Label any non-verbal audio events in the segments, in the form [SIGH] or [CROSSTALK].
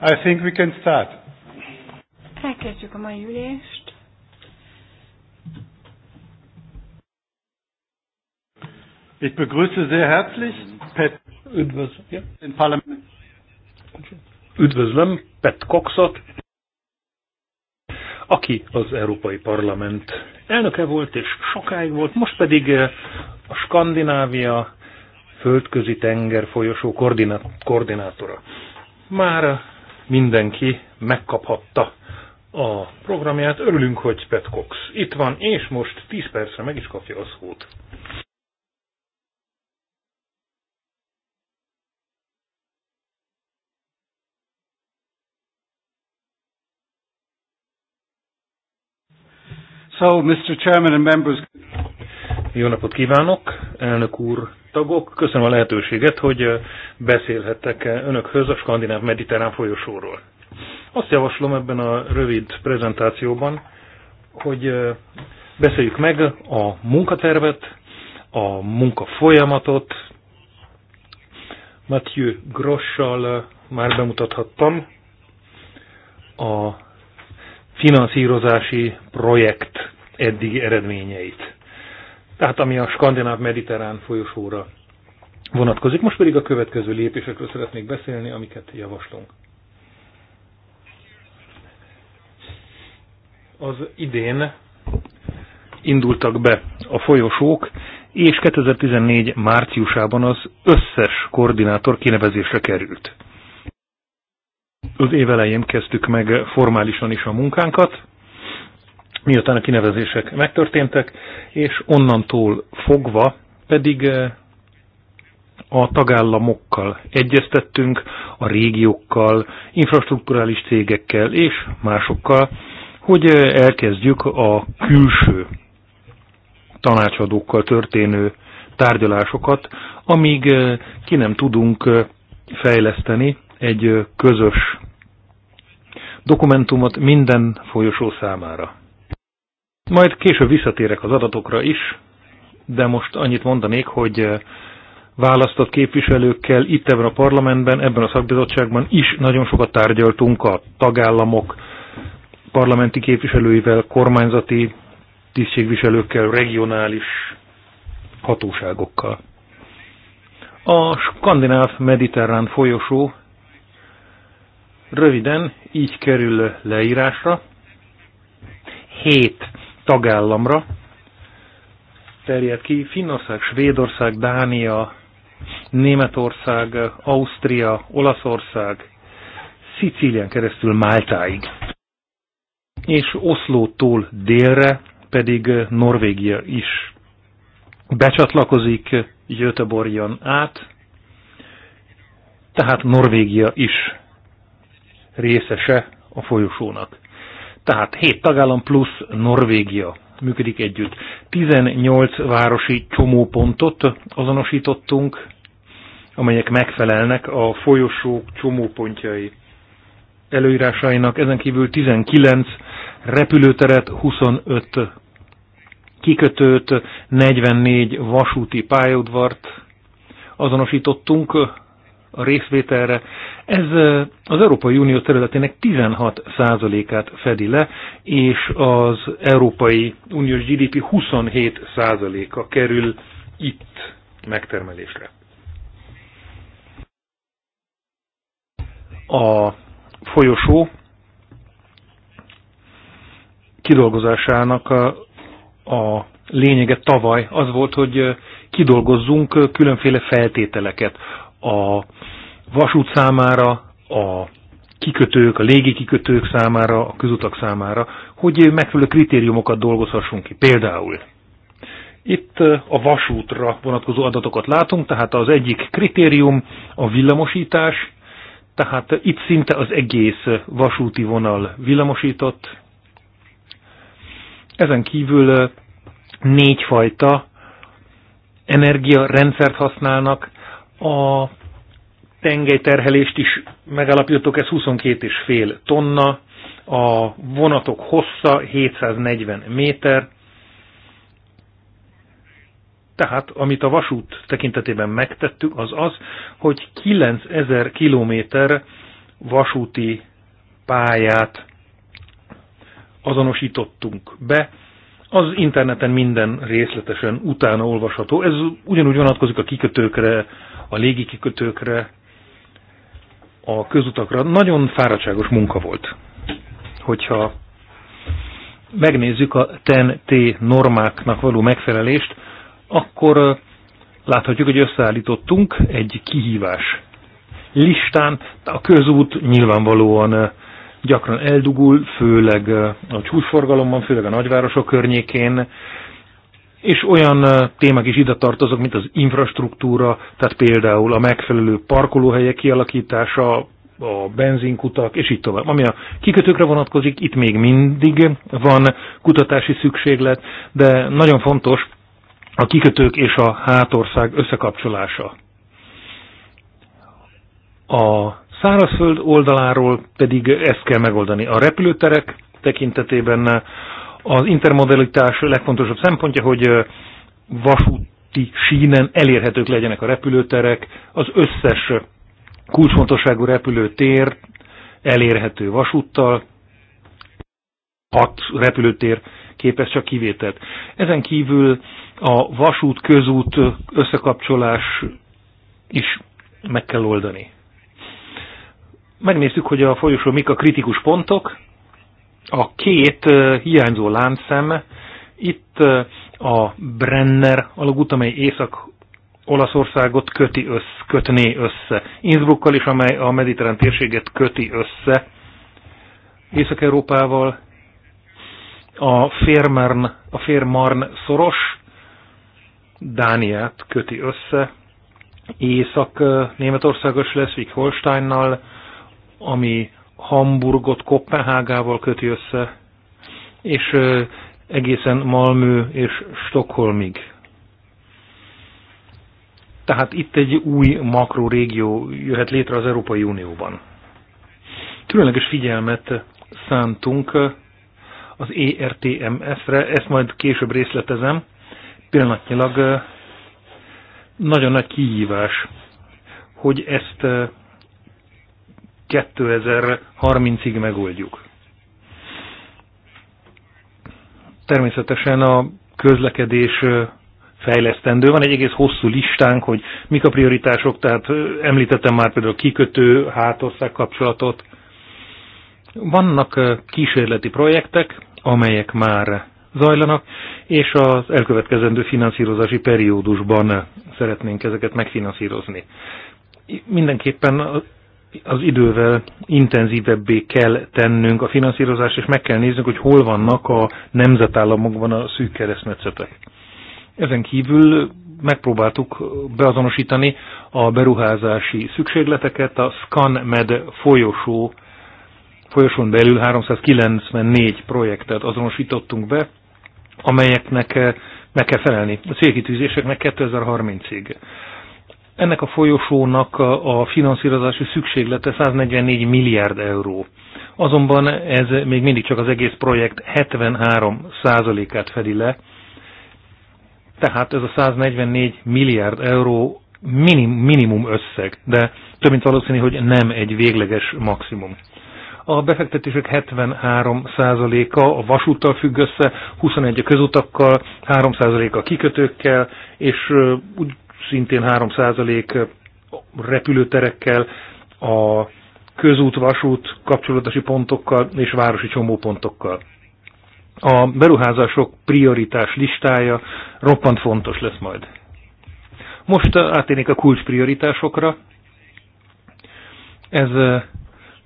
I think we can start. Elkezdjük a mai ülést. Ich begrüße sehr herzlich Pet Üdvözlöm. Parlament. Üdvözlöm Pet Coxot, aki az Európai Parlament elnöke volt és sokáig volt, most pedig eh, a Skandinávia földközi tenger folyosó koordinátora. Már mindenki megkaphatta a programját. Örülünk, hogy Pet Cox itt van, és most 10 percre meg is kapja a szót. So, Mr. Chairman and members. Jó napot kívánok, elnök úr, tagok. Köszönöm a lehetőséget, hogy beszélhettek e önökhöz a skandináv mediterrán folyosóról. Azt javaslom ebben a rövid prezentációban, hogy beszéljük meg a munkatervet, a munkafolyamatot. Mathieu Grossal már bemutathattam a finanszírozási projekt eddigi eredményeit tehát ami a skandináv-mediterrán folyosóra vonatkozik. Most pedig a következő lépésekről szeretnék beszélni, amiket javaslunk. Az idén indultak be a folyosók, és 2014 márciusában az összes koordinátor kinevezésre került. Az év elején kezdtük meg formálisan is a munkánkat, miután a kinevezések megtörténtek, és onnantól fogva pedig eh, a tagállamokkal egyeztettünk, a régiókkal, infrastruktúrális cégekkel és másokkal, hogy eh, elkezdjük a külső tanácsadókkal történő tárgyalásokat, amíg eh, ki nem tudunk fejleszteni egy közös dokumentumot minden folyosó számára. Majd később visszatérek az adatokra is, de most annyit mondanék, hogy eh, választott képviselőkkel itt ebben a parlamentben, ebben a szakbizottságban is nagyon sokat tárgyaltunk a tagállamok parlamenti képviselőivel, kormányzati tisztségviselőkkel, regionális hatóságokkal. A skandináv-mediterrán folyosó röviden így kerül leírásra. Hét tagállamra terjed ki, Finnország, Svédország, Dánia, Németország, Ausztria, Olaszország, Szicílián keresztül Máltáig. És Oszlótól délre pedig Norvégia is becsatlakozik Göteborgon át, tehát Norvégia is részese a folyosónak. Tehát 7 tagállam plusz Norvégia működik együtt. 18 városi csomópontot azonosítottunk, amelyek megfelelnek a folyosók csomópontjai előírásainak, ezen kívül 19 repülőteret, 25 kikötőt, 44 vasúti pályaudvart azonosítottunk, a részvételre. Ez az Európai Unió területének 16%-át fedi le, és az Európai Uniós GDP 27%-a kerül itt megtermelésre. A folyosó kidolgozásának a, a lényege tavaly az volt, hogy kidolgozzunk különféle feltételeket a vasút számára, a kikötők, a légi kikötők számára, a közutak számára, hogy megfelelő kritériumokat dolgozhassunk ki. Például itt a vasútra vonatkozó adatokat látunk, tehát az egyik kritérium a villamosítás, tehát itt szinte az egész vasúti vonal villamosított. Ezen kívül négyfajta energiarendszert használnak, a tengelyterhelést is megalapítottuk, ez 22,5 tonna, a vonatok hossza 740 méter, tehát, amit a vasút tekintetében megtettük, az az, hogy 9000 kilométer vasúti pályát azonosítottunk be. Az interneten minden részletesen utána olvasható. Ez ugyanúgy vonatkozik a kikötőkre, a légi kikötőkre, a közutakra. Nagyon fáradtságos munka volt, hogyha megnézzük a TEN-T normáknak való megfelelést, akkor láthatjuk, hogy összeállítottunk egy kihívás listán. A közút nyilvánvalóan gyakran eldugul, főleg a csúcsforgalomban, főleg a nagyvárosok környékén, és olyan témák is ide tartoznak, mint az infrastruktúra, tehát például a megfelelő parkolóhelyek kialakítása, a benzinkutak, és így tovább. Ami a kikötőkre vonatkozik, itt még mindig van kutatási szükséglet, de nagyon fontos a kikötők és a hátország összekapcsolása. A szárazföld oldaláról pedig ezt kell megoldani. A repülőterek tekintetében az intermodalitás legfontosabb szempontja, hogy vasúti sínen elérhetők legyenek a repülőterek, az összes kulcsfontosságú repülőtér elérhető vasúttal, hat repülőtér képes csak kivételt. Ezen kívül a vasút közút összekapcsolás is meg kell oldani. Megnéztük, hogy a folyosó mik a kritikus pontok, a két hiányzó láncszem, itt a Brenner alagút, amely észak Olaszországot köti össze, kötné össze. Innsbruckkal is, amely a mediterrán térséget köti össze. Észak-Európával a Férmarn, a Férmarn szoros, Dániát köti össze, Észak-Németországos lesz holsteinnal ami Hamburgot Kopenhágával köti össze, és egészen Malmö és Stockholmig. Tehát itt egy új makrorégió jöhet létre az Európai Unióban. Különleges figyelmet szántunk az ERTMS-re, ezt majd később részletezem. Pillanatnyilag nagyon nagy kihívás, hogy ezt 2030-ig megoldjuk. Természetesen a közlekedés fejlesztendő. Van egy egész hosszú listánk, hogy mik a prioritások, tehát említettem már például kikötő, hátország kapcsolatot. Vannak kísérleti projektek, amelyek már zajlanak, és az elkövetkezendő finanszírozási periódusban szeretnénk ezeket megfinanszírozni. Mindenképpen az idővel intenzívebbé kell tennünk a finanszírozást, és meg kell néznünk, hogy hol vannak a nemzetállamokban a szűk keresztmetszetek. Ezen kívül megpróbáltuk beazonosítani a beruházási szükségleteket a ScanMed folyosó, folyosón belül 394 projektet azonosítottunk be, amelyeknek eh, meg kell felelni a célkitűzéseknek 2030-ig. Ennek a folyosónak a finanszírozási szükséglete 144 milliárd euró. Azonban ez még mindig csak az egész projekt 73 százalékát fedi le, tehát ez a 144 milliárd euró minim, minimum összeg, de több mint valószínű, hogy nem egy végleges maximum. A befektetések 73%-a a vasúttal függ össze, 21 a közutakkal, 3% a kikötőkkel, és úgy szintén 3% repülőterekkel, a közút-vasút kapcsolódási pontokkal és városi csomópontokkal. A beruházások prioritás listája roppant fontos lesz majd. Most átérnék a kulcs prioritásokra. Ez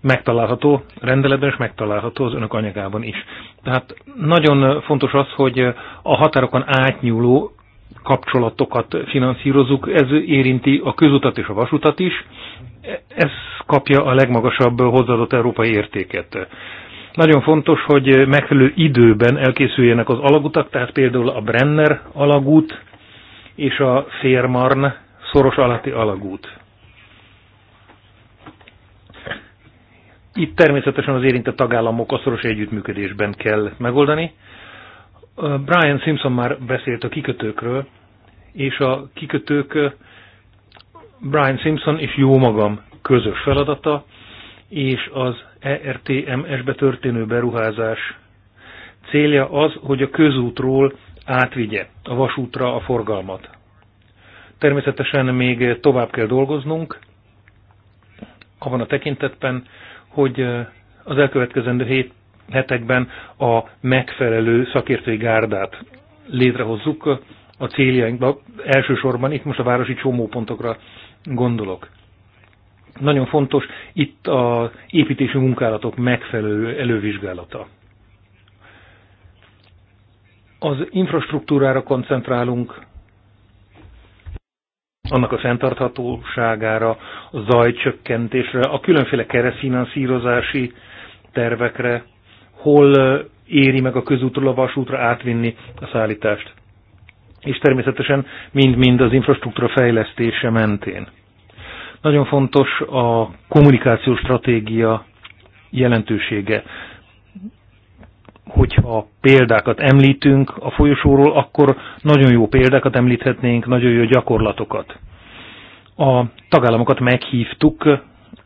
megtalálható, rendeletben is megtalálható az önök anyagában is. Tehát nagyon fontos az, hogy a határokon átnyúló kapcsolatokat finanszírozunk, ez érinti a közutat és a vasutat is, ez kapja a legmagasabb hozzáadott európai értéket. Nagyon fontos, hogy megfelelő időben elkészüljenek az alagutak, tehát például a Brenner alagút és a Férmarn szoros alatti alagút. Itt természetesen az érintett tagállamok a szoros együttműködésben kell megoldani, Brian Simpson már beszélt a kikötőkről, és a kikötők Brian Simpson és jó magam közös feladata, és az ERTMS-be történő beruházás célja az, hogy a közútról átvigye a vasútra a forgalmat. Természetesen még tovább kell dolgoznunk, abban a tekintetben, hogy az elkövetkezendő hetekben a megfelelő szakértői gárdát létrehozzuk a céljainkba. Elsősorban itt most a városi csomópontokra gondolok. Nagyon fontos itt az építési munkálatok megfelelő elővizsgálata. Az infrastruktúrára koncentrálunk, annak a fenntarthatóságára, a zajcsökkentésre, a különféle keresztfinanszírozási tervekre, hol éri meg a közútról a vasútra átvinni a szállítást. És természetesen mind-mind az infrastruktúra fejlesztése mentén. Nagyon fontos a kommunikációs stratégia jelentősége. Hogyha példákat említünk a folyosóról, akkor nagyon jó példákat említhetnénk, nagyon jó gyakorlatokat. A tagállamokat meghívtuk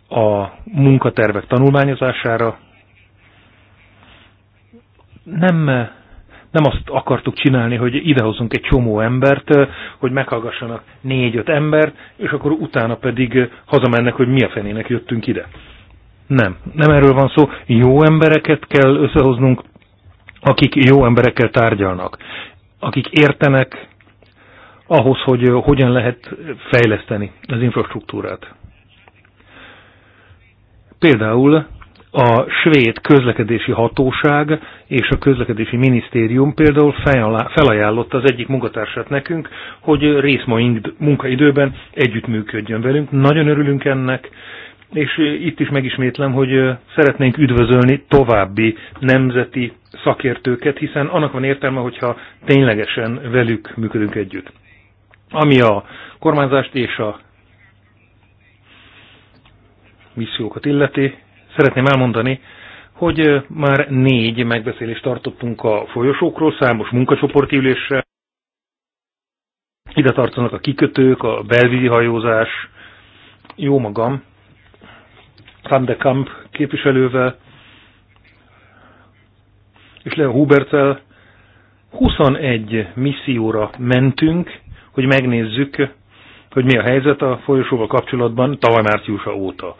a munkatervek tanulmányozására, nem, nem azt akartuk csinálni, hogy idehozunk egy csomó embert, hogy meghallgassanak négy-öt embert, és akkor utána pedig hazamennek, hogy mi a fenének jöttünk ide. Nem, nem erről van szó. Jó embereket kell összehoznunk, akik jó emberekkel tárgyalnak, akik értenek ahhoz, hogy hogyan lehet fejleszteni az infrastruktúrát. Például a svéd közlekedési hatóság és a közlekedési minisztérium például felajánlotta az egyik munkatársát nekünk, hogy részma munkaidőben együttműködjön velünk. Nagyon örülünk ennek, és itt is megismétlem, hogy szeretnénk üdvözölni további nemzeti szakértőket, hiszen annak van értelme, hogyha ténylegesen velük működünk együtt. Ami a kormányzást és a missziókat illeti, Szeretném elmondani, hogy már négy megbeszélést tartottunk a folyosókról, számos munkacsoportívléssel. ülésre. Ide tartanak a kikötők, a belvízi hajózás, jó magam, Van de Kamp képviselővel, és Leo Hubertel 21 misszióra mentünk, hogy megnézzük, hogy mi a helyzet a folyosóval kapcsolatban tavaly márciusa óta.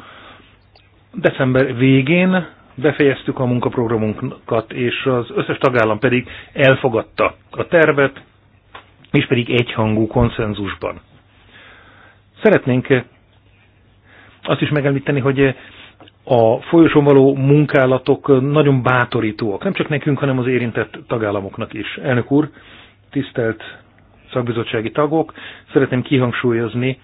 December végén befejeztük a munkaprogramunkat, és az összes tagállam pedig elfogadta a tervet, és pedig egyhangú konszenzusban. Szeretnénk azt is megemlíteni, hogy a folyosón való munkálatok nagyon bátorítóak, nem csak nekünk, hanem az érintett tagállamoknak is. Elnök úr, tisztelt szakbizottsági tagok, szeretném kihangsúlyozni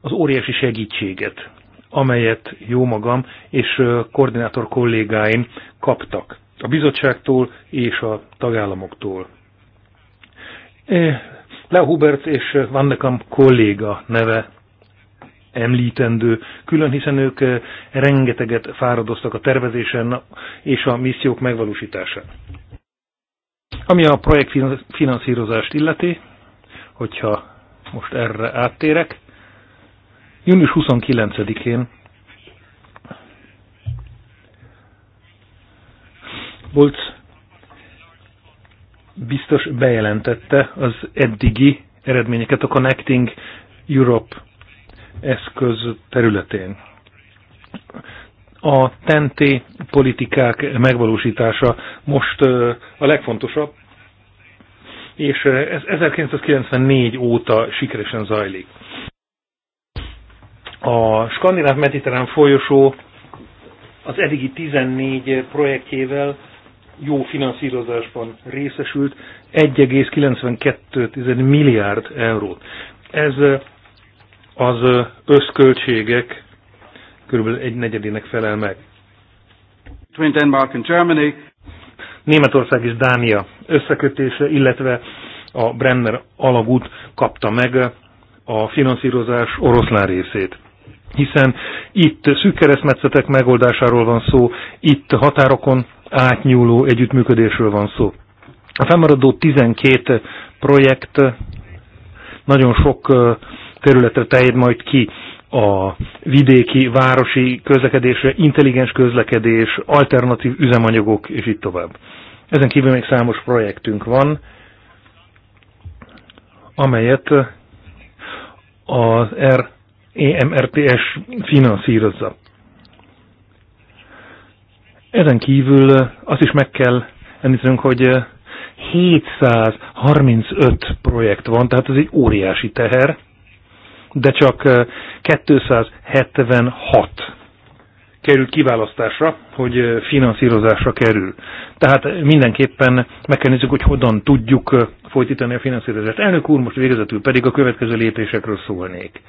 az óriási segítséget, amelyet jó magam és koordinátor kollégáim kaptak a bizottságtól és a tagállamoktól. E, Leo Hubert és Van de Kamp kolléga neve említendő, külön hiszen ők e, rengeteget fáradoztak a tervezésen és a missziók megvalósításán. Ami a projektfinanszírozást illeti, hogyha most erre áttérek, Június 29-én Bolc biztos bejelentette az eddigi eredményeket a Connecting Europe eszköz területén. A TNT politikák megvalósítása most a legfontosabb, és ez 1994 óta sikeresen zajlik. A Skandináv-Mediterrán folyosó az eddigi 14 projektjével jó finanszírozásban részesült 1,92 milliárd eurót. Ez az összköltségek körülbelül egy negyedének felel meg. Denmark and Germany. Németország és Dánia összekötése, illetve a Brenner alagút kapta meg a finanszírozás oroszlán részét hiszen itt szűk keresztmetszetek megoldásáról van szó, itt határokon átnyúló együttműködésről van szó. A fennmaradó 12 projekt nagyon sok területre tejed majd ki a vidéki, városi közlekedésre, intelligens közlekedés, alternatív üzemanyagok, és itt tovább. Ezen kívül még számos projektünk van, amelyet az R EMRTS finanszírozza. Ezen kívül azt is meg kell említenünk, hogy 735 eh, projekt van, tehát ez egy óriási teher, de csak 276 eh, került kiválasztásra, hogy eh, finanszírozásra kerül. Tehát mindenképpen meg kell nézzük, hogy hogyan tudjuk folytítani a finanszírozást. Elnök úr, most végezetül pedig a következő lépésekről szólnék.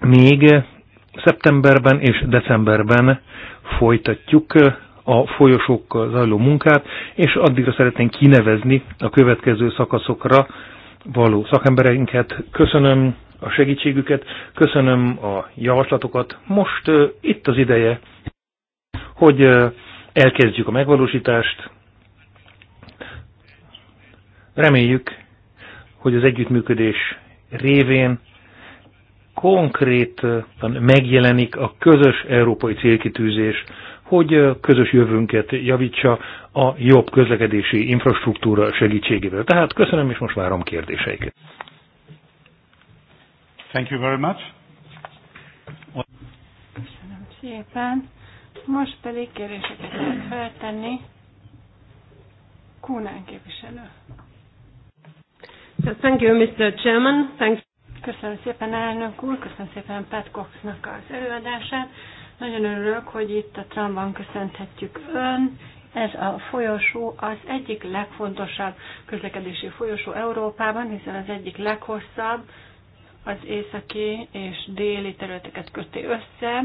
Még eh, szeptemberben és decemberben folytatjuk eh, a folyosókkal zajló munkát, és addigra szeretnénk kinevezni a következő szakaszokra való szakembereinket. Köszönöm a segítségüket, köszönöm a javaslatokat. Most uh, itt az ideje, hogy uh, elkezdjük a megvalósítást. Reméljük, hogy az együttműködés révén konkrétan megjelenik a közös európai célkitűzés, hogy közös jövőnket javítsa a jobb közlekedési infrastruktúra segítségével. Tehát köszönöm, és most várom kérdéseiket. Thank you very much. Köszönöm szépen. Most pedig kérdéseket lehet feltenni. Kónán képviselő. Thank you, Mr. Chairman. you. Köszönöm szépen elnök úr, köszönöm szépen Pat Coxnak az előadását. Nagyon örülök, hogy itt a tramban köszönhetjük ön. Ez a folyosó az egyik legfontosabb közlekedési folyosó Európában, hiszen az egyik leghosszabb, az északi és déli területeket köti össze.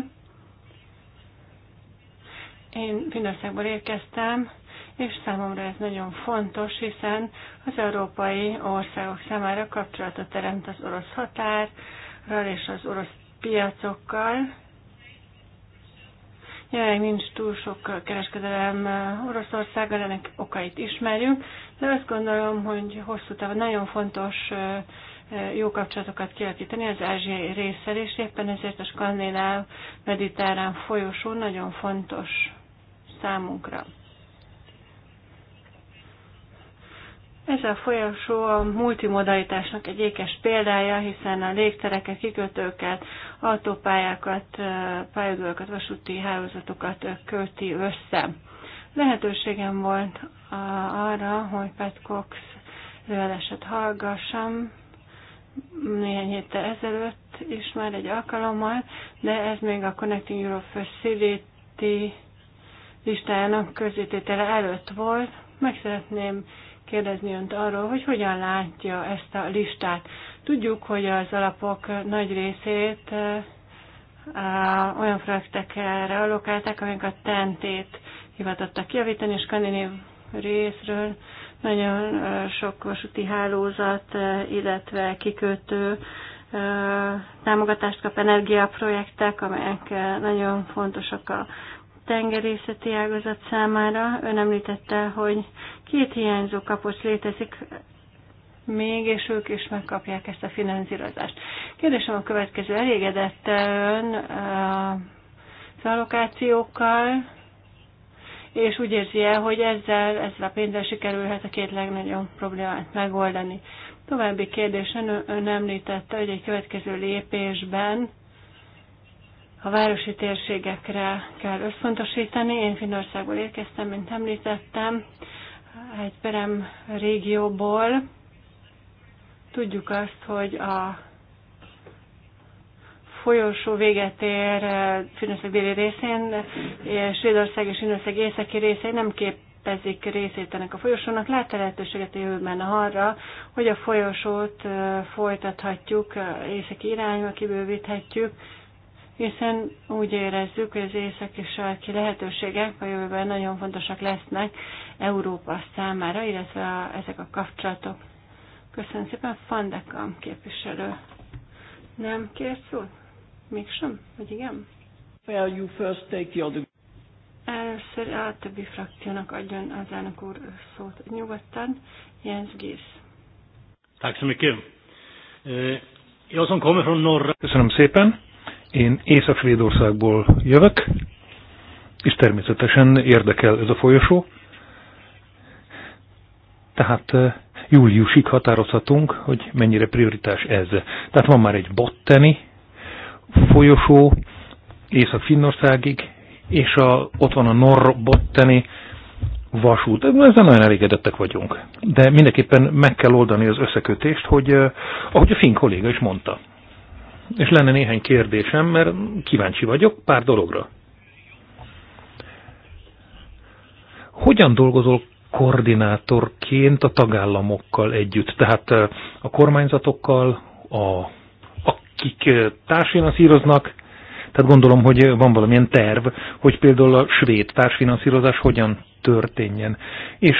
Én Finnországból érkeztem, és számomra ez nagyon fontos, hiszen az európai országok számára kapcsolatot teremt az orosz határral és az orosz piacokkal. Jelenleg nincs túl sok kereskedelem Oroszországgal, ennek okait ismerjük, de azt gondolom, hogy hosszú távon nagyon fontos jó kapcsolatokat kialakítani az ázsiai részsel, és éppen ezért a skandináv mediterrán folyosó nagyon fontos számunkra. Ez a folyosó a multimodalitásnak egy ékes példája, hiszen a légtereket, kikötőket, autópályákat, pályadókat, vasúti hálózatokat köti össze. Lehetőségem volt arra, hogy Pat Cox előadását hallgassam néhány héttel ezelőtt is már egy alkalommal, de ez még a Connecting Europe Facility listájának közététele előtt volt. Meg szeretném kérdezni önt arról, hogy hogyan látja ezt a listát. Tudjuk, hogy az alapok nagy részét olyan projektekre allokálták, amik a tentét hivatottak kiavítani, és Skandinav részről nagyon sok vasúti hálózat, illetve kikötő támogatást kap energiaprojektek, amelyek nagyon fontosak a tengerészeti ágazat számára. Ön említette, hogy két hiányzó kapocs létezik még, és ők is megkapják ezt a finanszírozást. Kérdésem a következő. Elégedett ön az allokációkkal, és úgy érzi el, hogy ezzel, ezzel a pénzzel sikerülhet a két legnagyobb problémát megoldani. További kérdésen ön említette, hogy egy következő lépésben a városi térségekre kell összpontosítani. Én Finnországból érkeztem, mint említettem, egy perem régióból. Tudjuk azt, hogy a folyosó véget ér eh, Finnország déli részén, és eh, Svédország és Finnország északi részén nem képezik részét ennek a folyosónak. Lát -e lehetőséget a jövőben arra, hogy a folyosót eh, folytathatjuk északi irányba, kibővíthetjük, hiszen úgy érezzük, hogy az északi sarki lehetőségek a jövőben nagyon fontosak lesznek Európa számára, illetve a, ezek a kapcsolatok. Köszönöm szépen, Fandekam képviselő. Nem kérsz? szót? Mégsem? Vagy igen? you first take Először a többi frakciónak adjon az elnök úr szót nyugodtan. Jens Gies. Köszönöm. så eh, norra... Köszönöm szépen. Én Észak-Svédországból jövök, és természetesen érdekel ez a folyosó. Tehát eh, júliusig határozhatunk, hogy mennyire prioritás ez. Tehát van már egy botteni folyosó Észak-Finnországig, és a, ott van a Norr-Botteni vasút. Ezzel nagyon elégedettek vagyunk. De mindenképpen meg kell oldani az összekötést, hogy eh, ahogy a finn kolléga is mondta, és lenne néhány kérdésem, mert kíváncsi vagyok pár dologra. Hogyan dolgozol koordinátorként a tagállamokkal együtt? Tehát eh, a kormányzatokkal, a, akik eh, társfinanszíroznak, tehát gondolom, hogy eh, van valamilyen terv, hogy például a svéd társfinanszírozás hogyan történjen. És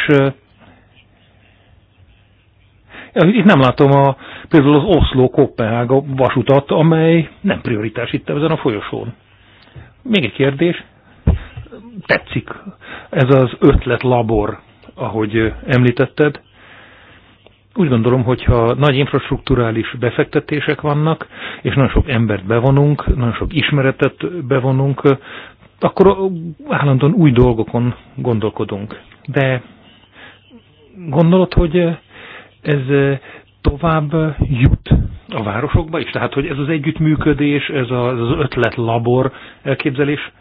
itt nem látom a, például az Oszló-Kopenhága vasutat, amely nem prioritás itt ezen a folyosón. Még egy kérdés. Tetszik ez az ötletlabor, ahogy említetted. Úgy gondolom, hogyha nagy infrastruktúrális befektetések vannak, és nagyon sok embert bevonunk, nagyon sok ismeretet bevonunk, akkor állandóan új dolgokon gondolkodunk. De gondolod, hogy ez tovább jut a városokba is? Tehát, hogy ez az együttműködés, ez az ötletlabor elképzelés,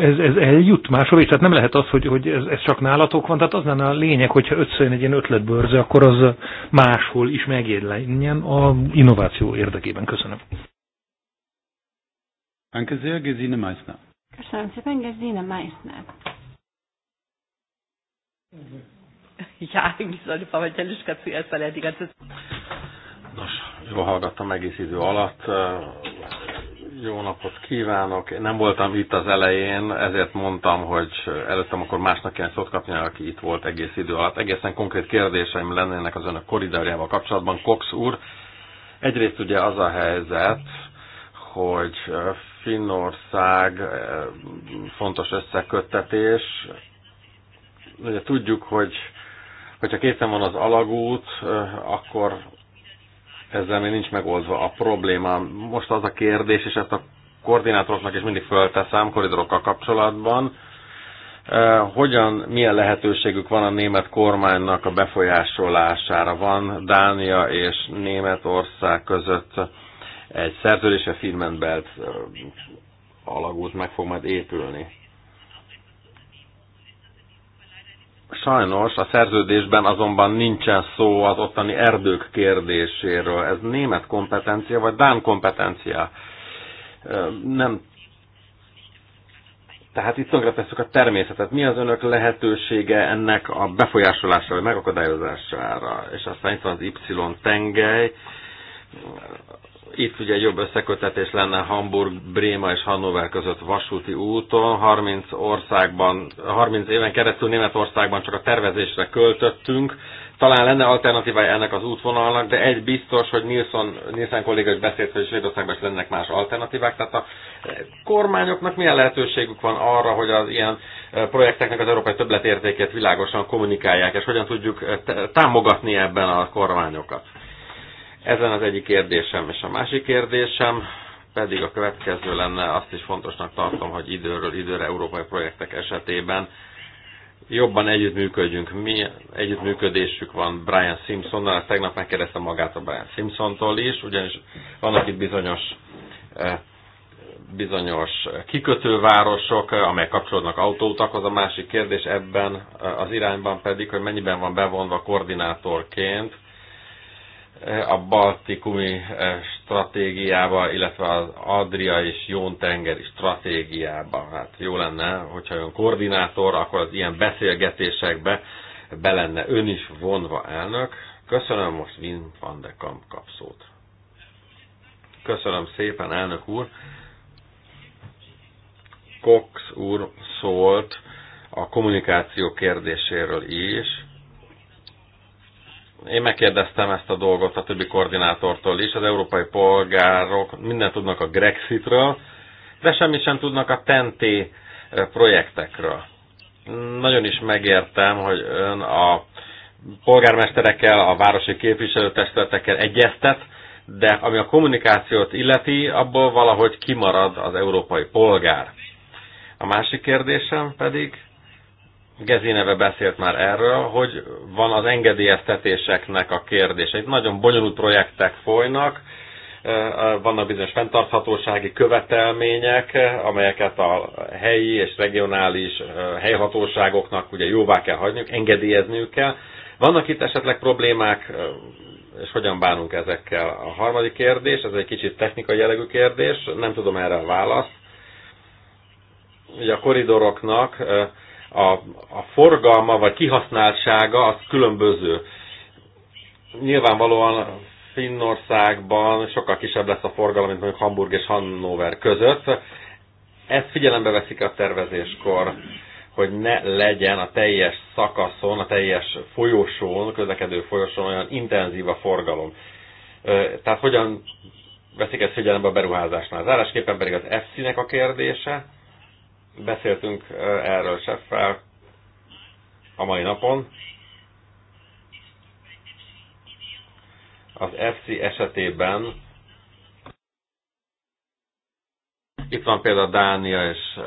ez, ez eljut máshol is? Tehát nem lehet az, hogy, hogy ez, ez csak nálatok van, tehát az lenne a lényeg, hogyha összejön egy ilyen ötletbörze, akkor az máshol is megjelenjen a innováció érdekében. Köszönöm. Danke sehr, Gesine Meissner. Köszönöm szépen, Gesine Meissner. [LAUGHS] Ja, eigentlich sollte Frau Teliska zuerst, weil er die ganze... Nos, jó hallgattam egész idő alatt. Jó napot kívánok! Én nem voltam itt az elején, ezért mondtam, hogy előttem akkor másnak kell szót kapni, aki itt volt egész idő alatt. Egészen konkrét kérdéseim lennének az önök koridorjával kapcsolatban. Cox úr, egyrészt ugye az a helyzet, hogy Finnország eh, fontos összeköttetés. Ugye tudjuk, hogy Hogyha készen van az alagút, eh, akkor ezzel még nincs megoldva a probléma. Most az a kérdés, és ezt a koordinátoroknak is mindig fölteszem koridorokkal kapcsolatban, eh, hogyan, milyen lehetőségük van a német kormánynak a befolyásolására? Van Dánia és Németország között egy szerződés, a Firmenbelt eh, alagút meg fog majd épülni. Sajnos a szerződésben azonban nincsen szó az ottani erdők kérdéséről. Ez német kompetencia, vagy dán kompetencia? Nem. Tehát itt tönkre tesszük a természetet. Mi az önök lehetősége ennek a befolyásolására, vagy megakadályozására? És aztán itt van az Y tengely, itt ugye jobb összekötetés lenne Hamburg, Bréma és Hannover között vasúti úton. 30, országban, 30 éven keresztül Németországban csak a tervezésre költöttünk. Talán lenne alternatívája ennek az útvonalnak, de egy biztos, hogy Nilsson, Nilsson kolléga is beszélt, hogy Svédországban is lennek más alternatívák. Tehát a kormányoknak milyen lehetőségük van arra, hogy az ilyen projekteknek az európai többletértékét világosan kommunikálják, és hogyan tudjuk támogatni ebben a kormányokat? Ezen az egyik kérdésem, és a másik kérdésem pedig a következő lenne, azt is fontosnak tartom, hogy időről időre európai projektek esetében jobban együttműködjünk. Mi együttműködésük van Brian Simpsonnal, ezt tegnap megkérdeztem magát a Brian Simpsontól is, ugyanis vannak itt bizonyos eh, bizonyos kikötővárosok, amelyek kapcsolódnak autóutakhoz. A másik kérdés ebben eh, az irányban pedig, hogy mennyiben van bevonva koordinátorként a baltikumi eh, stratégiába, illetve az Adria és Jón tengeri stratégiába. Hát jó lenne, hogyha olyan koordinátor, akkor az ilyen beszélgetésekbe be lenne ön is vonva elnök. Köszönöm most Wim van de Kamp kapszót. Köszönöm szépen, elnök úr. Cox úr szólt a kommunikáció kérdéséről is, én megkérdeztem ezt a dolgot a többi koordinátortól is. Az európai polgárok mindent tudnak a Grexitről, de semmit sem tudnak a TNT eh, projektekről. Nagyon is megértem, hogy ön a polgármesterekkel, a városi képviselőtestületekkel egyeztet, de ami a kommunikációt illeti, abból valahogy kimarad az európai polgár. A másik kérdésem pedig, Gezineve beszélt már erről, hogy van az engedélyeztetéseknek a kérdése. Itt nagyon bonyolult projektek folynak, vannak bizonyos fenntarthatósági követelmények, amelyeket a helyi és regionális helyhatóságoknak ugye jóvá kell hagyniuk, engedélyezniük kell. Vannak itt esetleg problémák, és hogyan bánunk ezekkel? A harmadik kérdés, ez egy kicsit technikai jellegű kérdés, nem tudom erre a választ. Ugye a koridoroknak a, a forgalma vagy kihasználtsága az különböző. Nyilvánvalóan Finnországban sokkal kisebb lesz a forgalom, mint mondjuk Hamburg és Hannover között. Ezt figyelembe veszik a tervezéskor, hogy ne legyen a teljes szakaszon, a teljes folyosón, közlekedő folyosón olyan intenzív a forgalom. Tehát hogyan veszik ezt figyelembe a beruházásnál? Zárásképpen pedig az EFSZ-nek a kérdése. Beszéltünk erről Seffel a mai napon. Az FC esetében itt van például Dánia és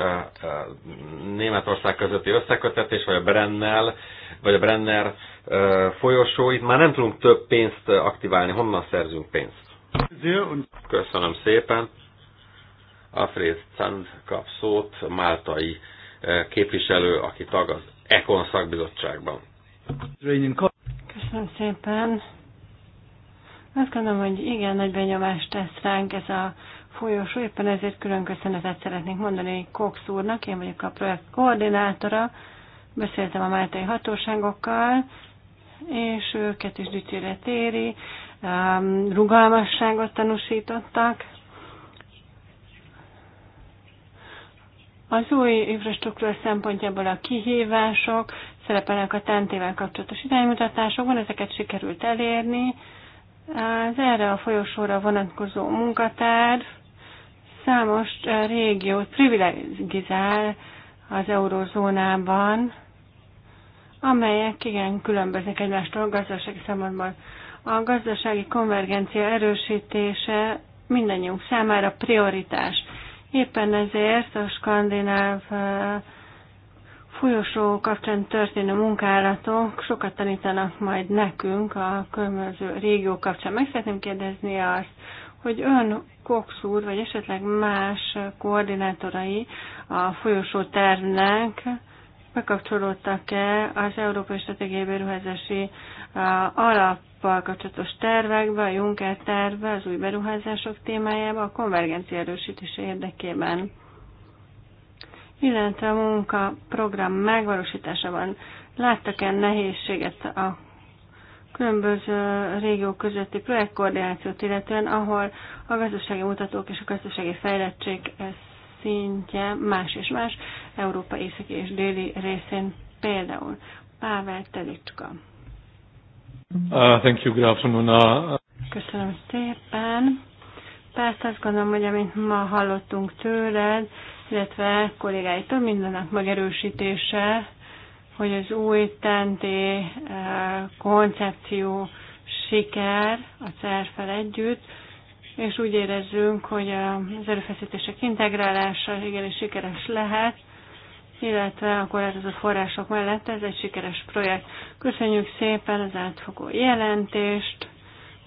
Németország közötti összekötetés, vagy a Brennel, vagy a Brenner folyosó. Itt már nem tudunk több pénzt aktiválni. Honnan szerzünk pénzt? Köszönöm szépen. Alfred Sand kap szót, a máltai eh, képviselő, aki tag az Ekon szakbizottságban. Köszönöm szépen. Azt gondolom, hogy igen, nagy benyomást tesz ránk ez a folyosó, éppen ezért külön köszönetet szeretnék mondani Cox úrnak, én vagyok a projekt koordinátora, beszéltem a máltai hatóságokkal, és őket is dicséret éri, um, rugalmasságot tanúsítottak, Az új infrastruktúra szempontjából a kihívások szerepelnek a tentével kapcsolatos iránymutatásokban, ezeket sikerült elérni. Az erre a folyosóra vonatkozó munkatárv számos régiót privilegizál az Eurózónában, amelyek igen különböznek egymástól a gazdasági szempontból. A gazdasági konvergencia erősítése mindannyiunk számára prioritás. Éppen ezért a skandináv folyosó kapcsán történő munkálatok sokat tanítanak majd nekünk a különböző régió kapcsán. Meg szeretném kérdezni azt, hogy ön Cox úr, vagy esetleg más koordinátorai a folyosó tervnek bekapcsolódtak-e az Európai Stratégiai Beruházási Alappal kapcsolatos tervekbe, a Juncker tervbe, az új beruházások témájába, a konvergencia erősítése érdekében, illetve a munka program megvalósításában láttak-e nehézséget a különböző régiók közötti projektkoordinációt, illetően ahol a gazdasági mutatók és a gazdasági fejlettség szintje más és más, Európa északi és déli részén például. Pável Telicska. Uh, thank you, good uh, Köszönöm szépen. Persze azt gondolom, hogy amint ma hallottunk tőled, illetve kollégáitól mindennek megerősítése, hogy az új TNT uh, koncepció siker a szerfel együtt, és úgy érezzünk, hogy az erőfeszítések integrálása igenis sikeres lehet, illetve a korlátozott források mellett ez egy sikeres projekt. Köszönjük szépen az átfogó jelentést,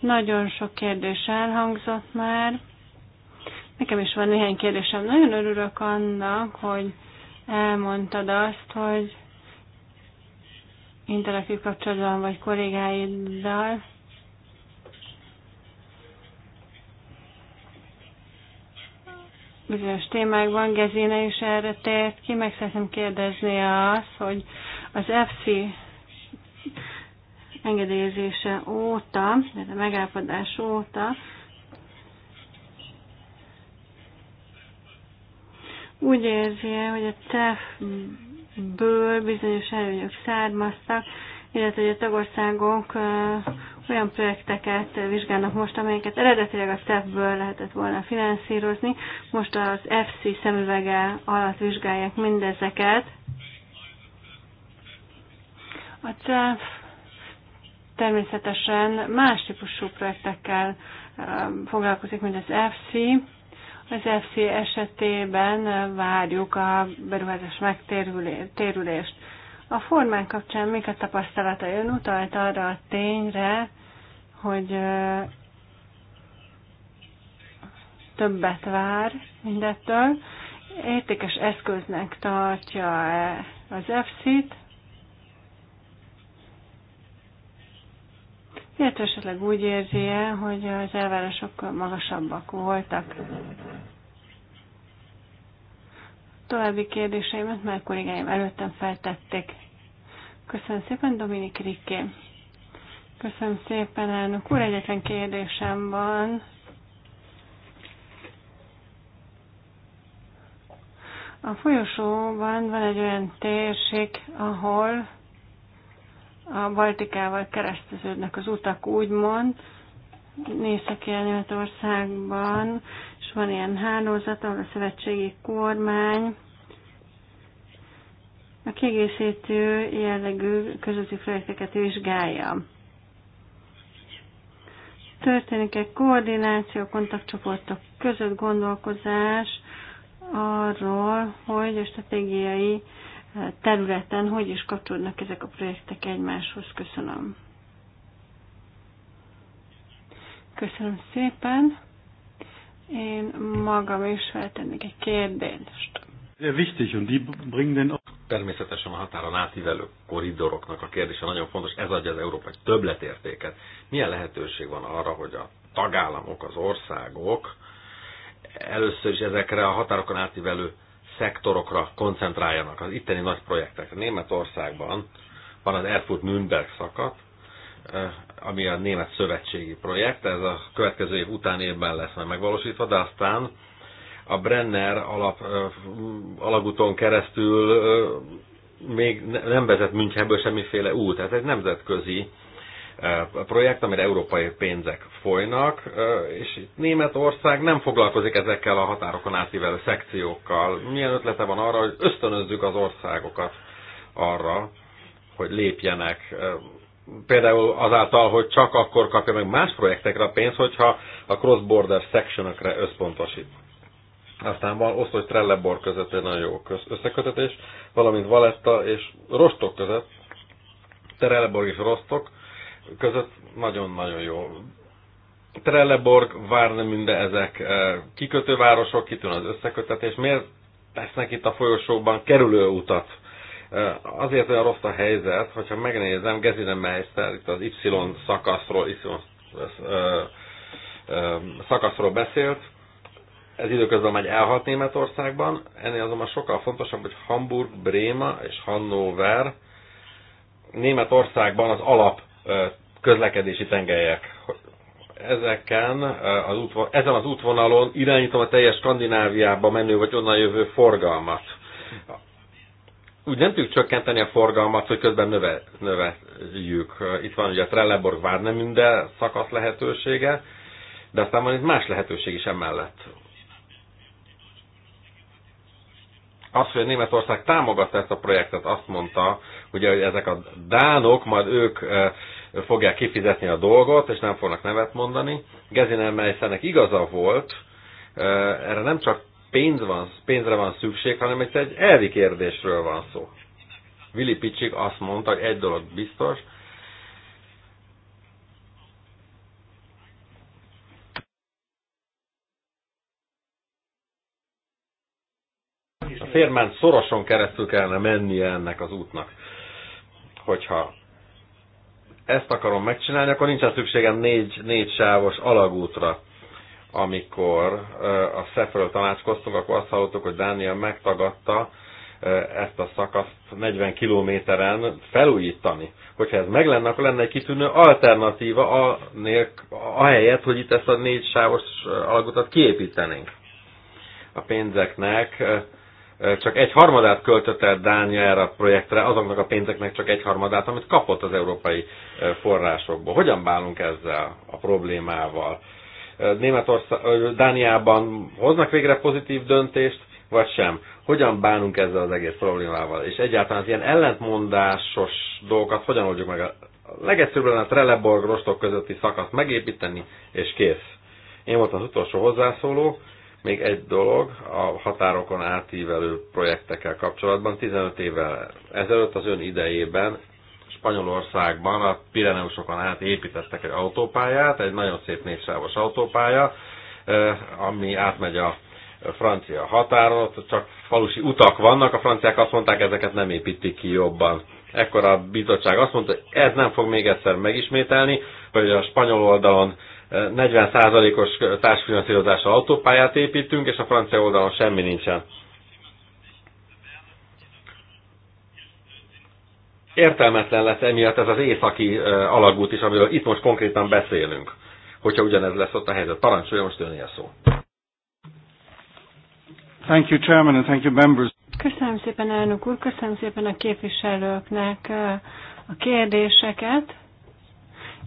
nagyon sok kérdés elhangzott már. Nekem is van néhány kérdésem. Nagyon örülök annak, hogy elmondtad azt, hogy interaktív kapcsolatban vagy kollégáiddal, bizonyos témákban, Gezine is erre tért ki, meg szeretném kérdezni azt, hogy az FC engedélyezése óta, tehát a megállapodás óta úgy érzi, hogy a CEF-ből bizonyos előnyök származtak, illetve hogy a tagországok olyan projekteket vizsgálnak most, amelyeket eredetileg a CEF-ből lehetett volna finanszírozni. Most az FC szemüvege alatt vizsgálják mindezeket. A CEF természetesen más típusú projektekkel um, foglalkozik, mint az FC. Az FC esetében várjuk a beruházás megtérülést. A formán kapcsán mik a tapasztalata? Ön utalt arra a tényre, hogy többet vár mindettől, értékes eszköznek tartja -e az EFSZ-t, illetve esetleg úgy érzi -e, hogy az elvárások magasabbak voltak. További kérdéseimet már kollégáim előttem feltették. Köszönöm szépen, Dominik Rikki. Köszönöm szépen, elnök úr. Egyetlen kérdésem van. A folyosóban van egy olyan térség, ahol a Baltikával kereszteződnek az utak, úgymond, ilyen németországban és van ilyen hálózat, ahol a szövetségi kormány a kiegészítő jellegű közötti projekteket vizsgálja történik egy koordináció, kontaktcsoportok között gondolkozás arról, hogy a stratégiai eh, területen hogy is kapcsolódnak ezek a projektek egymáshoz? Köszönöm. Köszönöm szépen. Én magam is feltennék egy kérdést. Sehr wichtig, und die bringen természetesen a határon átívelő koridoroknak a kérdése nagyon fontos, ez adja az európai többletértéket. Milyen lehetőség van arra, hogy a tagállamok, az országok először is ezekre a határokon átívelő szektorokra koncentráljanak, az itteni nagy projektekre. Németországban van az Erfurt-Nürnberg szakat eh, ami a német szövetségi projekt, ez a következő év után évben lesz majd megvalósítva, de aztán a Brenner alap, alagúton keresztül még nem vezet Münchenből semmiféle út. Ez egy nemzetközi projekt, amire európai pénzek folynak, és itt Németország nem foglalkozik ezekkel a határokon átívelő szekciókkal. Milyen ötlete van arra, hogy ösztönözzük az országokat arra, hogy lépjenek például azáltal, hogy csak akkor kapja meg más projektekre a pénzt, hogyha a cross-border sectionokra összpontosít. Aztán van osztoly Trellebor között egy nagyon jó összekötetés, valamint Valetta és Rostok között, Trelleborg és Rostok között nagyon-nagyon jó. Trelleborg, Várne, minden ezek eh, kikötővárosok, kitűn az összekötetés. Miért tesznek itt a folyosóban kerülő utat? Eh, azért olyan rossz a helyzet, hogyha megnézem Gezine Meister, itt az Y szakaszról, y eh, szakaszról beszélt, ez időközben megy elhat Németországban, ennél azonban sokkal fontosabb, hogy Hamburg, Bréma és Hannover Németországban az alap közlekedési tengelyek. Ezeken az útvon, ezen az útvonalon irányítom a teljes Skandináviába menő vagy onnan jövő forgalmat. Úgy nem tudjuk csökkenteni a forgalmat, hogy közben növe, növeljük. Itt van ugye a Trelleborg vár nem minden szakasz lehetősége, de aztán van itt más lehetőség is emellett. az, hogy Németország támogatta ezt a projektet, azt mondta, ugye, hogy ezek a dánok, majd ők fogják kifizetni a dolgot, és nem fognak nevet mondani. Gezin Meissnernek igaza volt, erre nem csak pénz van, pénzre van szükség, hanem egy, egy elvi kérdésről van szó. Vili Picsik azt mondta, hogy egy dolog biztos, férmán szorosan keresztül kellene mennie ennek az útnak. Hogyha ezt akarom megcsinálni, akkor nincsen szükségem négy, négy sávos alagútra. Amikor a Szefről tanácskoztunk, akkor azt hallottuk, hogy Dániel megtagadta ezt a szakaszt 40 kilométeren felújítani. Hogyha ez meg lenne, akkor lenne egy kitűnő alternatíva a, nélk, helyet, hogy itt ezt a négy sávos alagutat kiépítenénk. A pénzeknek csak egy harmadát költött el Dánia erre a projektre, azoknak a pénzeknek csak egy harmadát, amit kapott az európai forrásokból. Hogyan bánunk ezzel a problémával? Németország, Dániában hoznak végre pozitív döntést, vagy sem? Hogyan bánunk ezzel az egész problémával? És egyáltalán az ilyen ellentmondásos dolgokat hogyan oldjuk meg? A legegyszerűbb a Trelleborg-Rostok közötti szakaszt megépíteni, és kész. Én voltam az utolsó hozzászóló, még egy dolog a határokon átívelő projektekkel kapcsolatban. 15 évvel ezelőtt az ön idejében Spanyolországban a Pireneusokon át építettek egy autópályát, egy nagyon szép népsávos autópálya, ami átmegy a francia határon, ott csak falusi utak vannak, a franciák azt mondták, ezeket nem építik ki jobban. Ekkor a bizottság azt mondta, hogy ez nem fog még egyszer megismételni, hogy a spanyol oldalon 40%-os társfinanszírozásra autópályát építünk, és a francia oldalon semmi nincsen. Értelmetlen lesz emiatt ez az északi alagút is, amiről itt most konkrétan beszélünk, hogyha ugyanez lesz ott a helyzet. Parancsolja most önél szó. Thank you, Chairman, and thank you, members. Köszönöm szépen, elnök úr, köszönöm szépen a képviselőknek a kérdéseket.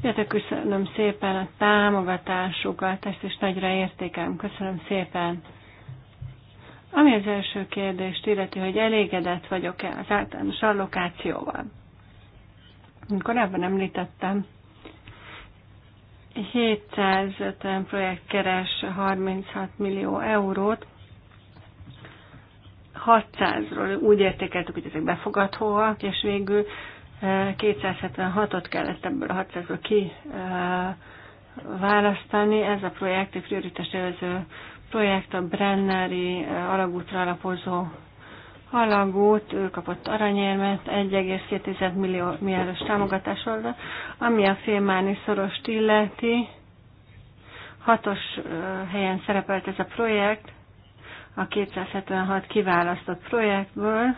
Illetve köszönöm szépen a támogatásukat, ezt is nagyra értékelem. Köszönöm szépen. Ami az első kérdést illeti, hogy elégedett vagyok-e az általános allokációval. Korábban említettem, 750 projekt keres 36 millió eurót, 600-ról úgy értékeltük, hogy ezek befogadhóak, és végül 276-ot kellett ebből a 600-ból kiválasztani. Ez a projekt egy prioritás előző projekt, a Brenneri eh, alagútra alapozó alagút, ő kapott aranyérmet 1,2 millió milliárdos támogatásról, ami a Félmáni szoros illeti. Hatos eh, helyen szerepelt ez a projekt, a 276 kiválasztott projektből.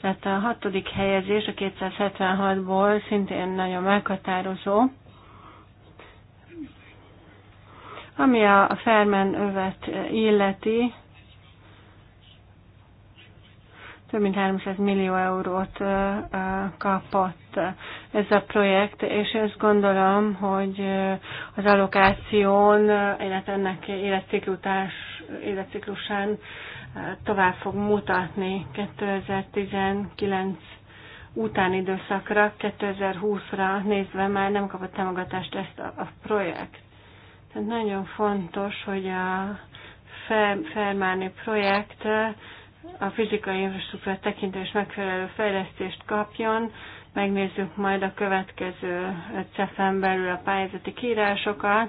Tehát a hatodik helyezés a 276-ból szintén nagyon meghatározó. Ami a Fermen övet illeti, több mint 300 millió eurót kapott ez a projekt, és azt gondolom, hogy az allokáción, illetve ennek életciklusán tovább fog mutatni 2019 utáni időszakra, 2020-ra nézve már nem kapott támogatást ezt a, a projekt. Tehát nagyon fontos, hogy a Fermáni projekt a fizikai infrastruktúra tekintés megfelelő fejlesztést kapjon. Megnézzük majd a következő CEFEN belül a pályázati kiírásokat,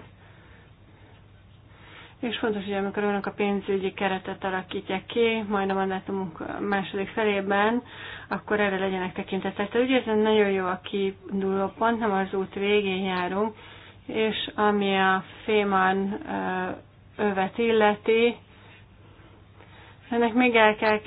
és fontos, hogy amikor önök a pénzügyi keretet alakítják ki, majd a mandátumunk második felében, akkor erre legyenek tekintetek. Tehát úgy érzem, nagyon jó a kiinduló pont, nem az út végén járunk, és ami a Féman övet illeti, ennek még el kell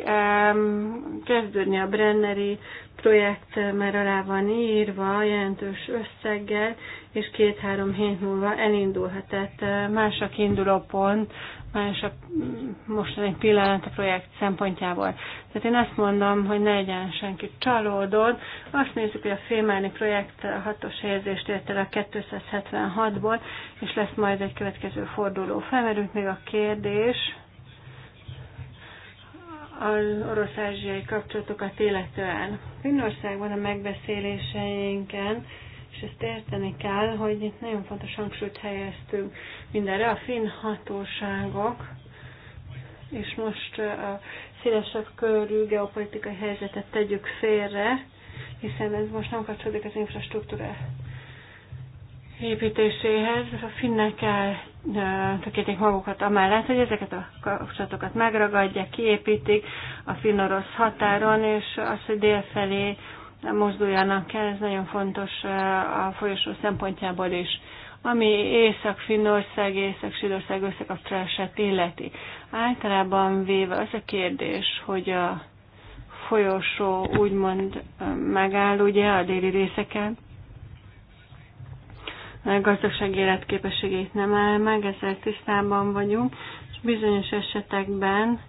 kezdődni a Brenneri projekt, mert alá van írva jelentős összeggel, és két-három hét múlva elindulhat. Tehát más a kiinduló pont, más a mm, mostani pillanat a projekt szempontjából. Tehát én azt mondom, hogy ne legyen senki csalódod, Azt nézzük, hogy a Fémáni projekt hatos helyezést ért el a 276-ból, és lesz majd egy következő forduló. Felmerült még a kérdés, az orosz-ázsiai kapcsolatokat illetően. Finnországban a megbeszéléseinken és ezt érteni kell, hogy itt nagyon fontos hangsúlyt helyeztünk mindenre. A finn hatóságok, és most a szélesebb körű geopolitikai helyzetet tegyük félre, hiszen ez most nem kapcsolódik az infrastruktúra építéséhez. A finnek eltökétik magukat amellett, hogy ezeket a kapcsolatokat megragadják, kiépítik a finn-orosz határon, és az, hogy dél felé mozduljanak kell, ez nagyon fontos eh, a folyosó szempontjából is ami Észak-Finnország, Észak-Sidország összekapcsolását illeti. Általában véve az a kérdés, hogy a folyosó úgymond eh, megáll ugye a déli részeken, a gazdaság életképességét nem áll meg, ezzel tisztában vagyunk, és bizonyos esetekben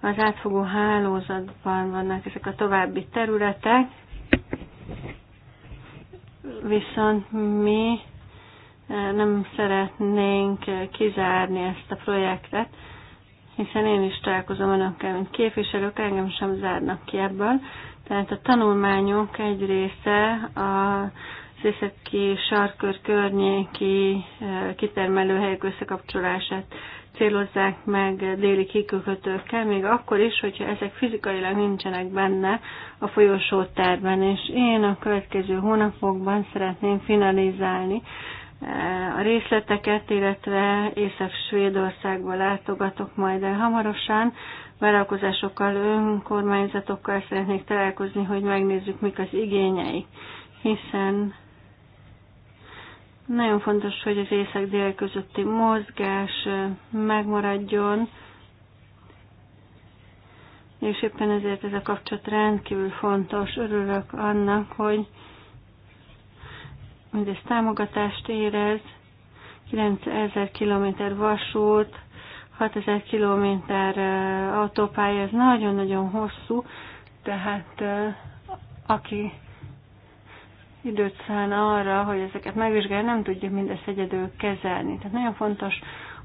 az átfogó hálózatban vannak ezek a további területek, Viszont mi eh, nem szeretnénk eh, kizárni ezt a projektet, hiszen én is találkozom önökkel, mint képviselők, engem sem zárnak ki ebből. Tehát a tanulmányunk egy része a északi sarkör környéki eh, kitermelőhelyek összekapcsolását célozzák meg déli kikökötőkkel, még akkor is, hogyha ezek fizikailag nincsenek benne a folyosó terben, és én a következő hónapokban szeretném finalizálni eh, a részleteket, illetve Észak-Svédországba látogatok majd el hamarosan, vállalkozásokkal, önkormányzatokkal szeretnék találkozni, hogy megnézzük, mik az igényei, hiszen nagyon fontos, hogy az észak-dél közötti mozgás megmaradjon, és éppen ezért ez a kapcsolat rendkívül fontos. Örülök annak, hogy mindez támogatást érez, 9000 km vasút, 6000 km autópálya, ez nagyon-nagyon hosszú, tehát aki időt szán arra, hogy ezeket megvizsgálja, nem tudja mindezt egyedül kezelni. Tehát nagyon fontos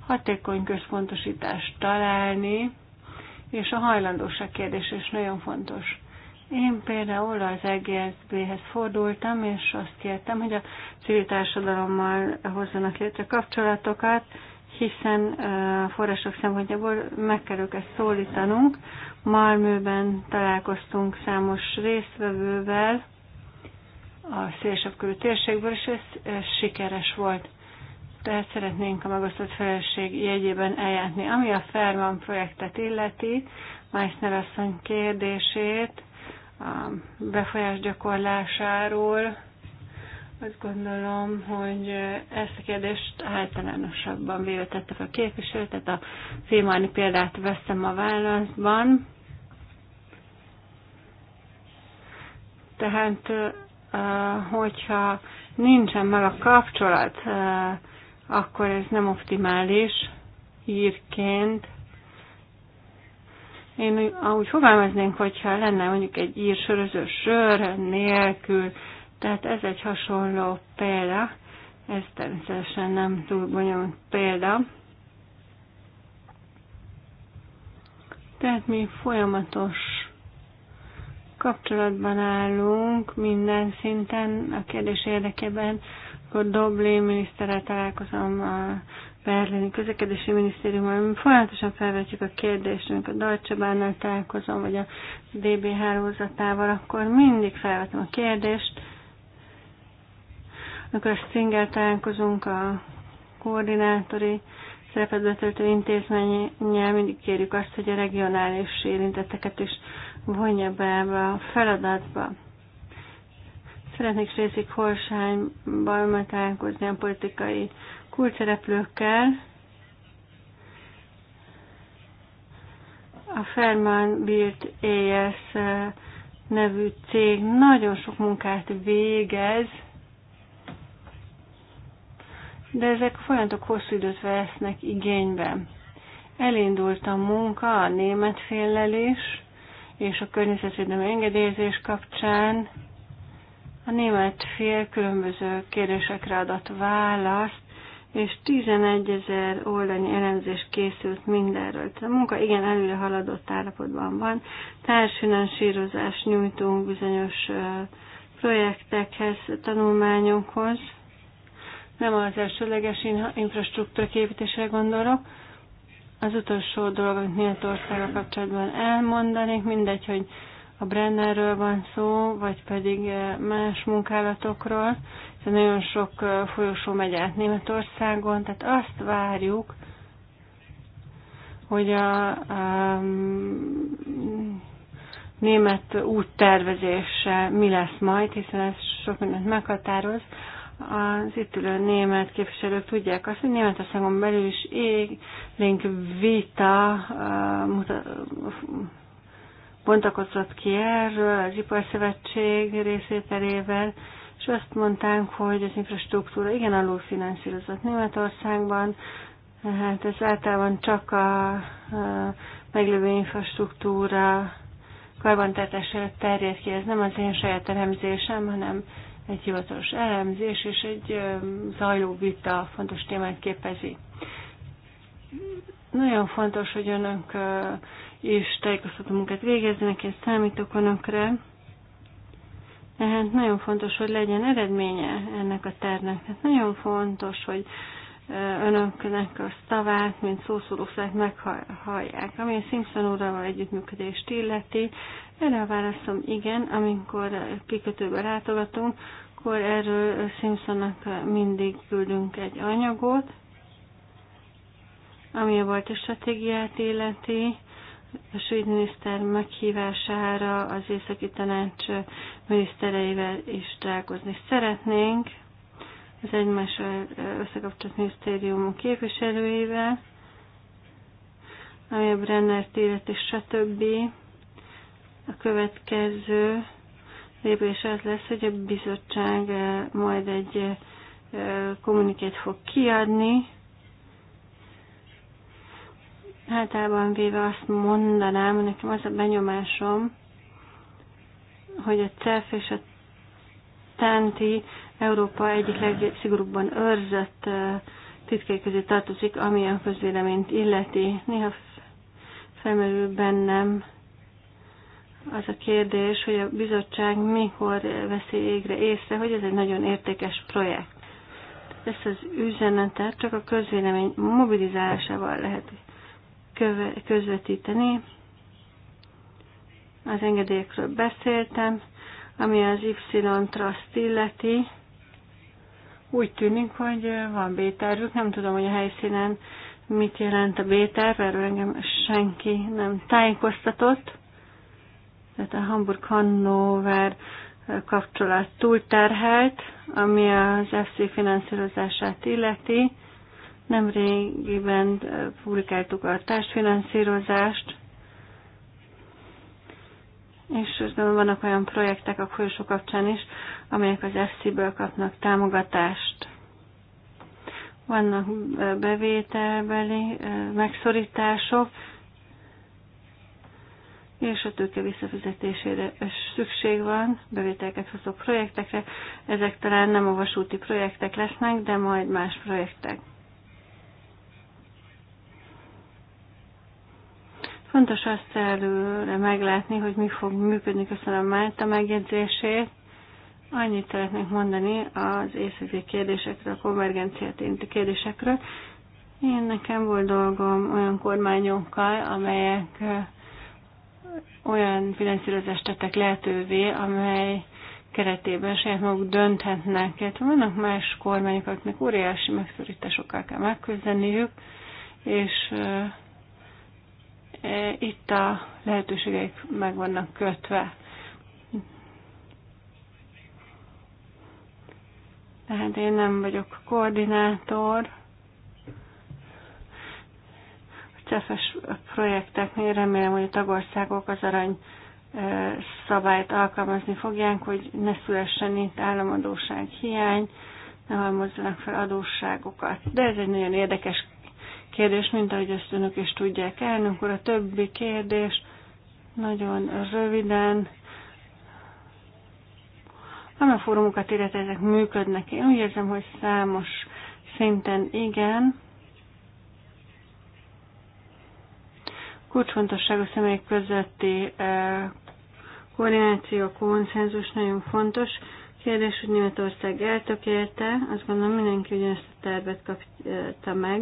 hatékony központosítást találni, és a hajlandóság kérdés is nagyon fontos. Én például az EGSB-hez fordultam, és azt kértem, hogy a civil társadalommal hozzanak létre kapcsolatokat, hiszen a források szempontjából meg kell őket szólítanunk. Malmőben találkoztunk számos résztvevővel, a szélesebb körű térségből, és ez, ez sikeres volt. Tehát szeretnénk a megosztott felelősség jegyében eljátni. Ami a Ferman projektet illeti, Meissner asszony kérdését, a befolyás gyakorlásáról, azt gondolom, hogy ezt a kérdést általánosabban véve tette fel a képviselő, tehát a Fémani példát veszem a válaszban. Tehát Eh, hogyha nincsen meg a kapcsolat, eh, akkor ez nem optimális írként. Én úgy fogalmaznénk, hogyha lenne mondjuk egy ír sörözős sör nélkül, tehát ez egy hasonló példa, ez természetesen nem túl bonyolult példa. Tehát mi folyamatos kapcsolatban állunk minden szinten a kérdés érdekében, akkor doblé miniszterrel találkozom a Berlini Közlekedési Minisztériumban, mi folyamatosan felvetjük a kérdést, amikor a Dalcsabánnal találkozom, vagy a DB hálózatával, akkor mindig felvetem a kérdést. Amikor a Stingel találkozunk a koordinátori szerepet betöltő intézménnyel, mindig kérjük azt, hogy a regionális érintetteket is vonja be ebbe a feladatba. Szeretnék részik Horsányban találkozni a politikai kulcsereplőkkel. A Ferman Birt ES eh, nevű cég nagyon sok munkát végez, de ezek a folyamatok hosszú időt vesznek igénybe. Elindult a munka a német féllel is, és a környezetvédelmi engedélyezés kapcsán a német fél különböző kérdésekre adott választ, és 11 ezer oldalnyi elemzés készült mindenről. Tehát a munka igen előre haladott állapotban van. Társfinanszírozást nyújtunk bizonyos projektekhez, tanulmányokhoz. Nem az elsőleges infrastruktúra képítésre gondolok, az utolsó dolog, amit Németországgal kapcsolatban elmondanék, mindegy, hogy a Brennerről van szó, vagy pedig eh, más munkálatokról, hiszen nagyon sok eh, folyosó megy át Németországon, tehát azt várjuk, hogy a, a ehm, német úttervezése mi lesz majd, hiszen ez sok mindent meghatároz az itt ülő német képviselők tudják azt, hogy Németországon belül is élénk vita uh, muta, bontakozott ki erről az Iparszövetség részvételével, és azt mondták, hogy az infrastruktúra igen alul finanszírozott Németországban, hát ez általában csak a, a meglévő infrastruktúra karbantartására terjed ki, ez nem az én saját elemzésem, hanem egy hivatalos elemzés és egy zajló vita fontos témát képezi. Nagyon fontos, hogy önök és tájékoztató munkát végezzenek, én számítok önökre. Tehát nagyon fontos, hogy legyen eredménye ennek a tervnek. Tehát nagyon fontos, hogy önöknek a szavát, mint szószólószát meghallják. Ami a Simpson úrral együttműködést illeti, erre a válaszom igen, amikor kikötőbe látogatunk, akkor erről Simpsonnak mindig küldünk egy anyagot, ami a balti stratégiát illeti, a svéd miniszter meghívására az északi tanács minisztereivel is találkozni szeretnénk az egymással összekapcsolt minisztérium képviselőivel, ami a Brenner élet és stb. A következő lépés az lesz, hogy a bizottság majd egy kommunikét fog kiadni. Általában véve azt mondanám, nekem az a benyomásom, hogy a CEF és a TENTI Európa egyik legszigorúbban őrzött titkai közé tartozik, ami a közvéleményt illeti. Néha felmerül bennem az a kérdés, hogy a bizottság mikor veszi égre észre, hogy ez egy nagyon értékes projekt. Ezt az üzenetet csak a közvélemény mobilizálásával lehet köve, közvetíteni. Az engedélyekről beszéltem, ami az Y-trust illeti. Úgy tűnik, hogy van B-tervük, nem tudom, hogy a helyszínen mit jelent a B-terv, erről engem senki nem tájékoztatott. Tehát a Hamburg-Hannover kapcsolat túlterhelt, ami az FC finanszírozását illeti. Nemrégiben publikáltuk a társfinanszírozást, és közben vannak olyan projektek a folyosó kapcsán is, amelyek az FC-ből kapnak támogatást. Vannak bevételbeli megszorítások, és a tőke visszafizetésére szükség van, bevételket hozó projektekre. Ezek talán nem a vasúti projektek lesznek, de majd más projektek. Fontos azt előre meglátni, hogy mi fog működni. Köszönöm Márta megjegyzését. Annyit szeretnék mondani az északi kérdésekről, a konvergenciát érintő kérdésekről. Én nekem volt dolgom olyan kormányokkal, amelyek olyan finanszírozást tettek lehetővé, amely keretében saját maguk dönthetnek. Hát vannak más kormányok, akiknek óriási megszorításokkal kell megküzdeniük, és E, itt a lehetőségek meg vannak kötve. Tehát én nem vagyok koordinátor. A CEFES projekteknél remélem, hogy a tagországok az arany e, szabályt alkalmazni fogják, hogy ne szülessen itt államadóság hiány, ne halmozzanak fel adósságokat. De ez egy nagyon érdekes kérdés, mint ahogy ezt önök is tudják elnök úr. A többi kérdés nagyon röviden. Ami a fórumokat illetve ezek működnek. Én úgy érzem, hogy számos szinten igen. a személyek közötti koordináció, konszenzus nagyon fontos. Kérdés, hogy Németország eltökélte, azt gondolom mindenki ugyanezt a tervet kapta meg,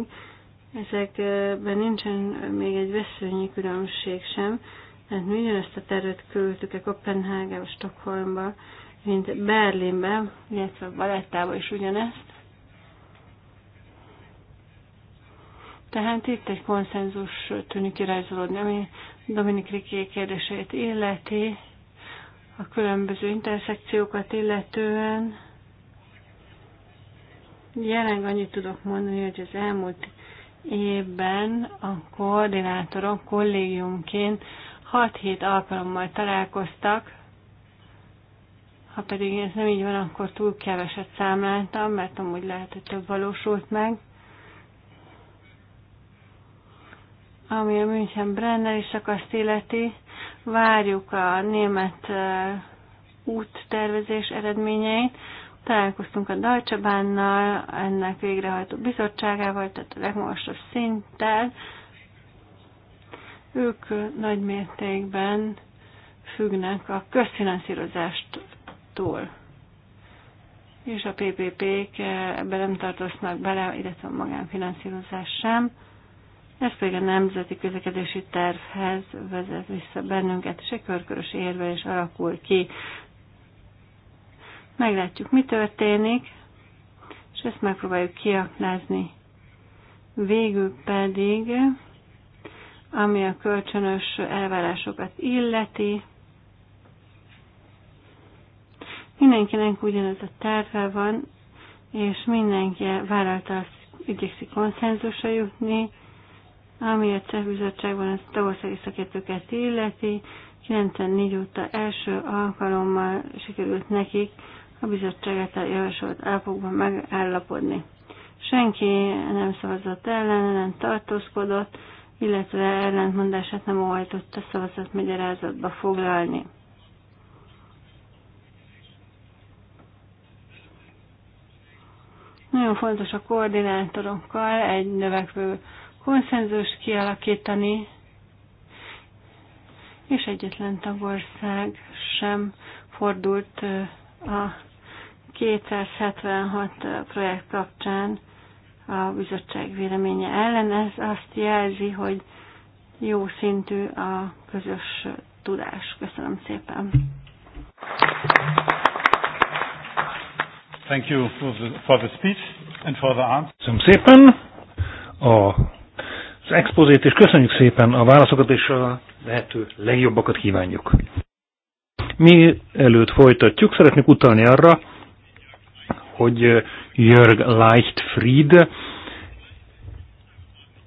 Ezekben nincsen még egy veszőnyi különbség sem, mert mi ugyanezt a tervet küldtük a Kopenhágába, Stockholmba, mint Berlinbe, illetve Valettába is ugyanezt. Tehát itt egy konszenzus tűnik irányzolódni, ami Dominik Riké kérdéseit illeti, a különböző interszekciókat illetően. Jelenleg annyit tudok mondani, hogy az elmúlt évben a koordinátorok kollégiumként 6-7 alkalommal találkoztak, ha pedig ez nem így van, akkor túl keveset számláltam, mert amúgy lehet, hogy több valósult meg. Ami a München is szakaszt életi, várjuk a német eh, úttervezés eredményeit, Találkoztunk a Dalcsabánnal, ennek végrehajtó bizottságával, tehát a legmagasabb szinttel. Ők nagy mértékben függnek a közfinanszírozástól és a PPP-k ebbe nem tartoznak bele, illetve a magánfinanszírozás sem. Ez pedig a nemzeti közlekedési tervhez vezet vissza bennünket, és egy körkörös érvelés alakul ki. Meglátjuk, mi történik, és ezt megpróbáljuk kiaknázni. Végül pedig, ami a kölcsönös elvárásokat illeti, mindenkinek ugyanaz a terve van, és mindenki vállalta azt, igyekszik konszenzusra jutni, ami a CEH bizottságban a tagországi szakértőket illeti, 94 óta első alkalommal sikerült nekik a bizottság által javasolt ápokban megállapodni. Senki nem szavazott ellen, nem tartózkodott, illetve ellentmondását nem oltotta szavazatmagyarázatba foglalni. Nagyon fontos a koordinátorokkal egy növekvő konszenzust kialakítani, és egyetlen tagország sem fordult a 276 projekt kapcsán a bizottság véleménye ellen. Ez azt jelzi, hogy jó szintű a közös tudás. Köszönöm szépen. Thank you for the, for the speech and for the answer. Köszönöm szépen a, az expozét, és köszönjük szépen a válaszokat, és a lehető legjobbakat kívánjuk. Mi előtt folytatjuk, szeretnék utalni arra, hogy Jörg Leichtfried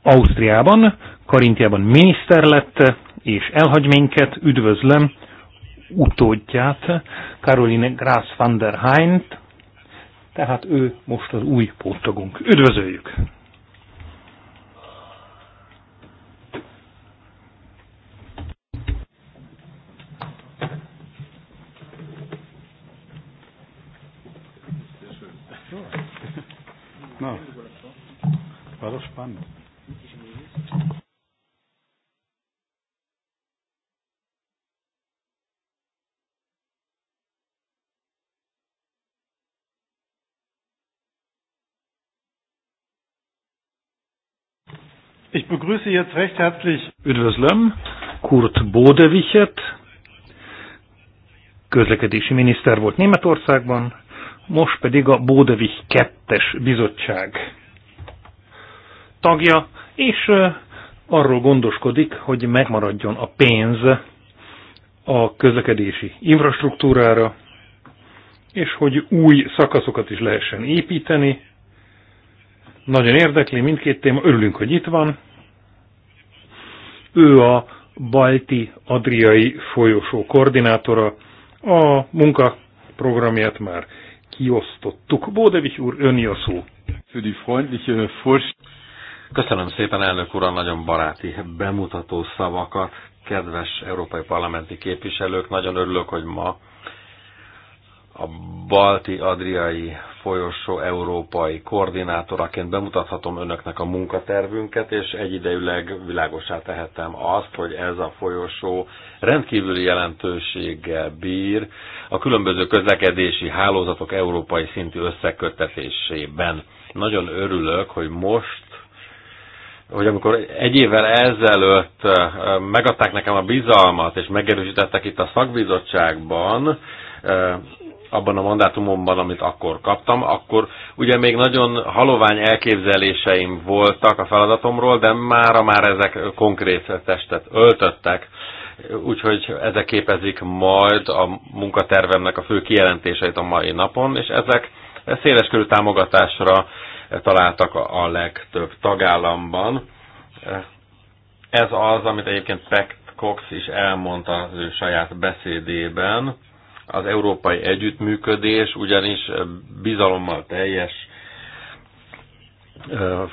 Ausztriában, Karintiában miniszter lett, és elhagy minket, üdvözlöm utódját, Caroline Grász van der Heint, tehát ő most az új pótogunk. Üdvözöljük! doch spannend. Ich begrüße jetzt recht herzlich. Üdvözlöm Kurt Bodewichert, közlekedési miniszter volt Németországban, most pedig a Bodewich 2-es bizottság tagja, és arról gondoskodik, hogy megmaradjon a pénz a közlekedési infrastruktúrára, és hogy új szakaszokat is lehessen építeni. Nagyon érdekli mindkét téma, örülünk, hogy itt van. Ő a Balti-Adriai folyosó koordinátora, a munka programját már kiosztottuk. Bódevich úr, ön a szó. Köszönöm szépen, elnök úr, a nagyon baráti bemutató szavakat. Kedves európai parlamenti képviselők, nagyon örülök, hogy ma a Balti-Adriai folyosó európai koordinátoraként bemutathatom önöknek a munkatervünket, és egyidejűleg világosá tehetem azt, hogy ez a folyosó rendkívüli jelentőséggel bír a különböző közlekedési hálózatok európai szintű összeköttetésében. Nagyon örülök, hogy most hogy amikor egy évvel ezelőtt eh, megadták nekem a bizalmat, és megerősítettek itt a szakbizottságban, eh, abban a mandátumomban, amit akkor kaptam, akkor ugye még nagyon halovány elképzeléseim voltak a feladatomról, de mára már ezek konkrét testet öltöttek. Úgyhogy ezek képezik majd a munkatervemnek a fő kijelentéseit a mai napon, és ezek széleskörű támogatásra találtak a legtöbb tagállamban. Ez az, amit egyébként Peck Cox is elmondta az ő saját beszédében. Az európai együttműködés ugyanis bizalommal teljes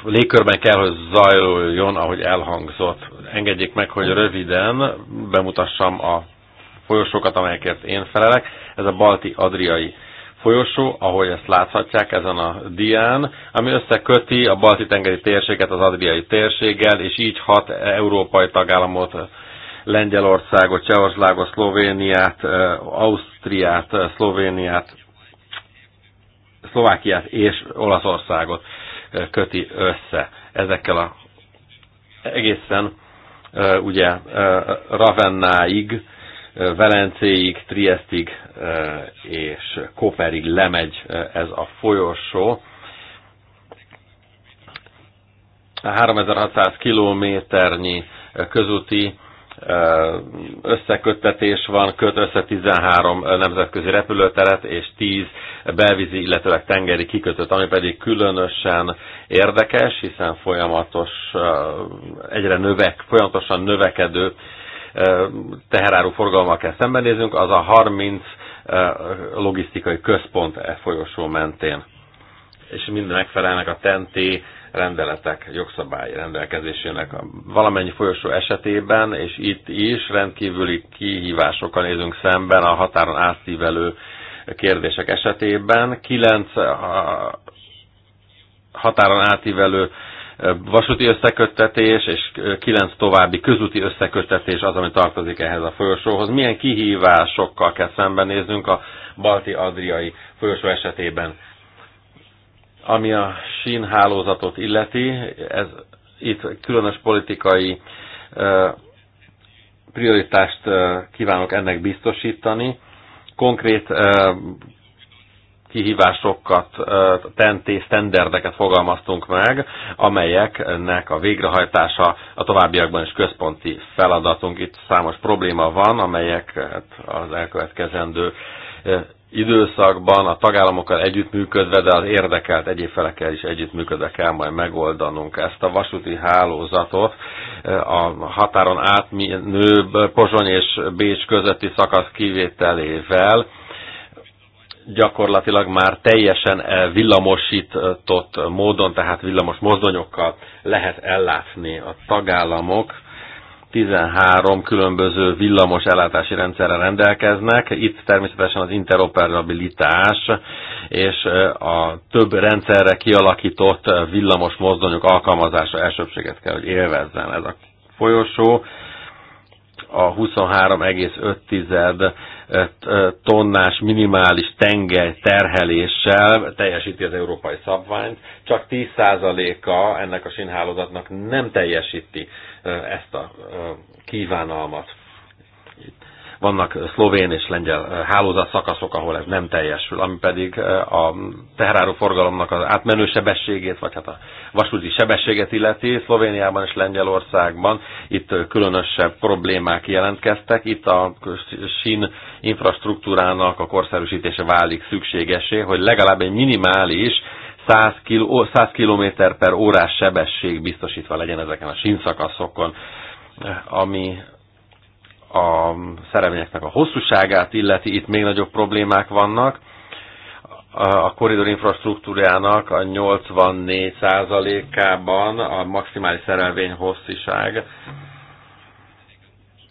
légkörben kell, hogy zajoljon, ahogy elhangzott. Engedjék meg, hogy röviden bemutassam a folyosókat, amelyekért én felelek. Ez a balti-adriai folyosó, ahogy ezt láthatják ezen a dián, ami összeköti a balti-tengeri térséget az adriai térséggel, és így hat európai tagállamot, Lengyelországot, Csehországot, Szlovéniát, Ausztriát, Szlovéniát, Szlovákiát és Olaszországot köti össze ezekkel a egészen ugye Ravennáig Velencéig, Triestig eh, és Koperig lemegy eh, ez a folyosó. 3600 kilométernyi közúti eh, összeköttetés van, köt össze 13 nemzetközi repülőteret és 10 belvízi, illetőleg tengeri kikötőt, ami pedig különösen érdekes, hiszen folyamatos, egyre növek, folyamatosan növekedő teheráru forgalommal kell szembenéznünk, az a 30 logisztikai központ e folyosó mentén. És mind megfelelnek a TENTI rendeletek, jogszabályi rendelkezésének. Valamennyi folyosó esetében, és itt is rendkívüli kihívásokkal nézünk szemben a határon átívelő kérdések esetében. Kilenc határon átívelő vasúti összeköttetés és kilenc további közúti összeköttetés az, ami tartozik ehhez a folyosóhoz. Milyen kihívásokkal kell szembenéznünk a balti-adriai folyosó esetében? Ami a sínhálózatot illeti, ez itt különös politikai prioritást kívánok ennek biztosítani. Konkrét kihívásokat, tenté sztenderdeket fogalmaztunk meg, amelyeknek a végrehajtása a továbbiakban is központi feladatunk. Itt számos probléma van, amelyeket hát, az elkövetkezendő időszakban a tagállamokkal együttműködve, de az érdekelt egyéb felekkel is együttműködve kell majd megoldanunk ezt a vasúti hálózatot. A határon átmenő Pozsony és Bécs közötti szakasz kivételével gyakorlatilag már teljesen eh, villamosított módon, tehát villamos mozdonyokkal lehet ellátni a tagállamok. 13 különböző villamos ellátási rendszerre rendelkeznek. Itt természetesen az interoperabilitás és eh, a több rendszerre kialakított eh, villamos mozdonyok alkalmazása elsőbséget kell, hogy élvezzen ez a folyosó. A 23,5 tonnás minimális tengely terheléssel teljesíti az európai szabványt, csak 10%-a ennek a sinhálózatnak nem teljesíti ezt a kívánalmat. Vannak szlovén és lengyel eh, hálózat szakaszok, ahol ez nem teljesül, ami pedig eh, a teheráró forgalomnak az átmenő sebességét, vagy hát a vasúti sebességet illeti Szlovéniában és Lengyelországban. Itt eh, különösebb problémák jelentkeztek. Itt a sin infrastruktúrának a korszerűsítése válik szükségesé, hogy legalább egy minimális 100 km per órás sebesség biztosítva legyen ezeken a sínszakaszokon, ami a szerelvényeknek a hosszúságát illeti, itt még nagyobb problémák vannak. A koridor infrastruktúrának a 84%-ában a maximális szerelvény hosszúság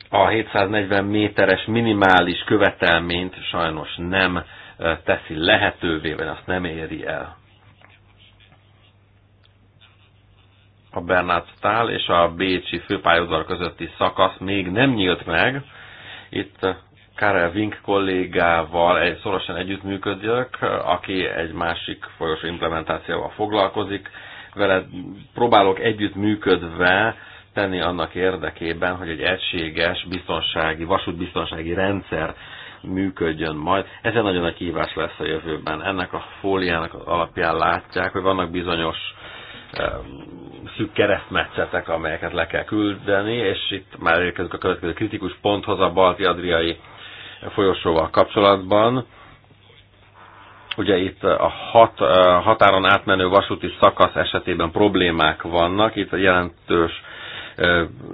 a 740 méteres minimális követelményt sajnos nem eh, teszi lehetővé, vagy azt nem éri el. a Bernát Stál és a Bécsi főpályaudvar közötti szakasz még nem nyílt meg. Itt Karel Wink kollégával egy, szorosan együttműködjök, aki egy másik folyosó implementációval foglalkozik. Vele próbálok együttműködve tenni annak érdekében, hogy egy egységes biztonsági, vasútbiztonsági rendszer működjön majd. Ez egy nagyon nagy kihívás lesz a jövőben. Ennek a fóliának az alapján látják, hogy vannak bizonyos szűk keresztmetszetek, amelyeket le kell küldeni, és itt már érkezünk a következő kritikus ponthoz a balti-adriai folyosóval kapcsolatban. Ugye itt a hat, határon átmenő vasúti szakasz esetében problémák vannak, itt a jelentős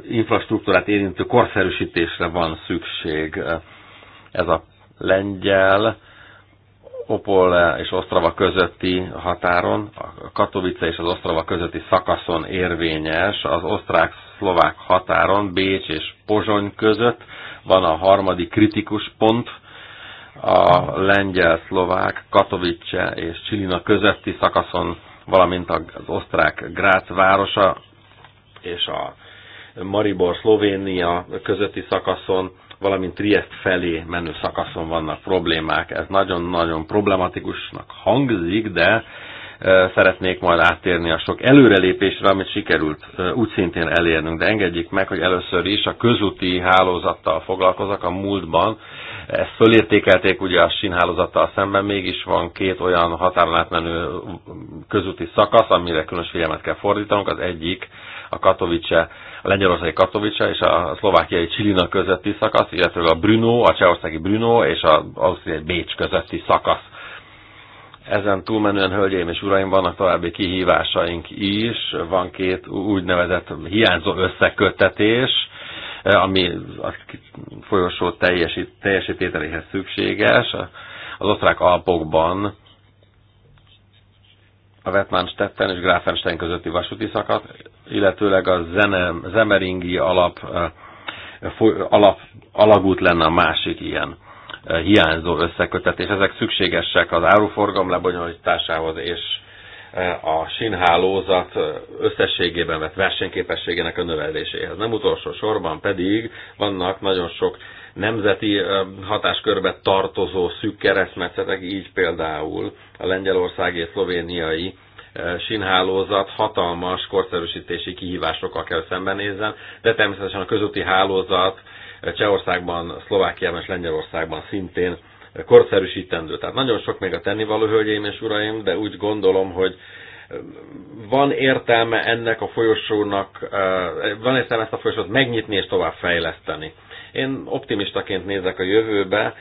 infrastruktúrát érintő korszerűsítésre van szükség. Ez a lengyel Opol és Osztrava közötti határon, a Katowice és az Osztrava közötti szakaszon érvényes, az osztrák-szlovák határon Bécs és Pozsony között van a harmadik kritikus pont, a lengyel-szlovák Katowice és Csilina közötti szakaszon, valamint az osztrák Grác városa és a Maribor-Szlovénia közötti szakaszon valamint Triest felé menő szakaszon vannak problémák. Ez nagyon-nagyon problematikusnak hangzik, de szeretnék majd áttérni a sok előrelépésre, amit sikerült úgy szintén elérnünk, de engedjék meg, hogy először is a közúti hálózattal foglalkozak a múltban. Ezt fölértékelték ugye a sinhálózattal szemben, mégis van két olyan határon átmenő közúti szakasz, amire különös figyelmet kell fordítanunk. Az egyik a Katowice a lengyelországi Katowice és a szlovákiai Csilina közötti szakasz, illetve a Bruno, a csehországi Bruno és az ausztriai Bécs közötti szakasz. Ezen túlmenően, hölgyeim és uraim, vannak további kihívásaink is. Van két úgynevezett hiányzó összekötetés, ami a folyosó teljesítételéhez szükséges. Az osztrák Alpokban a Wettmanstetten és Grafenstein közötti vasúti szakat, illetőleg a Zenem, Zemeringi alap, alap, alagút lenne a másik ilyen hiányzó összekötetés. Ezek szükségesek az áruforgalom lebonyolításához és a sinhálózat összességében vett versenyképességének a növeléséhez. Nem utolsó sorban pedig vannak nagyon sok nemzeti hatáskörbe tartozó szűk keresztmetszetek, így például a lengyelországi és szlovéniai sinhálózat hatalmas korszerűsítési kihívásokkal kell szembenézzen, de természetesen a közúti hálózat Csehországban, Szlovákiában és Lengyelországban szintén korszerűsítendő. Tehát nagyon sok még a tennivaló, hölgyeim és uraim, de úgy gondolom, hogy van értelme ennek a folyosónak, van értelme ezt a folyosót megnyitni és tovább fejleszteni. Én optimistaként nézek a jövőbe,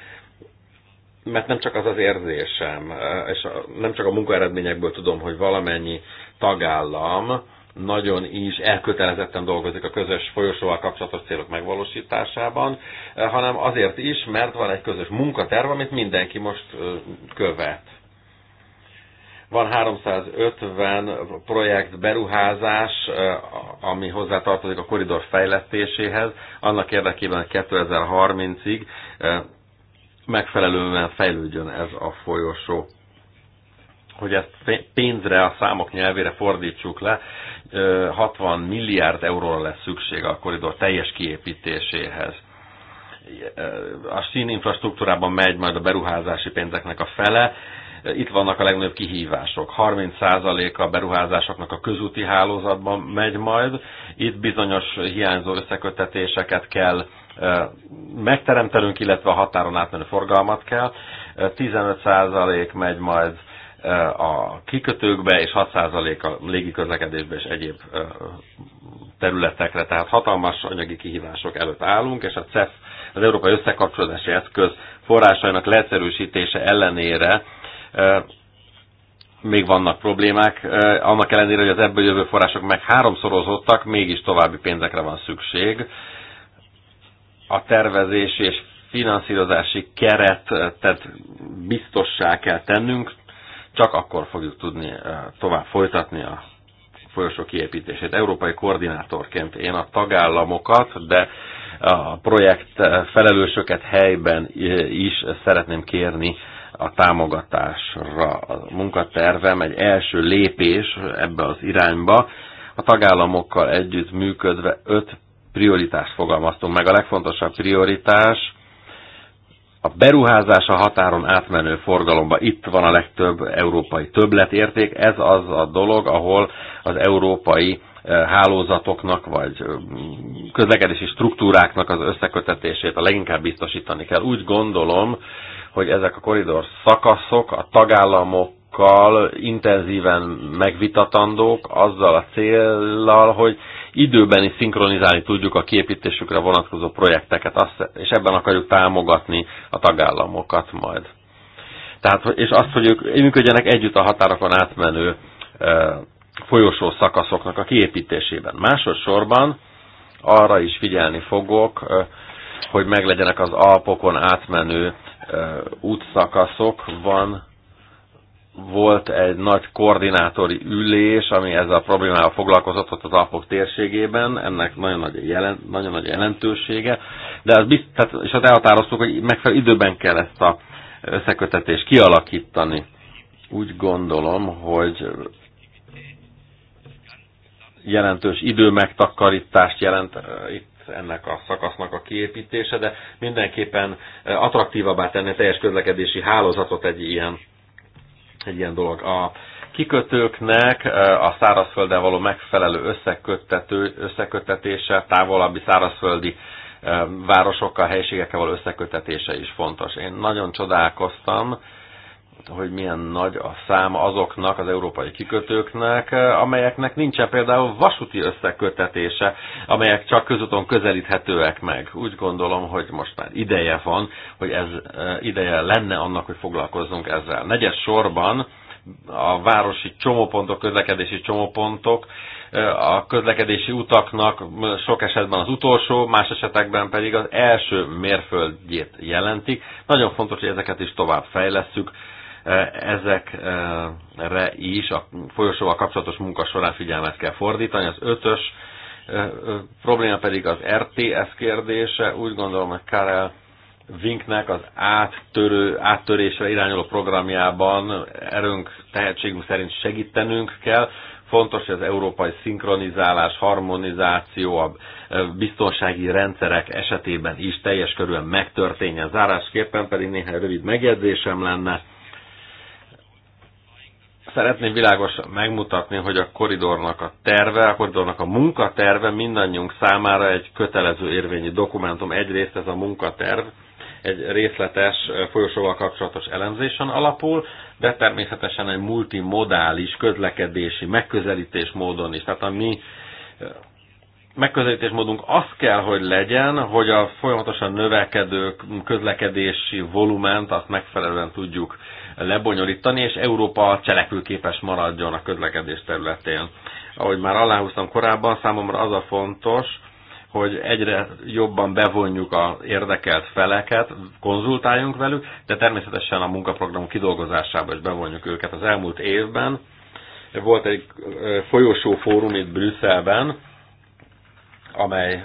mert nem csak az az érzésem, eh, és nem csak a munkaeredményekből tudom, hogy valamennyi tagállam nagyon is elkötelezetten dolgozik a közös folyosóval kapcsolatos célok megvalósításában, eh, hanem azért is, mert van egy közös munkaterv, amit mindenki most eh, követ. Van 350 projekt beruházás, ami hozzátartozik a koridor fejlesztéséhez, annak érdekében 2030-ig megfelelően fejlődjön ez a folyosó. Hogy ezt pénzre, a számok nyelvére fordítsuk le, 60 milliárd euróra lesz szükség a koridor teljes kiépítéséhez a szín infrastruktúrában megy majd a beruházási pénzeknek a fele, itt vannak a legnagyobb kihívások. 30% a beruházásoknak a közúti hálózatban megy majd. Itt bizonyos hiányzó összekötetéseket kell e, megteremtenünk, illetve a határon átmenő forgalmat kell. 15% e, megy majd e, a kikötőkbe, és 6% a légiközlekedésbe és egyéb területekre. Tehát hatalmas anyagi kihívások előtt állunk, és a CEF, az Európai Összekapcsolódási Eszköz forrásainak leegyszerűsítése ellenére még vannak problémák, annak ellenére, hogy az ebből jövő források meg háromszorozottak, mégis további pénzekre van szükség. A tervezés és finanszírozási keret, tehát biztossá kell tennünk, csak akkor fogjuk tudni tovább folytatni a folyosó kiépítését. Európai koordinátorként én a tagállamokat, de a projekt felelősöket helyben is szeretném kérni a támogatásra. A munkatervem egy első lépés ebbe az irányba. A tagállamokkal együtt működve öt prioritást fogalmaztunk meg. A legfontosabb prioritás a beruházás a határon átmenő forgalomba. Itt van a legtöbb európai többletérték. Ez az a dolog, ahol az európai eh, hálózatoknak vagy eh, közlekedési struktúráknak az összekötetését a leginkább biztosítani kell. Úgy gondolom, hogy ezek a koridor szakaszok a tagállamokkal intenzíven megvitatandók, azzal a céllal, hogy időben is szinkronizálni tudjuk a képítésükre vonatkozó projekteket, és ebben akarjuk támogatni a tagállamokat majd. Tehát, és azt, hogy ők működjenek együtt a határokon átmenő folyosó szakaszoknak a kiépítésében. Másodszorban arra is figyelni fogok, hogy meglegyenek az Alpokon átmenő útszakaszok van, volt egy nagy koordinátori ülés, ami ezzel a problémával foglalkozott ott az Alpok térségében, ennek nagyon nagy, jelent, nagyon nagy jelentősége, de az bizt, tehát, és azt elhatároztuk, hogy megfelelő időben kell ezt a összekötetést kialakítani. Úgy gondolom, hogy jelentős időmegtakarítást jelent itt ennek a szakasznak a kiépítése, de mindenképpen eh, attraktívabbá tenni a teljes közlekedési hálózatot egy ilyen, egy ilyen dolog. A kikötőknek eh, a szárazfölddel való megfelelő összeköttető, összeköttetése, távolabbi szárazföldi eh, városokkal, helységekkel való összekötetése is fontos. Én nagyon csodálkoztam, hogy milyen nagy a száma azoknak az európai kikötőknek, amelyeknek nincsen például vasúti összekötetése, amelyek csak közúton közelíthetőek meg. Úgy gondolom, hogy most már ideje van, hogy ez e, ideje lenne annak, hogy foglalkozzunk ezzel. Negyes sorban a városi csomópontok, közlekedési csomópontok, e, a közlekedési utaknak sok esetben az utolsó, más esetekben pedig az első mérföldjét jelentik. Nagyon fontos, hogy ezeket is tovább fejlesszük, Eh, ezekre is a folyosóval kapcsolatos munka során figyelmet kell fordítani. Az ötös eh, eh, probléma pedig az RTS kérdése. Úgy gondolom, hogy Karel Vinknek az áttörő, áttörésre irányuló programjában erőnk, tehetségünk szerint segítenünk kell. Fontos, hogy az európai szinkronizálás, harmonizáció a biztonsági rendszerek esetében is teljes körülön megtörténjen. Zárásképpen pedig néhány rövid megjegyzésem lenne szeretném világosan megmutatni, hogy a koridornak a terve, a koridornak a munkaterve mindannyiunk számára egy kötelező érvényi dokumentum. Egyrészt ez a munkaterv egy részletes folyosóval kapcsolatos elemzésen alapul, de természetesen egy multimodális közlekedési megközelítés módon is. Tehát a mi megközelítésmódunk az kell, hogy legyen, hogy a folyamatosan növekedő közlekedési volument azt megfelelően tudjuk lebonyolítani, és Európa cselekvőképes maradjon a közlekedés területén. Ahogy már aláhúztam korábban, számomra az a fontos, hogy egyre jobban bevonjuk az érdekelt feleket, konzultáljunk velük, de természetesen a munkaprogram kidolgozásába is bevonjuk őket. Az elmúlt évben volt egy folyosó fórum itt Brüsszelben, amely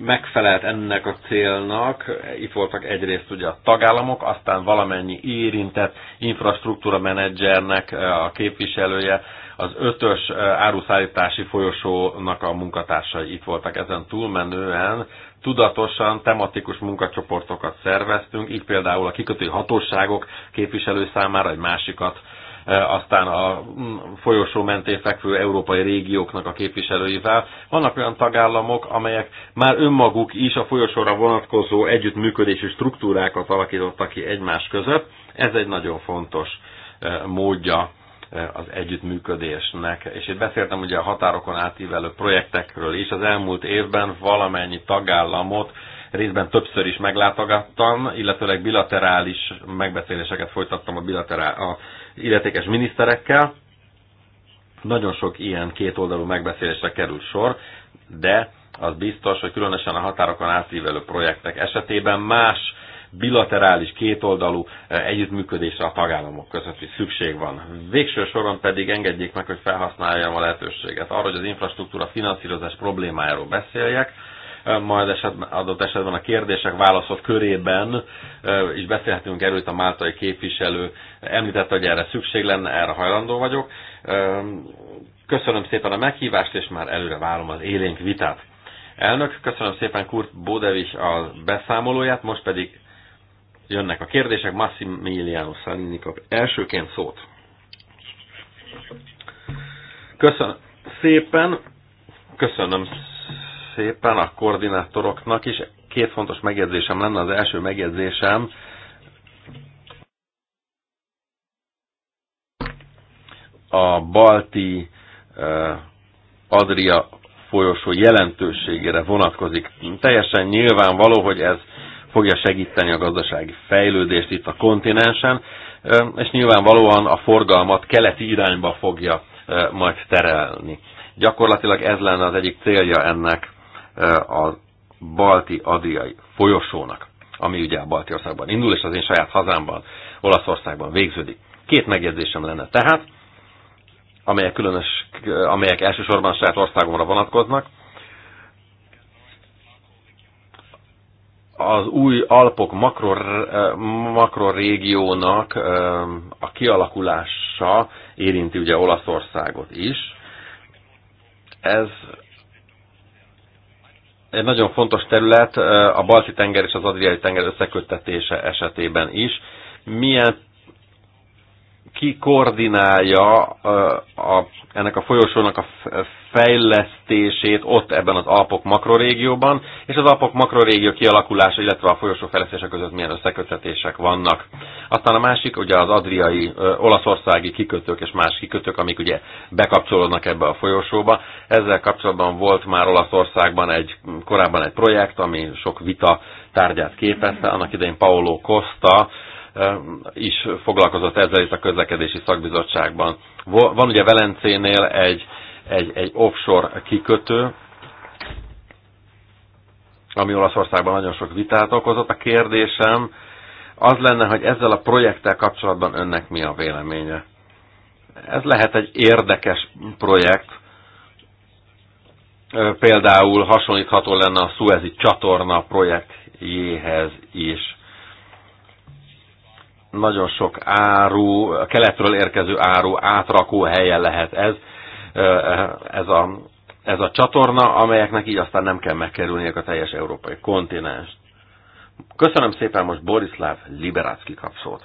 megfelelt ennek a célnak. Itt voltak egyrészt ugye a tagállamok, aztán valamennyi érintett infrastruktúra menedzsernek eh, a képviselője, az ötös eh, áruszállítási folyosónak a munkatársai itt voltak. Ezen túlmenően tudatosan tematikus munkacsoportokat szerveztünk, így például a kikötői hatóságok képviselő számára egy másikat Eh, aztán a mm, folyosó mentén fekvő európai régióknak a képviselőivel. Vannak olyan tagállamok, amelyek már önmaguk is a folyosóra vonatkozó együttműködési struktúrákat alakítottak ki egymás között. Ez egy nagyon fontos eh, módja eh, az együttműködésnek. És itt beszéltem ugye a határokon átívelő projektekről is. Az elmúlt évben valamennyi tagállamot részben többször is meglátogattam, illetőleg bilaterális megbeszéléseket folytattam a, bilaterál, a illetékes miniszterekkel. Nagyon sok ilyen kétoldalú megbeszélésre kerül sor, de az biztos, hogy különösen a határokon átívelő projektek esetében más bilaterális, kétoldalú eh, együttműködésre a tagállamok között is szükség van. Végső soron pedig engedjék meg, hogy felhasználjam a lehetőséget arra, hogy az infrastruktúra finanszírozás problémájáról beszéljek majd esetben, adott esetben a kérdések, válaszok körében is beszélhetünk erről, a máltai képviselő említette, hogy erre szükség lenne, erre hajlandó vagyok. Köszönöm szépen a meghívást, és már előre várom az élénk vitát. Elnök, köszönöm szépen Kurt Bodevis a beszámolóját, most pedig jönnek a kérdések. Massimiliano Sanini kap elsőként szót. Köszönöm szépen, köszönöm szépen a koordinátoroknak is. Két fontos megjegyzésem lenne. Az első megjegyzésem, a balti Adria folyosó jelentőségére vonatkozik. Teljesen nyilvánvaló, hogy ez fogja segíteni a gazdasági fejlődést itt a kontinensen, és nyilvánvalóan a forgalmat keleti irányba fogja majd terelni. Gyakorlatilag ez lenne az egyik célja ennek a balti-adriai folyosónak, ami ugye a balti országban indul, és az én saját hazámban, Olaszországban végződik. Két megjegyzésem lenne tehát, amelyek, különös, amelyek elsősorban a saját országomra vonatkoznak. Az új Alpok makro, makrorégiónak eh, a kialakulása érinti ugye Olaszországot is. Ez egy nagyon fontos terület a Balti-tenger és az Adriai-tenger összeköttetése esetében is. Milyen ki koordinálja a, ennek a folyosónak a fejlesztését ott ebben az Alpok makrorégióban, és az Alpok makrorégió kialakulása, illetve a folyosó fejlesztése között milyen összekötetések vannak. Aztán a másik, ugye az adriai, ö, olaszországi kikötők és más kikötők, amik ugye bekapcsolódnak ebbe a folyosóba. Ezzel kapcsolatban volt már Olaszországban egy, korábban egy projekt, ami sok vita tárgyát képezte. Annak idején Paolo Costa, Eh, is foglalkozott ezzel itt a közlekedési szakbizottságban. Van ugye Velencénél egy, egy, egy offshore kikötő, ami Olaszországban nagyon sok vitát okozott. A kérdésem az lenne, hogy ezzel a projekttel kapcsolatban önnek mi a véleménye? Ez lehet egy érdekes projekt, például hasonlítható lenne a Suezi csatorna projektjéhez is nagyon sok áru, a keletről érkező áru átrakó helye lehet ez, ez a, ez a csatorna, amelyeknek így aztán nem kell megkerülniük a teljes európai kontinens. Köszönöm szépen most Borislav Liberácki kapszót.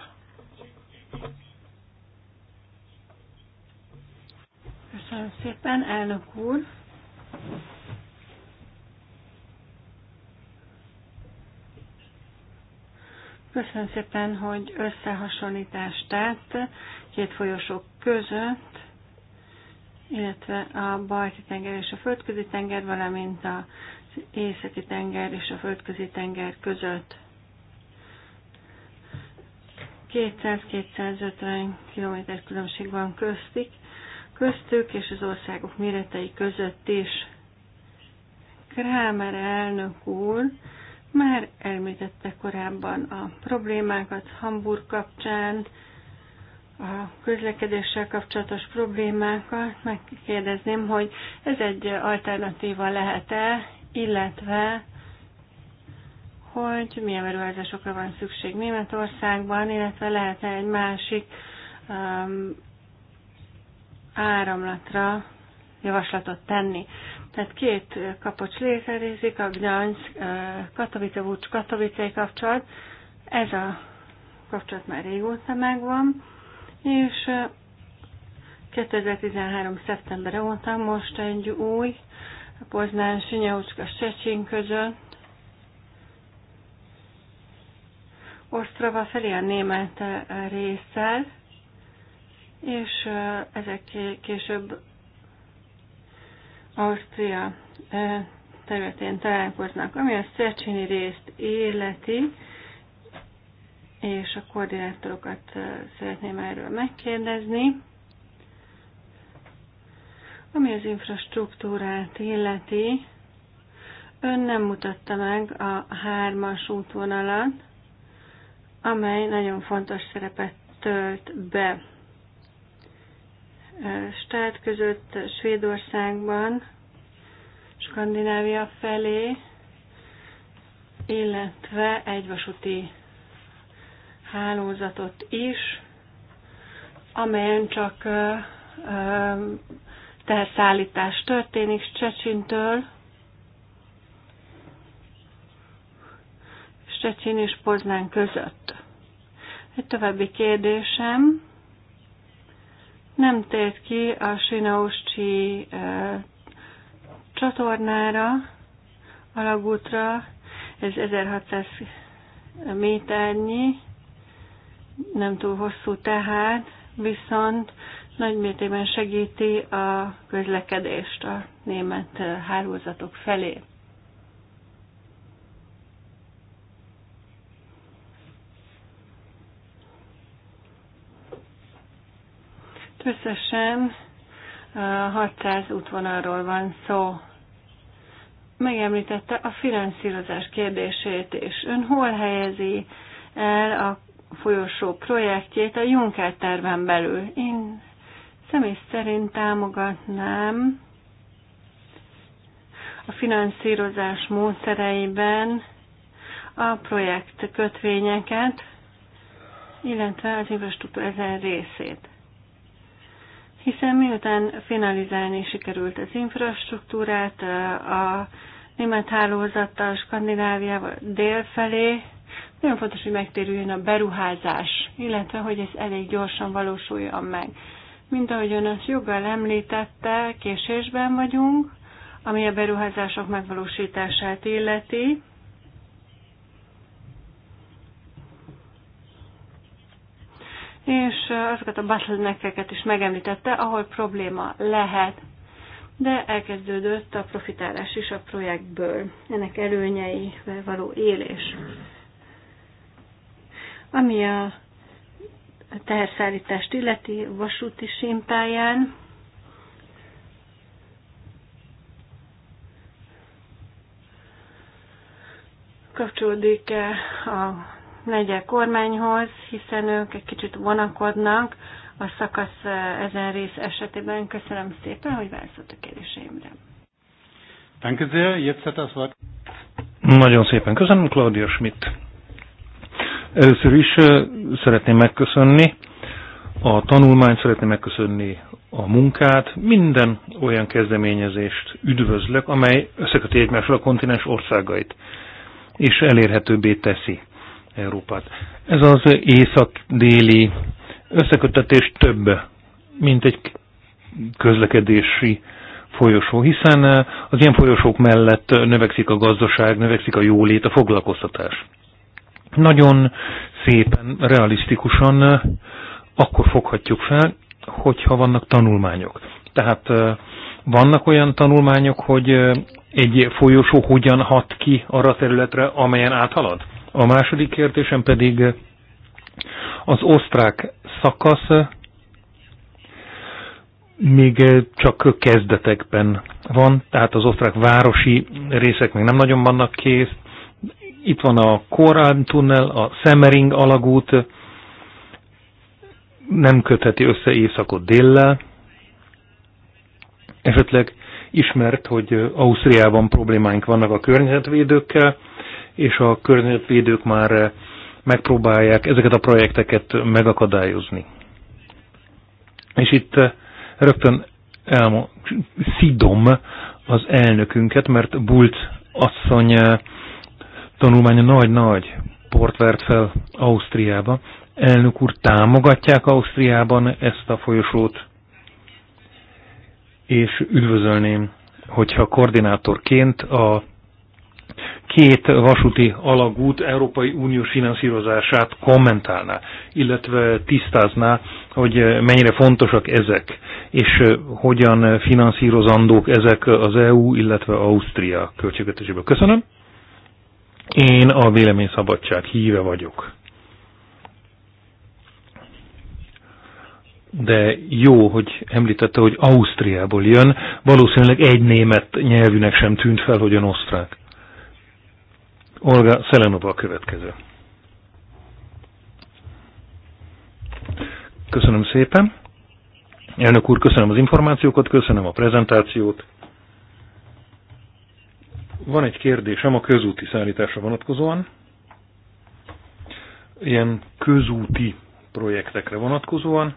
Köszönöm szépen, elnök úr. Köszönöm szépen, hogy összehasonlítást tett két folyosók között, illetve a balti tenger és a földközi tenger, valamint az északi tenger és a földközi tenger között. 200-250 km különbség van köztük, köztük és az országok méretei között is. Krámer elnök úr már elmítette korábban a problémákat Hamburg kapcsán, a közlekedéssel kapcsolatos problémákat. Megkérdezném, hogy ez egy alternatíva lehet-e, illetve hogy milyen beruházásokra van szükség Németországban, illetve lehet-e egy másik um, áramlatra javaslatot tenni. Tehát két kapocs létezik, a Gdansz Katowice, Vucs, Katowice kapcsolat. Ez a kapcsolat már régóta megvan, és 2013. szeptember óta most egy új Poznán, Sinyaucska, Secsin között Ostrava felé a német részsel, és ezek később Ausztria területén találkoznak, ami a Szercsényi részt életi, és a koordinátorokat szeretném erről megkérdezni. Ami az infrastruktúrát illeti, ön nem mutatta meg a hármas útvonalat, amely nagyon fontos szerepet tölt be stát között Svédországban, Skandinávia felé, illetve egy vasúti hálózatot is, amelyen csak teherszállítás történik Csecsintől, Csecsin és Poznán között. Egy további kérdésem, nem tért ki a Sinauscsi csatornára, alagútra, ez 1600 méternyi, nem túl hosszú tehát, viszont nagy mértékben segíti a közlekedést a német hálózatok felé. Összesen 600 útvonalról van szó. Megemlítette a finanszírozás kérdését, és ön hol helyezi el a folyosó projektjét a Juncker terven belül? Én személy szerint támogatnám a finanszírozás módszereiben a projekt kötvényeket, illetve az infrastruktúra ezen részét hiszen miután finalizálni sikerült az infrastruktúrát, a német hálózattal, Skandináviával dél felé, nagyon fontos, hogy megtérüljön a beruházás, illetve hogy ez elég gyorsan valósuljon meg. Mint ahogy ön azt joggal említette, késésben vagyunk, ami a beruházások megvalósítását illeti. és azokat a bottleneckeket is megemlítette, ahol probléma lehet. De elkezdődött a profitálás is a projektből, ennek előnyeivel való élés. Ami a teherszállítást illeti vasúti simpáján, kapcsolódik -e a lengyel kormányhoz, hiszen ők egy kicsit vonakodnak a szakasz eh, ezen rész esetében. Köszönöm szépen, hogy válaszolt a kérdéseimre. Danke sehr, jetzt hat das Wort. Nagyon szépen köszönöm, Claudia Schmidt. Először is eh, szeretném megköszönni a tanulmányt, szeretném megköszönni a munkát, minden olyan kezdeményezést üdvözlök, amely összeköti egymással a kontinens országait, és elérhetőbbé teszi Európát. Ez az észak-déli összekötetés több, mint egy közlekedési folyosó, hiszen az ilyen folyosók mellett növekszik a gazdaság, növekszik a jólét, a foglalkoztatás. Nagyon szépen, realisztikusan akkor foghatjuk fel, hogyha vannak tanulmányok. Tehát eh, vannak olyan tanulmányok, hogy eh, egy folyosó hogyan hat ki arra a területre, amelyen áthalad? A második kérdésem pedig az osztrák szakasz még csak kezdetekben van, tehát az osztrák városi részek még nem nagyon vannak kész. Itt van a Korán tunnel, a Semmering alagút, nem kötheti össze északot déllel. Esetleg ismert, hogy Ausztriában problémáink vannak a környezetvédőkkel, és a környezetvédők már megpróbálják ezeket a projekteket megakadályozni. És itt eh, rögtön elmo- szidom az elnökünket, mert Bult asszony eh, tanulmánya nagy-nagy port vert fel Ausztriába. Elnök úr, támogatják Ausztriában ezt a folyosót, és üdvözölném, hogyha koordinátorként a két vasúti alagút Európai Uniós finanszírozását kommentálná, illetve tisztázná, hogy mennyire fontosak ezek, és hogyan finanszírozandók ezek az EU, illetve Ausztria költségvetéséből. Köszönöm. Én a véleményszabadság híve vagyok. de jó, hogy említette, hogy Ausztriából jön. Valószínűleg egy német nyelvűnek sem tűnt fel, hogy osztrák. Olga Szelenova a következő. Köszönöm szépen. Elnök úr, köszönöm az információkat, köszönöm a prezentációt. Van egy kérdésem a közúti szállításra vonatkozóan. Ilyen közúti projektekre vonatkozóan.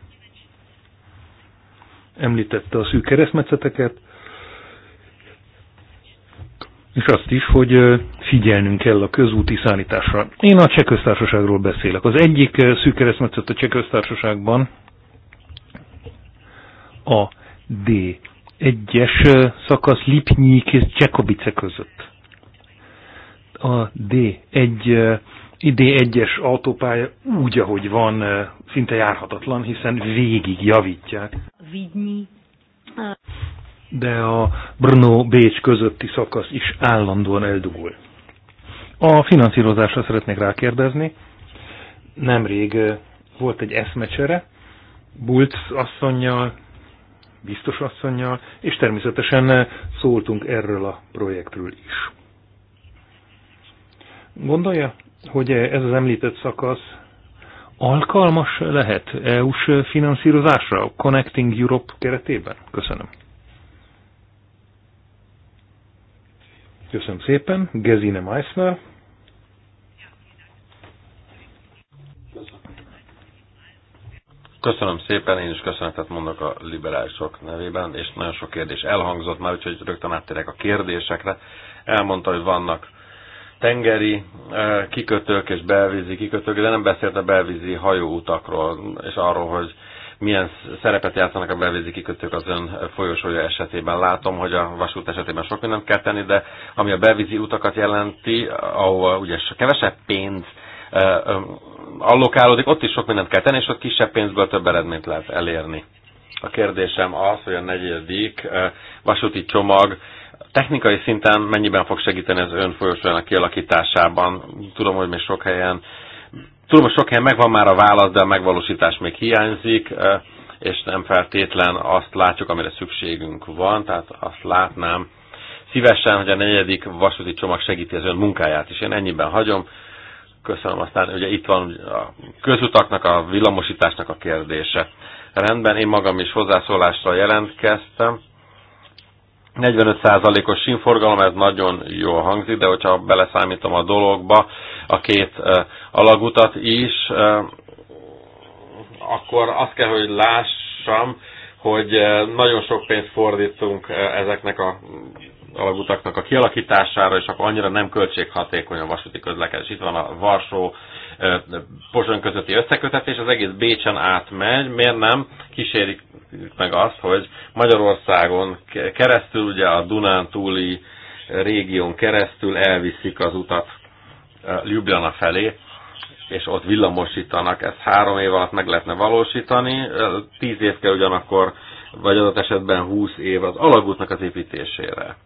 Említette a szűk keresztmetszeteket, és azt is, hogy figyelnünk kell a közúti szállításra. Én a cseh köztársaságról beszélek. Az egyik szűk keresztmetszet a cseh köztársaságban a D1-es szakasz Lipnyik és Csekobice között. A D1 D1-es autópálya úgy, ahogy van, szinte járhatatlan, hiszen végig javítják de a Brno-Bécs közötti szakasz is állandóan eldugul. A finanszírozásra szeretnék rákérdezni. Nemrég volt egy eszmecsere Bulc asszonynal, biztos asszonynal, és természetesen szóltunk erről a projektről is. Gondolja, hogy ez az említett szakasz alkalmas lehet EU-s finanszírozásra a Connecting Europe keretében? Köszönöm. Köszönöm szépen. Gezine Meissner. Köszönöm szépen, én is köszönetet mondok a liberálisok nevében, és nagyon sok kérdés elhangzott már, úgyhogy rögtön áttérek a kérdésekre. Elmondta, hogy vannak tengeri eh, kikötők és belvízi kikötők, de nem beszélt a belvízi hajóutakról, és arról, hogy milyen szerepet játszanak a belvízi kikötők az ön folyosója esetében. Látom, hogy a vasút esetében sok mindent kell tenni, de ami a belvízi utakat jelenti, ahol ugye kevesebb pénz allokálódik, ott is sok mindent kell tenni, és ott kisebb pénzből több eredményt lehet elérni. A kérdésem az, hogy a negyedik vasúti csomag technikai szinten mennyiben fog segíteni az ön folyosójának kialakításában. Tudom, hogy még sok helyen Tudom, hogy sok helyen megvan már a válasz, de a megvalósítás még hiányzik, és nem feltétlen azt látjuk, amire szükségünk van, tehát azt látnám szívesen, hogy a negyedik vasúti csomag segíti az ön munkáját is. Én ennyiben hagyom. Köszönöm, aztán ugye itt van a közutaknak, a villamosításnak a kérdése. Rendben, én magam is hozzászólásra jelentkeztem. 45%-os sínforgalom, ez nagyon jól hangzik, de hogyha beleszámítom a dologba, a két alagutat is, akkor azt kell, hogy lássam, hogy nagyon sok pénzt fordítunk ezeknek a alagutaknak a kialakítására, és akkor annyira nem költséghatékony a vasúti közlekedés. Itt van a Varsó Pozsony közötti összekötetés, az egész Bécsen átmegy, miért nem kísérik meg azt, hogy Magyarországon keresztül, ugye a Dunántúli régión keresztül elviszik az utat Ljubljana felé, és ott villamosítanak. Ezt három év alatt meg lehetne valósítani, tíz év kell ugyanakkor, vagy adott esetben húsz év az alagútnak az építésére.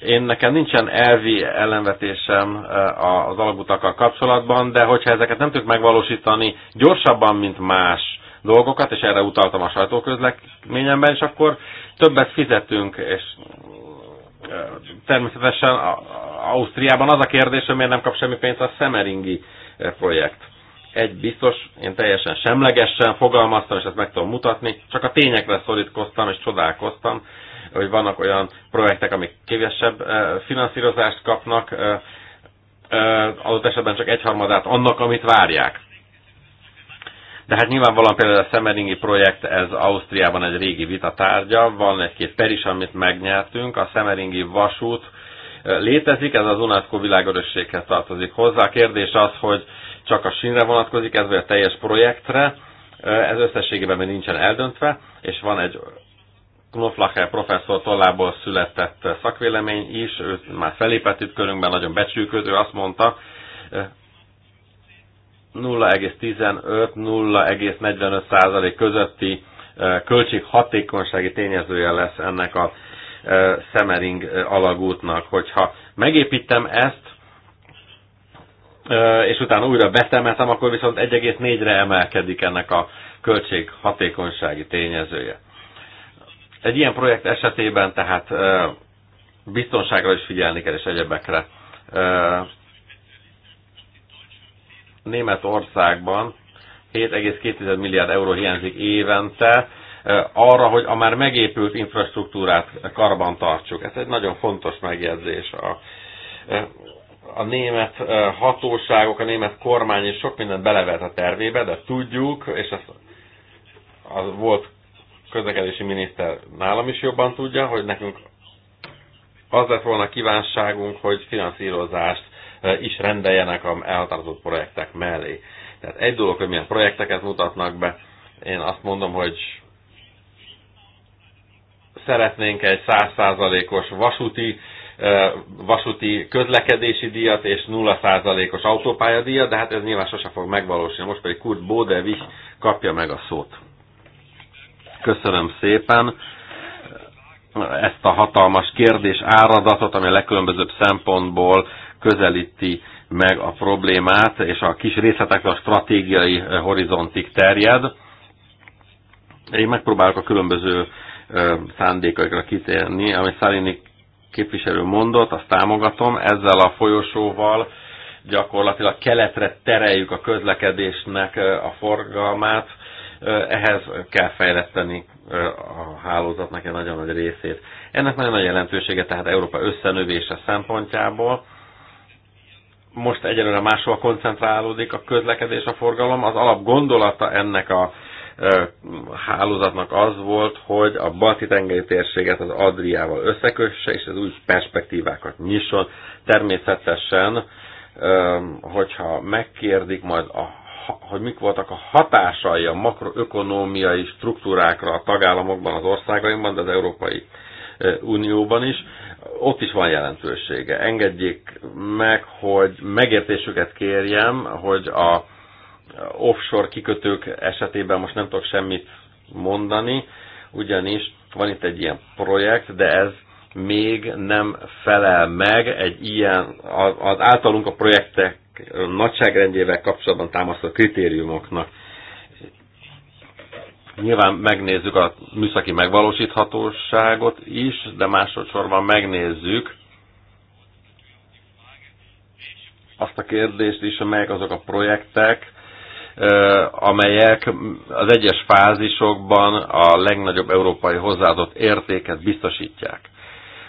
Én nekem nincsen elvi ellenvetésem az alagutakkal kapcsolatban, de hogyha ezeket nem tudjuk megvalósítani gyorsabban, mint más dolgokat, és erre utaltam a sajtóközleményemben, és akkor többet fizetünk, és Természetesen Ausztriában az a kérdés, hogy miért nem kap semmi pénzt a Szemeringi eh, projekt. Egy biztos, én teljesen semlegesen fogalmaztam, és ezt meg tudom mutatni, csak a tényekre szorítkoztam és csodálkoztam, hogy vannak olyan projektek, amik kevesebb eh, finanszírozást kapnak, eh, adott esetben csak egyharmadát annak, amit várják. De hát nyilvánvalóan például a Szemeringi projekt, ez Ausztriában egy régi vita tárgya, van egy-két per is, amit megnyertünk, a Szemeringi vasút létezik, ez az UNESCO világörösséghez tartozik hozzá. A kérdés az, hogy csak a sínre vonatkozik, ez vagy a teljes projektre, ez összességében még nincsen eldöntve, és van egy Knoflacher professzor tollából született szakvélemény is, ő már felépett itt körünkben, nagyon becsülködő, azt mondta, 0,15-0,45 százalék közötti költséghatékonysági tényezője lesz ennek a szemering alagútnak. Hogyha megépítem ezt, és utána újra betemetem, akkor viszont 1,4-re emelkedik ennek a költséghatékonysági tényezője. Egy ilyen projekt esetében tehát biztonságra is figyelni kell, és egyebekre Németországban 7,2 milliárd euró hiányzik évente arra, hogy a már megépült infrastruktúrát karban tartsuk. Ez egy nagyon fontos megjegyzés. A, a német hatóságok, a német kormány is sok mindent belevet a tervébe, de tudjuk, és ezt az volt közlekedési miniszter nálam is jobban tudja, hogy nekünk az lett volna kívánságunk, hogy finanszírozást Eh, is rendeljenek a elhatározott projektek mellé. Tehát egy dolog, hogy milyen projekteket mutatnak be, én azt mondom, hogy szeretnénk egy 100%-os vasúti eh, vasúti közlekedési díjat és 0%-os autópályadíjat, de hát ez nyilván sose fog megvalósulni. Most pedig Kurt Bodevich kapja meg a szót. Köszönöm szépen ezt a hatalmas kérdés áradatot, ami a legkülönbözőbb szempontból közelíti meg a problémát, és a kis részletekre a stratégiai eh, horizontig terjed. Én megpróbálok a különböző eh, szándékaikra kitérni, amit Szalini képviselő mondott, azt támogatom, ezzel a folyosóval gyakorlatilag keletre tereljük a közlekedésnek eh, a forgalmát, ehhez kell fejleszteni a hálózatnak egy nagyon nagy részét. Ennek nagyon nagy jelentősége tehát Európa összenövése szempontjából, most egyelőre máshol koncentrálódik a közlekedés, a forgalom. Az alap gondolata ennek a hálózatnak az volt, hogy a balti tengeri térséget az Adriával összekösse, és ez új perspektívákat nyisson. Természetesen, hogyha megkérdik majd, a, hogy mik voltak a hatásai a makroökonómiai struktúrákra a tagállamokban, az országainkban, de az Európai Unióban is, ott is van jelentősége. Engedjék meg, hogy megértésüket kérjem, hogy a offshore kikötők esetében most nem tudok semmit mondani, ugyanis van itt egy ilyen projekt, de ez még nem felel meg egy ilyen, az általunk a projektek nagyságrendjével kapcsolatban támasztott kritériumoknak. Nyilván megnézzük a műszaki megvalósíthatóságot is, de másodszorban megnézzük azt a kérdést is, amelyek azok a projektek, amelyek az egyes fázisokban a legnagyobb európai hozzáadott értéket biztosítják.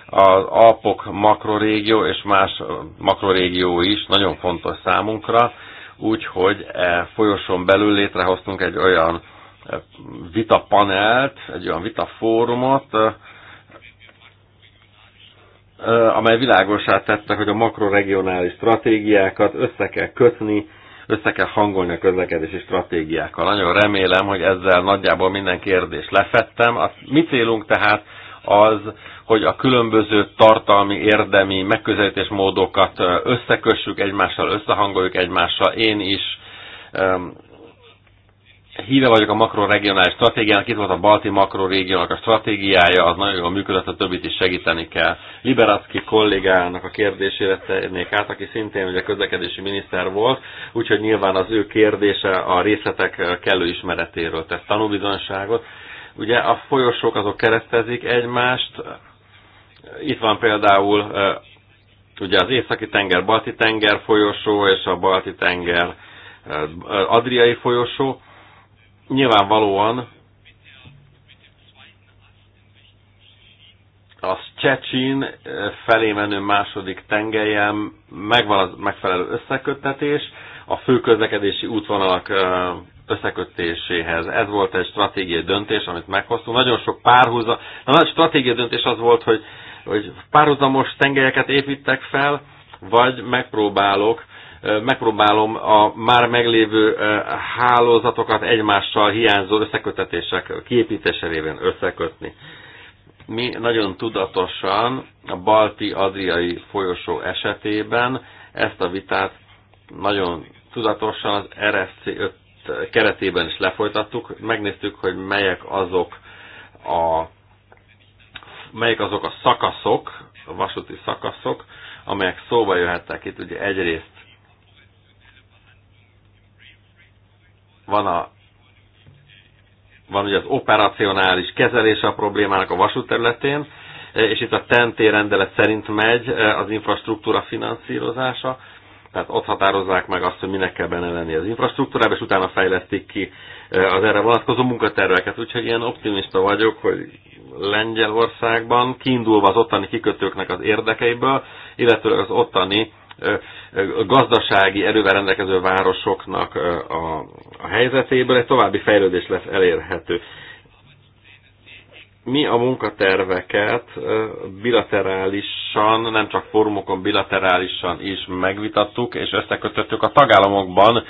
Az Alpok makrorégió és más makrorégió is nagyon fontos számunkra, úgyhogy e folyosón belül létrehoztunk egy olyan vitapanelt, egy olyan vitafórumot, amely világosá tette, hogy a makroregionális stratégiákat össze kell kötni, össze kell hangolni a közlekedési stratégiákkal. Nagyon remélem, hogy ezzel nagyjából minden kérdést lefettem. A mi célunk tehát az, hogy a különböző tartalmi, érdemi megközelítésmódokat összekössük egymással, összehangoljuk egymással. Én is híve vagyok a makroregionális stratégiának, itt volt a balti makrorégiónak a stratégiája, az nagyon jól működött, a többit is segíteni kell. Liberacki kollégának a kérdésére tennék át, aki szintén ugye közlekedési miniszter volt, úgyhogy nyilván az ő kérdése a részletek kellő ismeretéről tesz tanúbizonságot. Ugye a folyosók azok keresztezik egymást, itt van például ugye az északi tenger, balti tenger folyosó és a balti tenger adriai folyosó, Nyilvánvalóan az Csecsin eh, felé menő második tengelyen megvan az megfelelő összeköttetés, a fő közlekedési útvonalak eh, összekötéséhez. Ez volt egy stratégiai döntés, amit meghoztunk. Nagyon sok párhuza, a nagy stratégiai döntés az volt, hogy, hogy párhuzamos tengelyeket építek fel, vagy megpróbálok megpróbálom a már meglévő hálózatokat egymással hiányzó összekötetések kiépítése révén összekötni. Mi nagyon tudatosan a balti-adriai folyosó esetében ezt a vitát nagyon tudatosan az RSC 5 keretében is lefolytattuk. Megnéztük, hogy melyek azok a, melyek azok a szakaszok, a vasúti szakaszok, amelyek szóba jöhettek itt. Ugye egyrészt Van a van ugye az operacionális kezelése a problémának a területén, eh, és itt a TNT rendelet szerint megy eh, az infrastruktúra finanszírozása, tehát ott határozzák meg azt, hogy minek kell benne lenni az infrastruktúrába, és utána fejlesztik ki eh, az erre vonatkozó munkaterveket. Úgyhogy ilyen optimista vagyok, hogy Lengyelországban, kiindulva az ottani kikötőknek az érdekeiből, illetőleg az ottani gazdasági erővel rendelkező városoknak a, a helyzetéből egy további fejlődés lesz elérhető. Mi a munkaterveket bilaterálisan, nem csak fórumokon, bilaterálisan is megvitattuk, és összekötöttük a tagállamokban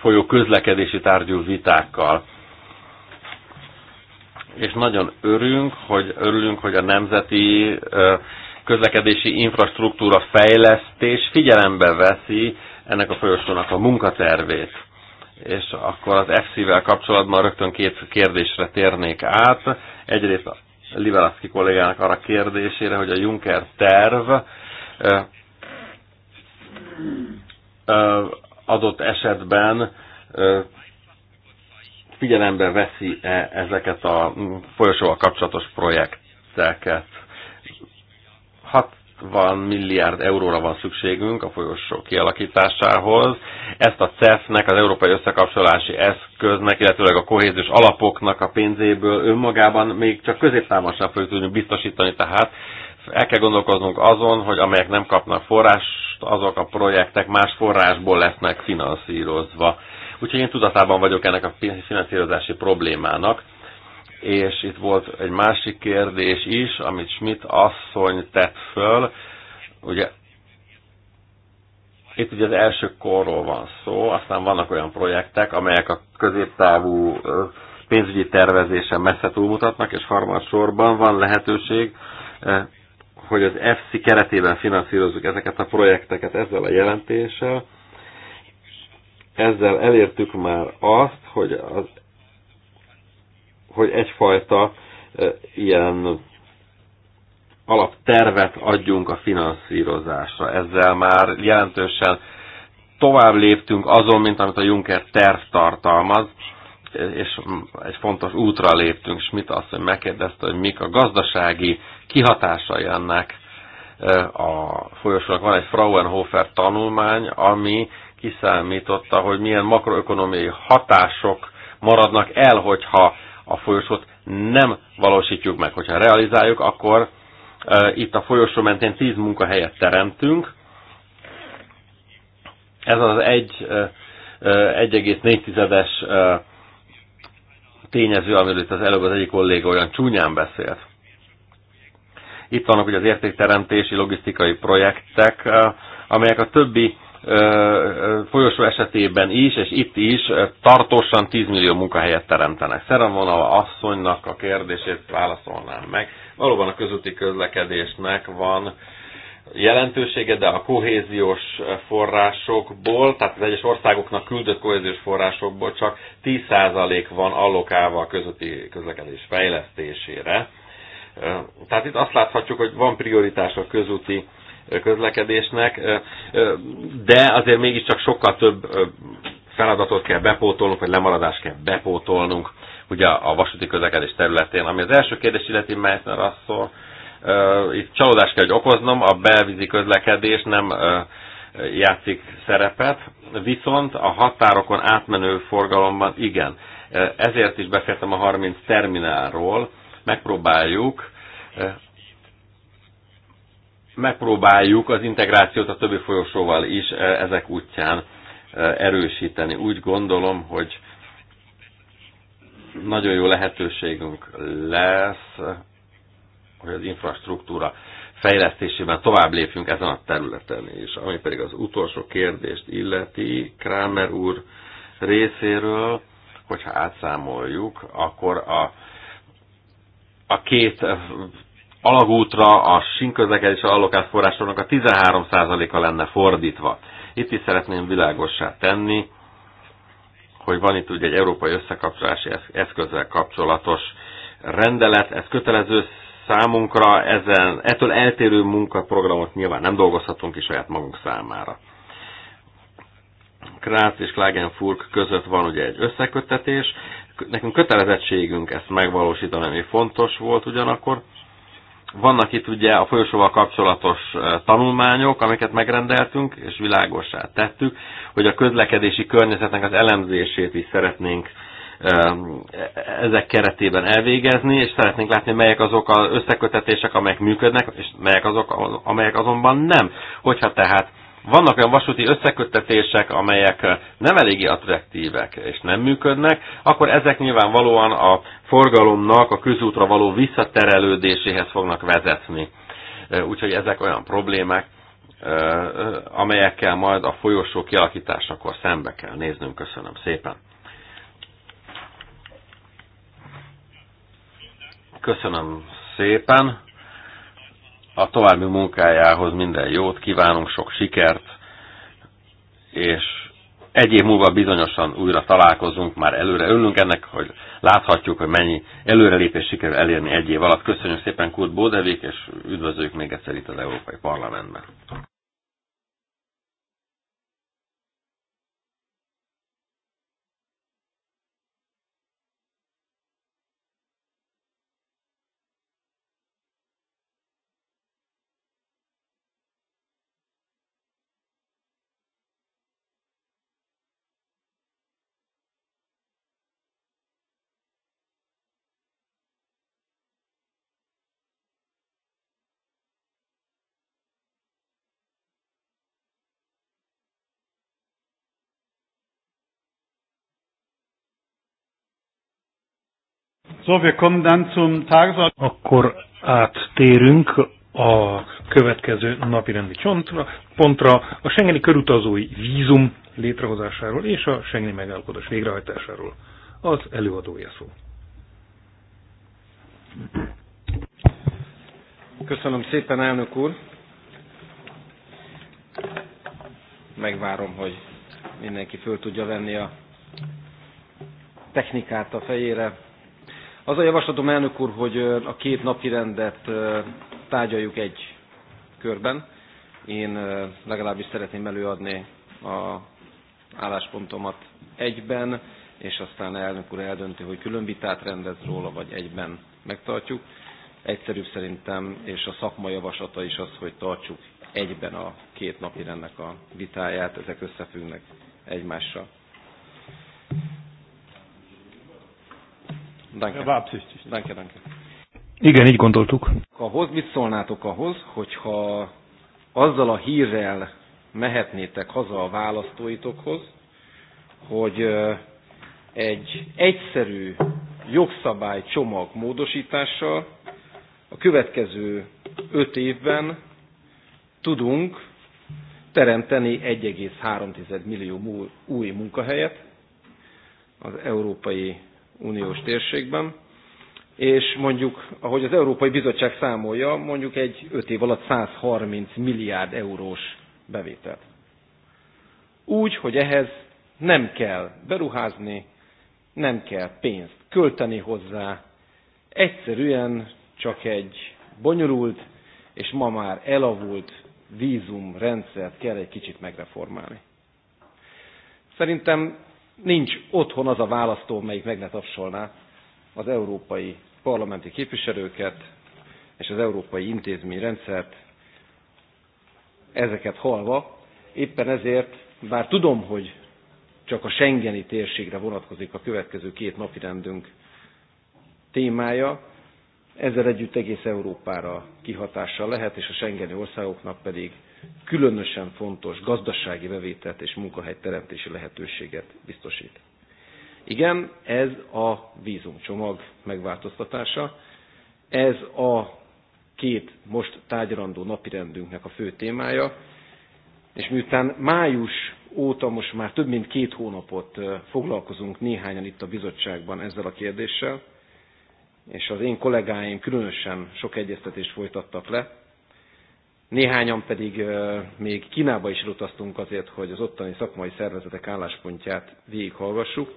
folyó közlekedési tárgyú vitákkal és nagyon örülünk, hogy, örülünk, hogy a nemzeti közlekedési infrastruktúra fejlesztés figyelembe veszi ennek a folyosónak a munkatervét. És akkor az FC-vel kapcsolatban rögtön két kérdésre térnék át. Egyrészt a Livelaszki kollégának arra kérdésére, hogy a Juncker terv adott esetben figyelembe veszi -e ezeket a folyosóval kapcsolatos projekteket. 60 milliárd euróra van szükségünk a folyosó kialakításához. Ezt a CEF-nek, az Európai Összekapcsolási Eszköznek, illetőleg a kohéziós alapoknak a pénzéből önmagában még csak középtámasnak fogjuk tudni biztosítani, tehát el kell gondolkoznunk azon, hogy amelyek nem kapnak forrást, azok a projektek más forrásból lesznek finanszírozva. Úgyhogy én tudatában vagyok ennek a finanszírozási problémának és itt volt egy másik kérdés is, amit Schmidt asszony tett föl. Ugye itt ugye az első korról van szó, aztán vannak olyan projektek, amelyek a középtávú pénzügyi tervezésen messze túlmutatnak, és harmadsorban van lehetőség, hogy az FC keretében finanszírozzuk ezeket a projekteket ezzel a jelentéssel. Ezzel elértük már azt, hogy az hogy egyfajta ilyen alaptervet adjunk a finanszírozásra. Ezzel már jelentősen tovább léptünk azon, mint amit a Juncker terv tartalmaz, és egy fontos útra léptünk. Schmidt azt, hogy megkérdezte, hogy mik a gazdasági kihatásai ennek a folyosónak. Van egy Frauenhofer tanulmány, ami kiszámította, hogy milyen makroökonomiai hatások maradnak el, hogyha a folyosót nem valósítjuk meg. Hogyha realizáljuk, akkor e, itt a folyosó mentén 10 munkahelyet teremtünk. Ez az egy 1,4-es e, e, tényező, amiről itt az előbb az egyik kolléga olyan csúnyán beszélt. Itt vannak ugye az értékteremtési, logisztikai projektek, amelyek a többi folyosó esetében is, és itt is tartósan 10 millió munkahelyet teremtenek. Szeremvonal asszonynak a kérdését válaszolnám meg. Valóban a közúti közlekedésnek van jelentősége, de a kohéziós forrásokból, tehát az egyes országoknak küldött kohéziós forrásokból csak 10% van allokálva a közötti közlekedés fejlesztésére. Tehát itt azt láthatjuk, hogy van prioritás a közúti közlekedésnek, de azért mégiscsak sokkal több feladatot kell bepótolnunk, vagy lemaradást kell bepótolnunk ugye a vasúti közlekedés területén. Ami az első kérdés illeti Meissner asszony, itt csalódást kell, hogy okoznom, a belvízi közlekedés nem játszik szerepet, viszont a határokon átmenő forgalomban igen. Ezért is beszéltem a 30 terminálról, megpróbáljuk megpróbáljuk az integrációt a többi folyosóval is eh, ezek útján eh, erősíteni. Úgy gondolom, hogy nagyon jó lehetőségünk lesz, hogy az infrastruktúra fejlesztésében tovább lépjünk ezen a területen is. Ami pedig az utolsó kérdést illeti Kramer úr részéről, hogyha átszámoljuk, akkor a, a két alagútra, a sinközlekedés forrásoknak a 13%-a lenne fordítva. Itt is szeretném világossá tenni, hogy van itt ugye egy európai összekapcsolási eszközzel kapcsolatos rendelet, ez kötelező számunkra, ezen, ettől eltérő munkaprogramot nyilván nem dolgozhatunk ki saját magunk számára. Gráz és Klagenfurt között van ugye egy összeköttetés, nekünk kötelezettségünk ezt megvalósítani, ami fontos volt ugyanakkor, vannak itt ugye a folyosóval kapcsolatos eh, tanulmányok, amiket megrendeltünk, és világosá tettük, hogy a közlekedési környezetnek az elemzését is szeretnénk eh, ezek keretében elvégezni, és szeretnénk látni, melyek azok az összekötetések, amelyek működnek, és melyek azok, amelyek azonban nem. Hogyha tehát vannak olyan vasúti összeköttetések, amelyek nem eléggé attraktívek és nem működnek, akkor ezek nyilvánvalóan a forgalomnak a közútra való visszaterelődéséhez fognak vezetni. Úgyhogy ezek olyan problémák, amelyekkel majd a folyosó kialakításakor szembe kell néznünk. Köszönöm szépen. Köszönöm szépen. A további munkájához minden jót, kívánunk sok sikert, és egy év múlva bizonyosan újra találkozunk, már előre ülünk ennek, hogy láthatjuk, hogy mennyi előrelépés sikerül elérni egy év alatt. Köszönjük szépen Kurt Bódevék, és üdvözöljük még egyszer itt az Európai Parlamentben. So, wir kommen dann zum Tagesordnungspunkt. Akkor áttérünk a következő napi rendi pontra a Schengeni körutazói vízum létrehozásáról és a Schengeni megállapodás végrehajtásáról. Az előadója szó. Köszönöm szépen, elnök úr. Megvárom, hogy mindenki föl tudja venni a technikát a fejére, az a javaslatom, elnök úr, hogy a két napi rendet tárgyaljuk egy körben. Én legalábbis szeretném előadni a álláspontomat egyben, és aztán elnök úr eldönti, hogy külön vitát rendez róla, vagy egyben megtartjuk. Egyszerűbb szerintem, és a szakma javaslata is az, hogy tartsuk egyben a két napi rendnek a vitáját, ezek összefüggnek egymással. Danke. Er war Danke, danke. Igen, így gondoltuk. Ahhoz, mit szólnátok ahhoz, hogyha azzal a hírrel mehetnétek haza a választóitokhoz, hogy egy egyszerű jogszabály csomag módosítással a következő öt évben tudunk teremteni 1,3 millió új munkahelyet az Európai uniós térségben, és mondjuk, ahogy az Európai Bizottság számolja, mondjuk egy 5 év alatt 130 milliárd eurós bevételt. Úgy, hogy ehhez nem kell beruházni, nem kell pénzt költeni hozzá, egyszerűen csak egy bonyolult és ma már elavult vízumrendszert kell egy kicsit megreformálni. Szerintem nincs otthon az a választó, melyik meg ne tapsolná az európai parlamenti képviselőket és az európai intézményrendszert, ezeket halva. Éppen ezért, bár tudom, hogy csak a Schengeni térségre vonatkozik a következő két napirendünk témája, ezzel együtt egész Európára kihatással lehet, és a Schengeni országoknak pedig különösen fontos gazdasági bevételt és teremtési lehetőséget biztosít. Igen, ez a vízumcsomag megváltoztatása, ez a két most tárgyalandó napirendünknek a fő témája, és miután május óta most már több mint két hónapot foglalkozunk néhányan itt a bizottságban ezzel a kérdéssel, és az én kollégáim különösen sok egyeztetést folytattak le. Néhányan pedig még Kínába is elutaztunk azért, hogy az ottani szakmai szervezetek álláspontját végighallgassuk.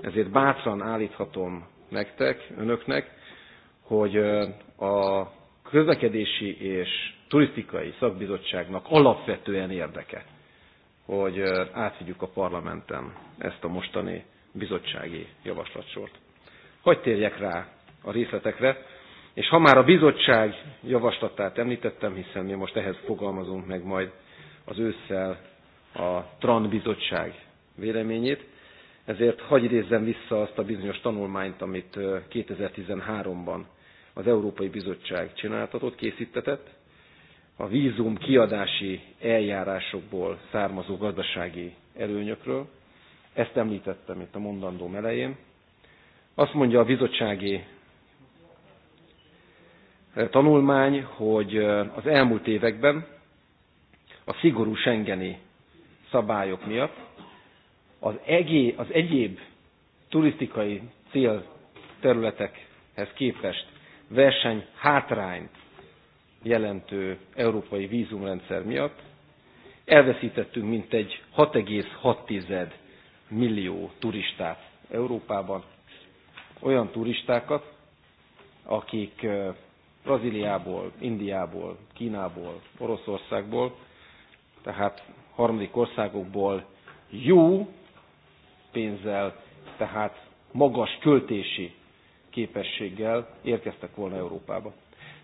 Ezért bátran állíthatom nektek, önöknek, hogy a közlekedési és turisztikai szakbizottságnak alapvetően érdeke, hogy átvigyük a parlamenten ezt a mostani bizottsági javaslatsort. Hogy térjek rá a részletekre. És ha már a bizottság javaslatát említettem, hiszen mi most ehhez fogalmazunk meg majd az ősszel a TRAN bizottság véleményét, ezért hagyj idézzem vissza azt a bizonyos tanulmányt, amit 2013-ban az Európai Bizottság csináltatott, készítetett, a vízum kiadási eljárásokból származó gazdasági előnyökről. Ezt említettem itt a mondandó elején. Azt mondja a bizottsági tanulmány, hogy az elmúlt években a szigorú Schengeni szabályok miatt az, egé, az egyéb turisztikai célterületekhez képest verseny hátrányt jelentő európai vízumrendszer miatt elveszítettünk mintegy 6,6 millió turistát Európában, olyan turistákat, akik Brazíliából, Indiából, Kínából, Oroszországból, tehát harmadik országokból jó pénzzel, tehát magas költési képességgel érkeztek volna Európába.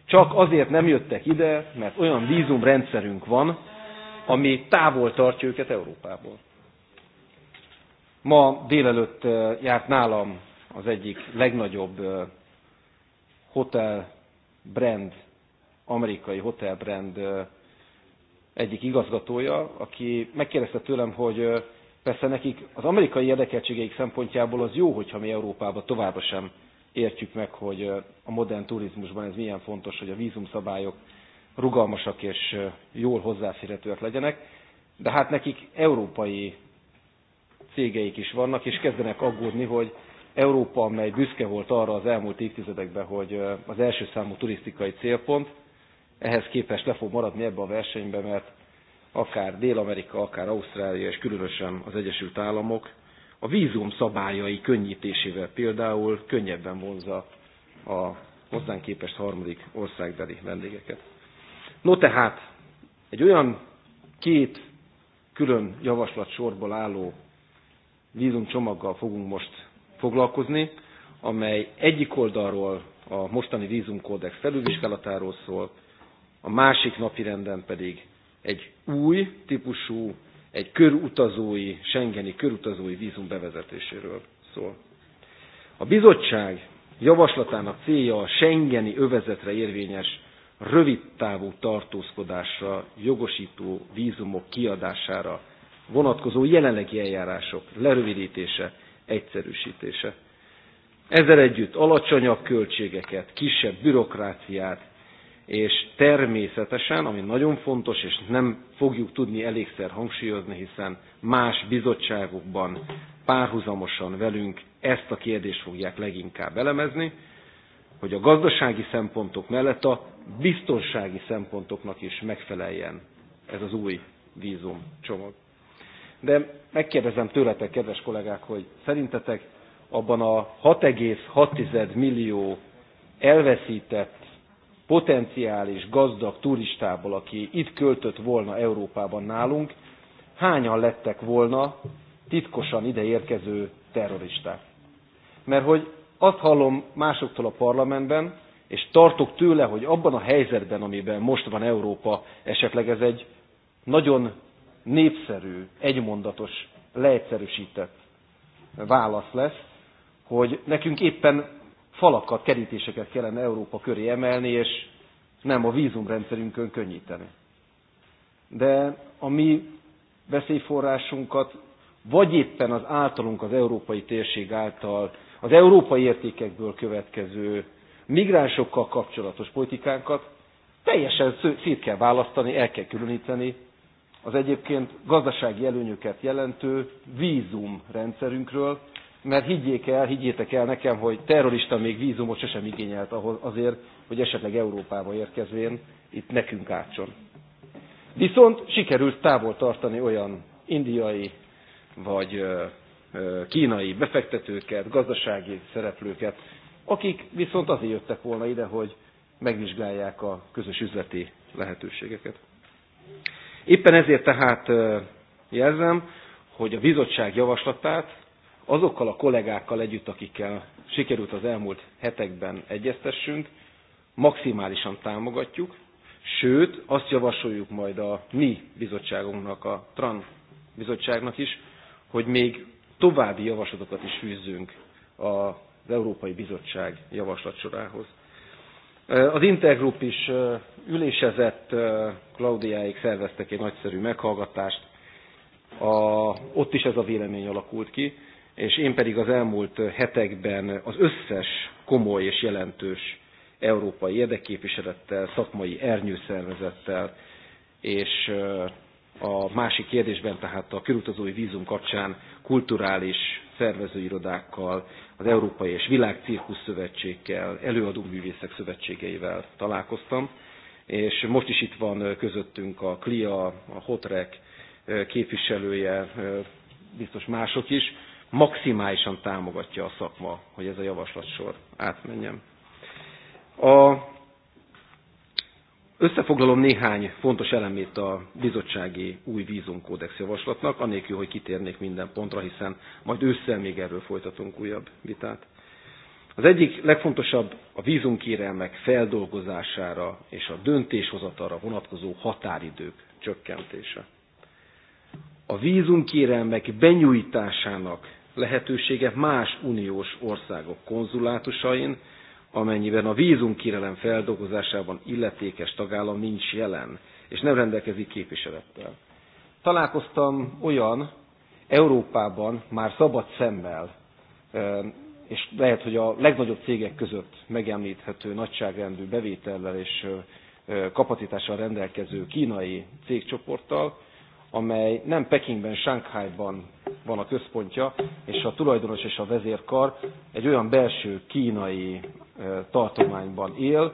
Csak azért nem jöttek ide, mert olyan vízumrendszerünk van, ami távol tartja őket Európából. Ma délelőtt eh, járt nálam az egyik legnagyobb eh, hotel brand, amerikai hotelbrand egyik igazgatója, aki megkérdezte tőlem, hogy persze nekik az amerikai érdekeltségeik szempontjából az jó, hogyha mi Európában továbbra sem értjük meg, hogy a modern turizmusban ez milyen fontos, hogy a vízumszabályok rugalmasak és jól hozzáférhetőek legyenek, de hát nekik európai cégeik is vannak, és kezdenek aggódni, hogy Európa, amely büszke volt arra az elmúlt évtizedekben, hogy az első számú turisztikai célpont, ehhez képest le fog maradni ebbe a versenybe, mert akár Dél-Amerika, akár Ausztrália, és különösen az Egyesült Államok a vízum szabályai könnyítésével például könnyebben vonza a hozzánk képest harmadik országbeli vendégeket. No tehát, egy olyan két külön javaslat sorból álló vízumcsomaggal fogunk most foglalkozni, amely egyik oldalról a mostani vízumkódex felülvizsgálatáról szól, a másik napirenden pedig egy új típusú, egy körutazói, Schengeni körutazói vízum bevezetéséről szól. A bizottság javaslatának célja a Schengeni övezetre érvényes rövidtávú tartózkodásra jogosító vízumok kiadására vonatkozó jelenlegi eljárások lerövidítése egyszerűsítése. Ezzel együtt alacsonyabb költségeket, kisebb bürokráciát, és természetesen, ami nagyon fontos, és nem fogjuk tudni elégszer hangsúlyozni, hiszen más bizottságokban párhuzamosan velünk ezt a kérdést fogják leginkább elemezni, hogy a gazdasági szempontok mellett a biztonsági szempontoknak is megfeleljen ez az új vízum csomag de megkérdezem tőletek, kedves kollégák, hogy szerintetek abban a 6,6 millió elveszített potenciális gazdag turistából, aki itt költött volna Európában nálunk, hányan lettek volna titkosan ide érkező terroristák. Mert hogy azt hallom másoktól a parlamentben, és tartok tőle, hogy abban a helyzetben, amiben most van Európa, esetleg ez egy nagyon népszerű, egymondatos, leegyszerűsített válasz lesz, hogy nekünk éppen falakat, kerítéseket kellene Európa köré emelni, és nem a vízumrendszerünkön könnyíteni. De a mi veszélyforrásunkat vagy éppen az általunk az európai térség által, az európai értékekből következő migránsokkal kapcsolatos politikánkat teljesen szét kell választani, el kell különíteni az egyébként gazdasági előnyöket jelentő vízum rendszerünkről, mert higgyék el, higgyétek el nekem, hogy terrorista még vízumot sosem igényelt azért, hogy esetleg Európába érkezvén itt nekünk átson. Viszont sikerült távol tartani olyan indiai vagy kínai befektetőket, gazdasági szereplőket, akik viszont azért jöttek volna ide, hogy megvizsgálják a közös üzleti lehetőségeket. Éppen ezért tehát jelzem, hogy a bizottság javaslatát azokkal a kollégákkal együtt, akikkel sikerült az elmúlt hetekben egyeztessünk, maximálisan támogatjuk, sőt, azt javasoljuk majd a mi bizottságunknak, a TRAN bizottságnak is, hogy még további javaslatokat is fűzzünk az Európai Bizottság javaslat sorához. Az Intergroup is ülésezett, Klaudiáig szerveztek egy nagyszerű meghallgatást, a, ott is ez a vélemény alakult ki, és én pedig az elmúlt hetekben az összes komoly és jelentős európai érdekképviselettel, szakmai ernyőszervezettel, és a másik kérdésben, tehát a körutazói vízum kapcsán kulturális szervezőirodákkal, az Európai és Világ Cirkusz Szövetségkel, Művészek Szövetségeivel találkoztam, és most is itt van közöttünk a CLIA, a HOTREK képviselője, biztos mások is, maximálisan támogatja a szakma, hogy ez a javaslatsor átmenjen. A Összefoglalom néhány fontos elemét a bizottsági új vízumkódex javaslatnak, anélkül, hogy kitérnék minden pontra, hiszen majd ősszel még erről folytatunk újabb vitát. Az egyik legfontosabb a vízumkérelmek feldolgozására és a döntéshozatalra vonatkozó határidők csökkentése. A vízumkérelmek benyújtásának lehetősége más uniós országok konzulátusain, amennyiben a vízumkérelem feldolgozásában illetékes tagállam nincs jelen, és nem rendelkezik képviselettel. Találkoztam olyan Európában már szabad szemmel, és lehet, hogy a legnagyobb cégek között megemlíthető nagyságrendű bevétellel és kapacitással rendelkező kínai cégcsoporttal, amely nem Pekingben, Sánkhájban van a központja, és a tulajdonos és a vezérkar egy olyan belső kínai tartományban él,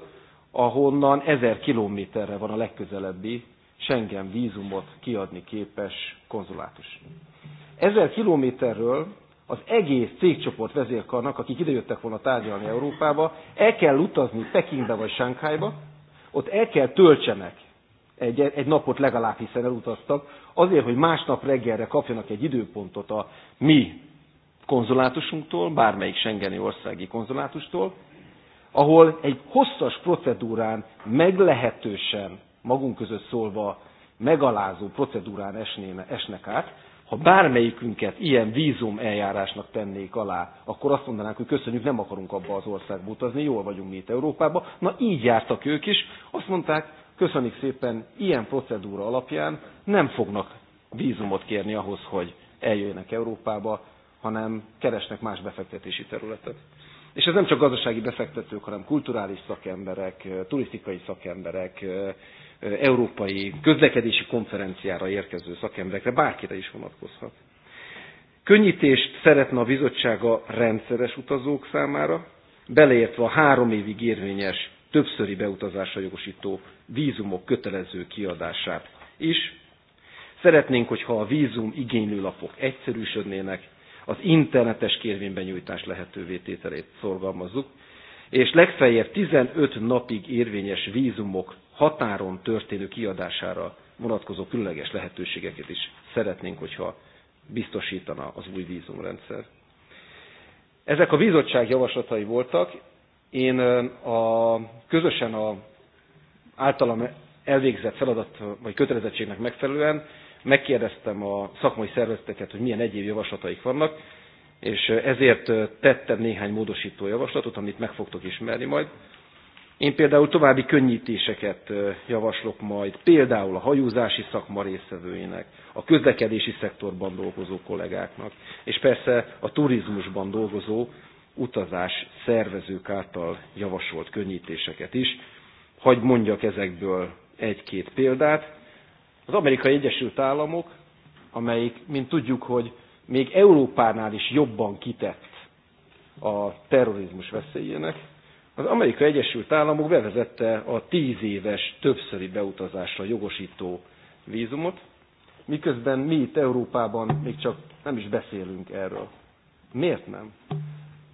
ahonnan ezer kilométerre van a legközelebbi Schengen vízumot kiadni képes konzulátus. Ezer kilométerről az egész cégcsoport vezérkarnak, akik idejöttek volna tárgyalni Európába, el kell utazni Pekingbe vagy Sánkhájba, ott el kell töltsenek egy, egy napot legalább hiszen elutaztak, azért, hogy másnap reggelre kapjanak egy időpontot a mi konzulátusunktól, bármelyik Schengeni országi konzulátustól, ahol egy hosszas procedúrán meglehetősen, magunk között szólva, megalázó procedúrán esnéne, esnek át, ha bármelyikünket ilyen vízum eljárásnak tennék alá, akkor azt mondanánk, hogy köszönjük, nem akarunk abba az országba utazni, jól vagyunk mi itt Európában. Na így jártak ők is, azt mondták, köszönik szépen, ilyen procedúra alapján nem fognak vízumot kérni ahhoz, hogy eljöjjenek Európába, hanem keresnek más befektetési területet. És ez nem csak gazdasági befektetők, hanem kulturális szakemberek, turisztikai szakemberek, európai közlekedési konferenciára érkező szakemberekre, bárkire is vonatkozhat. Könnyítést szeretne a bizottsága rendszeres utazók számára, beleértve a három évig érvényes többszöri beutazásra jogosító vízumok kötelező kiadását is. Szeretnénk, hogyha a vízum igénylőlapok egyszerűsödnének, az internetes kérvénybenyújtás lehetővé tételét szorgalmazzuk, és legfeljebb 15 napig érvényes vízumok határon történő kiadására vonatkozó különleges lehetőségeket is szeretnénk, hogyha biztosítana az új vízumrendszer. Ezek a bizottság javaslatai voltak, én a, közösen a általam elvégzett feladat vagy kötelezettségnek megfelelően megkérdeztem a szakmai szervezeteket, hogy milyen egyéb javaslataik vannak, és ezért tettem néhány módosító javaslatot, amit meg fogtok ismerni majd. Én például további könnyítéseket javaslok majd, például a hajózási szakma részvevőinek, a közlekedési szektorban dolgozó kollégáknak, és persze a turizmusban dolgozó utazás szervezők által javasolt könnyítéseket is. Hagy mondjak ezekből egy-két példát. Az Amerikai Egyesült Államok, amelyik, mint tudjuk, hogy még Európánál is jobban kitett a terrorizmus veszélyének, az Amerikai Egyesült Államok bevezette a tíz éves többszöri beutazásra jogosító vízumot, miközben mi itt Európában még csak nem is beszélünk erről. Miért nem?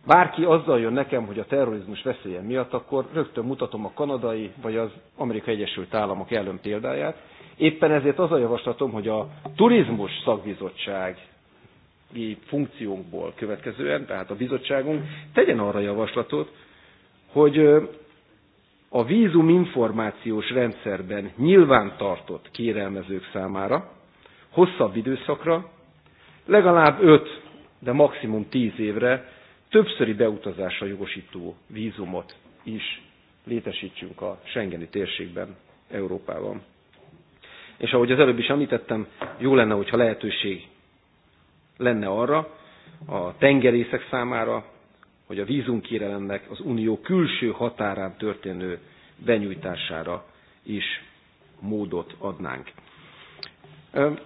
bárki azzal jön nekem, hogy a terrorizmus veszélye miatt, akkor rögtön mutatom a kanadai vagy az Amerikai Egyesült Államok ellen példáját. Éppen ezért az a javaslatom, hogy a turizmus szakbizottság funkciónkból következően, tehát a bizottságunk tegyen arra javaslatot, hogy a vízum információs rendszerben nyilvántartott kérelmezők számára hosszabb időszakra legalább 5, de maximum 10 évre többszöri beutazásra jogosító vízumot is létesítsünk a Schengeni térségben, Európában. És ahogy az előbb is említettem, jó lenne, hogyha lehetőség lenne arra a tengerészek számára, hogy a vízumkérelemnek az unió külső határán történő benyújtására is módot adnánk.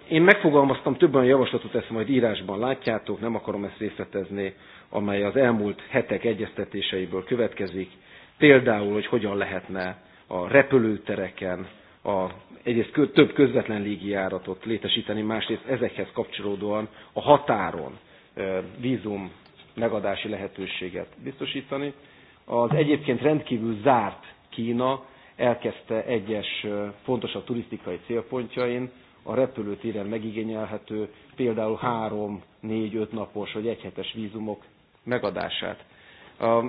Én megfogalmaztam több olyan javaslatot, ezt majd írásban látjátok, nem akarom ezt részletezni, amely az elmúlt hetek egyeztetéseiből következik. Például, hogy hogyan lehetne a repülőtereken a, egyrészt több közvetlen légijáratot létesíteni, másrészt ezekhez kapcsolódóan a határon vízum megadási lehetőséget biztosítani. Az egyébként rendkívül zárt Kína elkezdte egyes fontosabb turisztikai célpontjain a repülőtéren megigényelhető például három, négy, öt napos vagy egyhetes vízumok megadását. A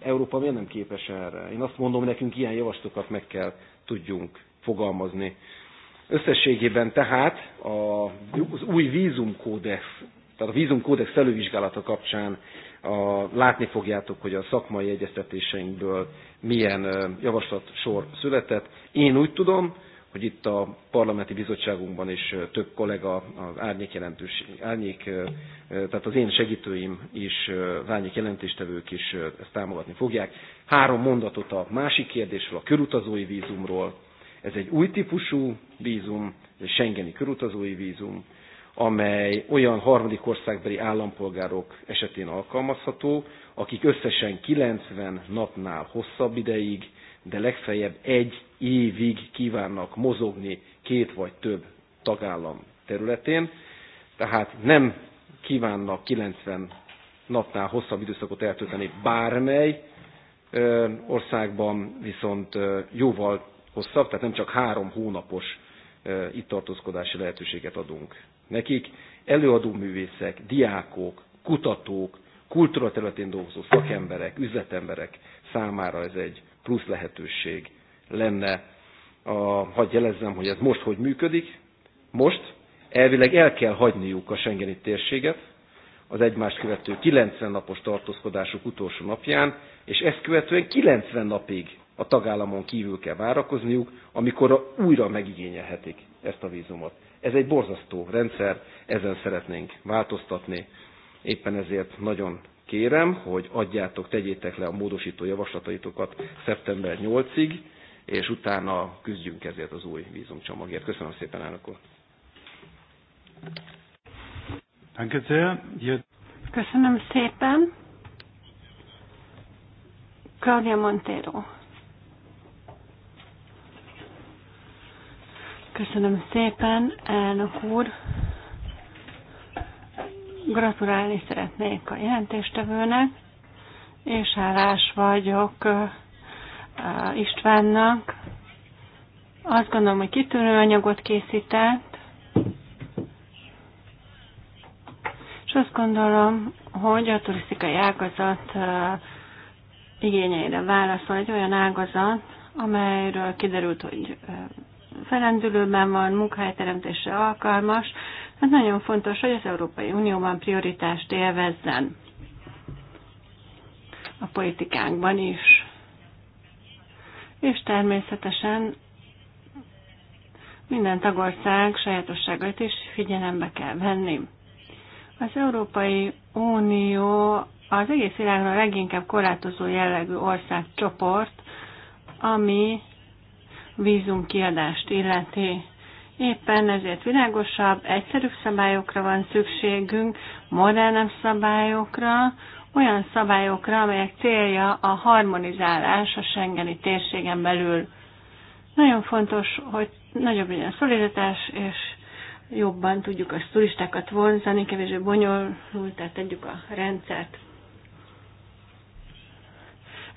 Európa miért nem képes erre? Én azt mondom, nekünk ilyen javaslatokat meg kell tudjunk fogalmazni. Összességében tehát az új vízumkódex, tehát a vízumkódex felülvizsgálata kapcsán a, látni fogjátok, hogy a szakmai egyeztetéseinkből milyen javaslat sor született. Én úgy tudom, hogy itt a parlamenti bizottságunkban is több kollega, az árnyék jelentős, árnyék, tehát az én segítőim is, az árnyék jelentéstevők is ezt támogatni fogják. Három mondatot a másik kérdésről, a körutazói vízumról. Ez egy új típusú vízum, egy Schengeni körutazói vízum, amely olyan harmadik országbeli állampolgárok esetén alkalmazható, akik összesen 90 napnál hosszabb ideig de legfeljebb egy évig kívánnak mozogni két vagy több tagállam területén, tehát nem kívánnak 90 napnál hosszabb időszakot eltölteni bármely országban, viszont jóval hosszabb, tehát nem csak három hónapos itt tartózkodási lehetőséget adunk nekik. Előadó művészek, diákok, kutatók, kultúra területén dolgozó szakemberek, üzletemberek számára ez egy plusz lehetőség lenne, a, hadd jelezzem, hogy ez most hogy működik. Most elvileg el kell hagyniuk a Schengeni térséget, az egymást követő 90 napos tartózkodásuk utolsó napján, és ezt követően 90 napig a tagállamon kívül kell várakozniuk, amikor újra megigényelhetik ezt a vízumot. Ez egy borzasztó rendszer, ezen szeretnénk változtatni, éppen ezért nagyon kérem, hogy adjátok, tegyétek le a módosító javaslataitokat szeptember 8-ig, és utána küzdjünk ezért az új vízumcsomagért. Köszönöm szépen, elnök úr! Köszönöm szépen! Claudia Montero. Köszönöm szépen, elnök úr! Gratulálni szeretnék a jelentéstevőnek, és hálás vagyok Istvánnak. Azt gondolom, hogy kitűnő anyagot készített, és azt gondolom, hogy a turisztikai ágazat igényeire válaszol egy olyan ágazat, amelyről kiderült, hogy felendülőben van, munkahelyteremtésre alkalmas, Hát nagyon fontos, hogy az Európai Unióban prioritást élvezzen a politikánkban is. És természetesen minden tagország sajátosságait is figyelembe kell venni. Az Európai Unió az egész világon a leginkább korlátozó jellegű országcsoport, ami vízumkiadást illeti. Éppen ezért világosabb, egyszerűbb szabályokra van szükségünk, modernebb szabályokra, olyan szabályokra, amelyek célja a harmonizálás a Schengeni térségen belül. Nagyon fontos, hogy nagyobb legyen a szolidaritás, és jobban tudjuk a turistákat vonzani, kevésbé tehát tegyük a rendszert.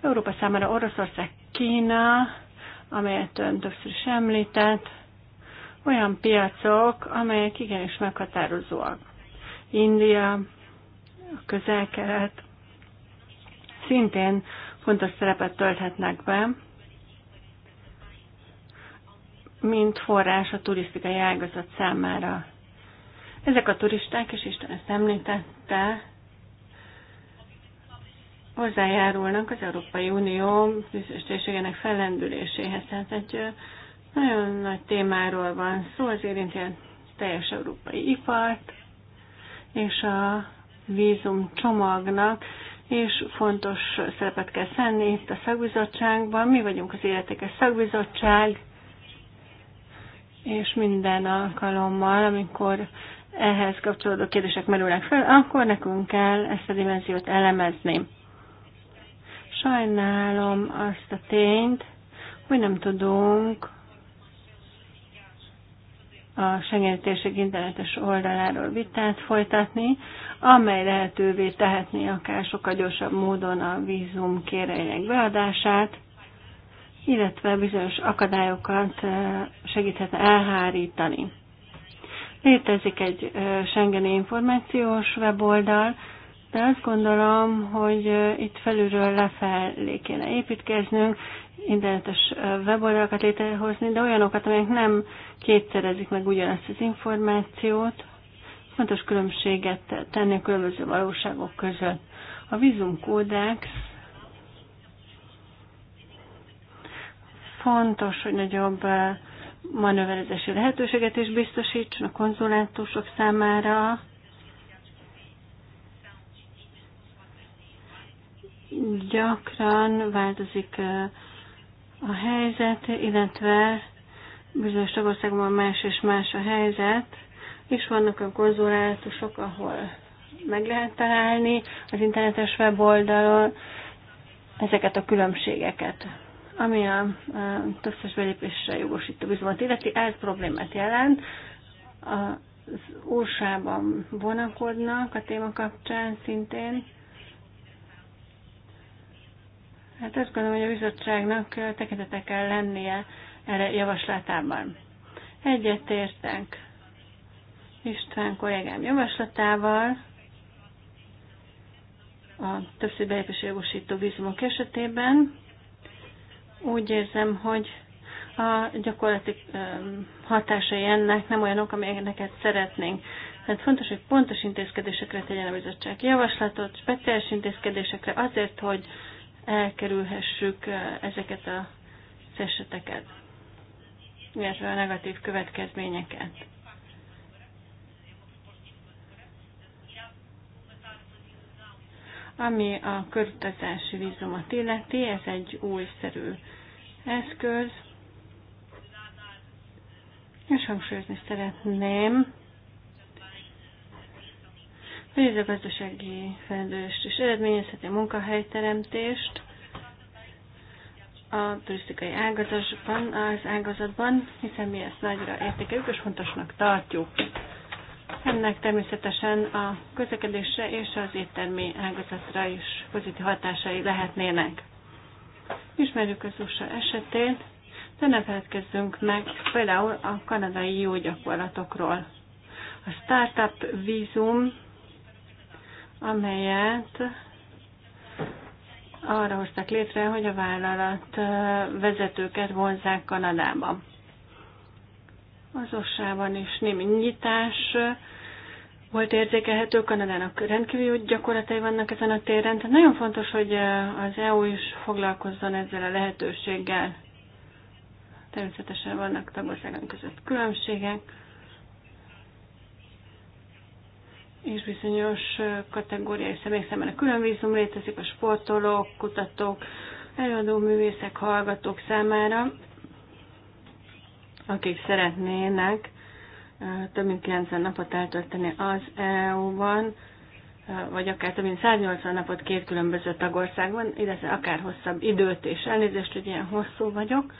Európa számára Oroszország, Kína, amelyet ön többször is említett, olyan piacok, amelyek igenis meghatározóak. India, a közel-kelet szintén fontos szerepet tölthetnek be, mint forrás a turisztikai ágazat számára. Ezek a turisták, és Isten ezt említette, hozzájárulnak az Európai Unió bizonyos térségének fellendüléséhez. Tehát egy nagyon nagy témáról van szó, az érinti teljes európai ipart, és a vízum csomagnak, és fontos szerepet kell szenni itt a szakbizottságban. Mi vagyunk az életekes szakbizottság, és minden alkalommal, amikor ehhez kapcsolódó kérdések merülnek fel, akkor nekünk kell ezt a dimenziót elemezni. Sajnálom azt a tényt, hogy nem tudunk a Schengen internetes oldaláról vitát folytatni, amely lehetővé tehetné akár sokkal gyorsabb módon a vízum kérelének beadását, illetve bizonyos akadályokat segíthet elhárítani. Létezik egy Schengeni információs weboldal, de azt gondolom, hogy itt felülről lefelé kéne építkeznünk, internetes weboldalakat létrehozni, de olyanokat, amelyek nem kétszerezik meg ugyanazt az információt, fontos különbséget tenni a különböző valóságok között. A vízumkódex fontos, hogy nagyobb manőverezési lehetőséget is biztosítson a konzulátusok számára, gyakran változik a helyzet, illetve bizonyos tagországban más és más a helyzet, és vannak olyan konzulátusok, ahol meg lehet találni az internetes weboldalon ezeket a különbségeket. Ami a, a többszörös belépésre jogosító bizalmat illeti, ez problémát jelent. Az USA-ban vonakodnak a téma kapcsán szintén. Hát azt gondolom, hogy a bizottságnak tekintetek kell lennie erre javaslatában. Egyetértek István kollégám javaslatával, a többször belépési jogosító vízumok esetében. Úgy érzem, hogy a gyakorlati hatásai ennek nem olyanok, amelyeket szeretnénk. Tehát fontos, hogy pontos intézkedésekre tegyen a bizottság javaslatot, speciális intézkedésekre azért, hogy elkerülhessük eh, ezeket az eseteket, illetve a negatív következményeket. Ami a körutazási vízumot illeti, ez egy újszerű eszköz, és hangsúlyozni szeretném, hogy ez a gazdasági fejlődést is eredményezheti a munkahelyteremtést a turisztikai ágazatban, az ágazatban, hiszen mi ezt nagyra értékeljük és fontosnak tartjuk. Ennek természetesen a közlekedésre és az éttermi ágazatra is pozitív hatásai lehetnének. Ismerjük az USA esetét, de ne feledkezzünk meg például a kanadai jó gyakorlatokról. A startup vízum amelyet arra hoztak létre, hogy a vállalat vezetőket vonzák Kanadába. Az osában is némi nyitás volt érzékelhető, Kanadának rendkívül gyakorlatai vannak ezen a téren, tehát nagyon fontos, hogy az EU is foglalkozzon ezzel a lehetőséggel. Természetesen vannak tagországon között különbségek, és bizonyos kategóriai személyek a külön vízum létezik a sportolók, kutatók, előadó művészek, hallgatók számára, akik szeretnének több mint 90 napot eltölteni az EU-ban, vagy akár több mint 180 napot két különböző tagországban, illetve akár hosszabb időt és elnézést, hogy ilyen hosszú vagyok,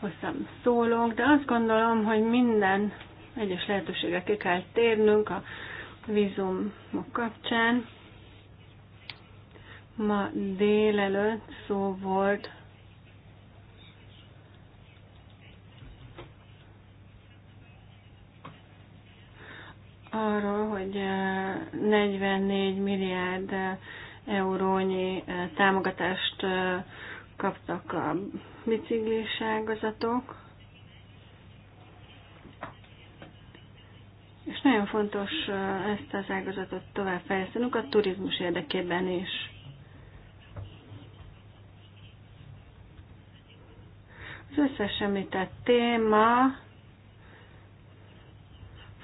hosszabb szólók, de azt gondolom, hogy minden egyes lehetőségre ki kell térnünk, a vízumok kapcsán. Ma délelőtt szó volt arról, hogy 44 eh, milliárd eh, eurónyi eh, támogatást kaptak a bicikliságazatok. És nagyon fontos ezt az ágazatot továbbfejlesztenünk a turizmus érdekében is. Az összes említett téma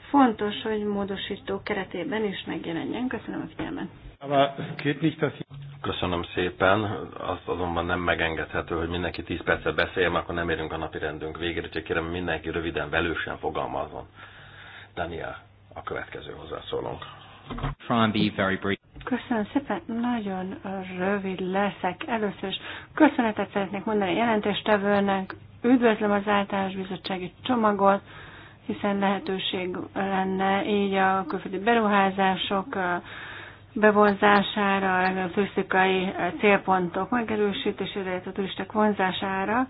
fontos, hogy módosító keretében is megjelenjen. Köszönöm a figyelmet. Köszönöm szépen, azt azonban nem megengedhető, hogy mindenki 10 percet beszéljen, akkor nem érünk a napi rendünk végére, úgyhogy kérem mindenki röviden, velősen fogalmazon. Daniel, a következő hozzászólónk. Köszönöm szépen, nagyon rövid leszek. Először is köszönetet szeretnék mondani a jelentéstevőnek, üdvözlöm az általános bizottsági csomagot, hiszen lehetőség lenne így a külföldi beruházások bevonzására, a főszikai célpontok megerősítésére, illetve a turisták vonzására.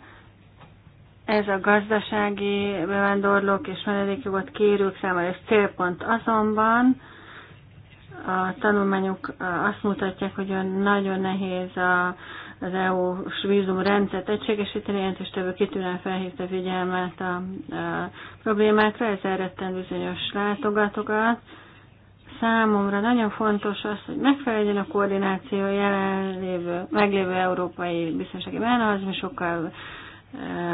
Ez a gazdasági bevándorlók és menedékjogot kérők számára ez célpont. Azonban a tanulmányok azt mutatják, hogy nagyon nehéz a, az EU-s vízumrendszert egységesíteni, jelentéstevő kitűnően felhívta figyelmet a, a problémákra, ez elretten bizonyos látogatókat. Számomra nagyon fontos az, hogy megfeleljen a koordináció jelenlévő, meglévő európai biztonsági mechanizmusokkal,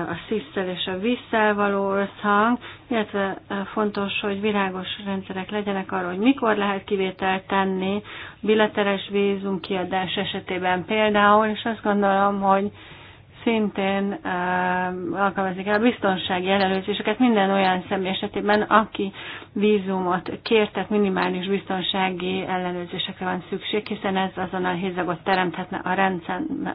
a szívszel és a vízszel való összhang, illetve e, fontos, hogy világos rendszerek legyenek arról, hogy mikor lehet kivételt tenni bilateres vízum kiadás esetében például, és azt gondolom, hogy szintén uh, alkalmazni kell a biztonsági ellenőrzéseket minden olyan személy esetében, aki vízumot kért, tehát minimális biztonsági ellenőrzésekre van szükség, hiszen ez azonnal hézagot teremthetne a rendszerben. Uh,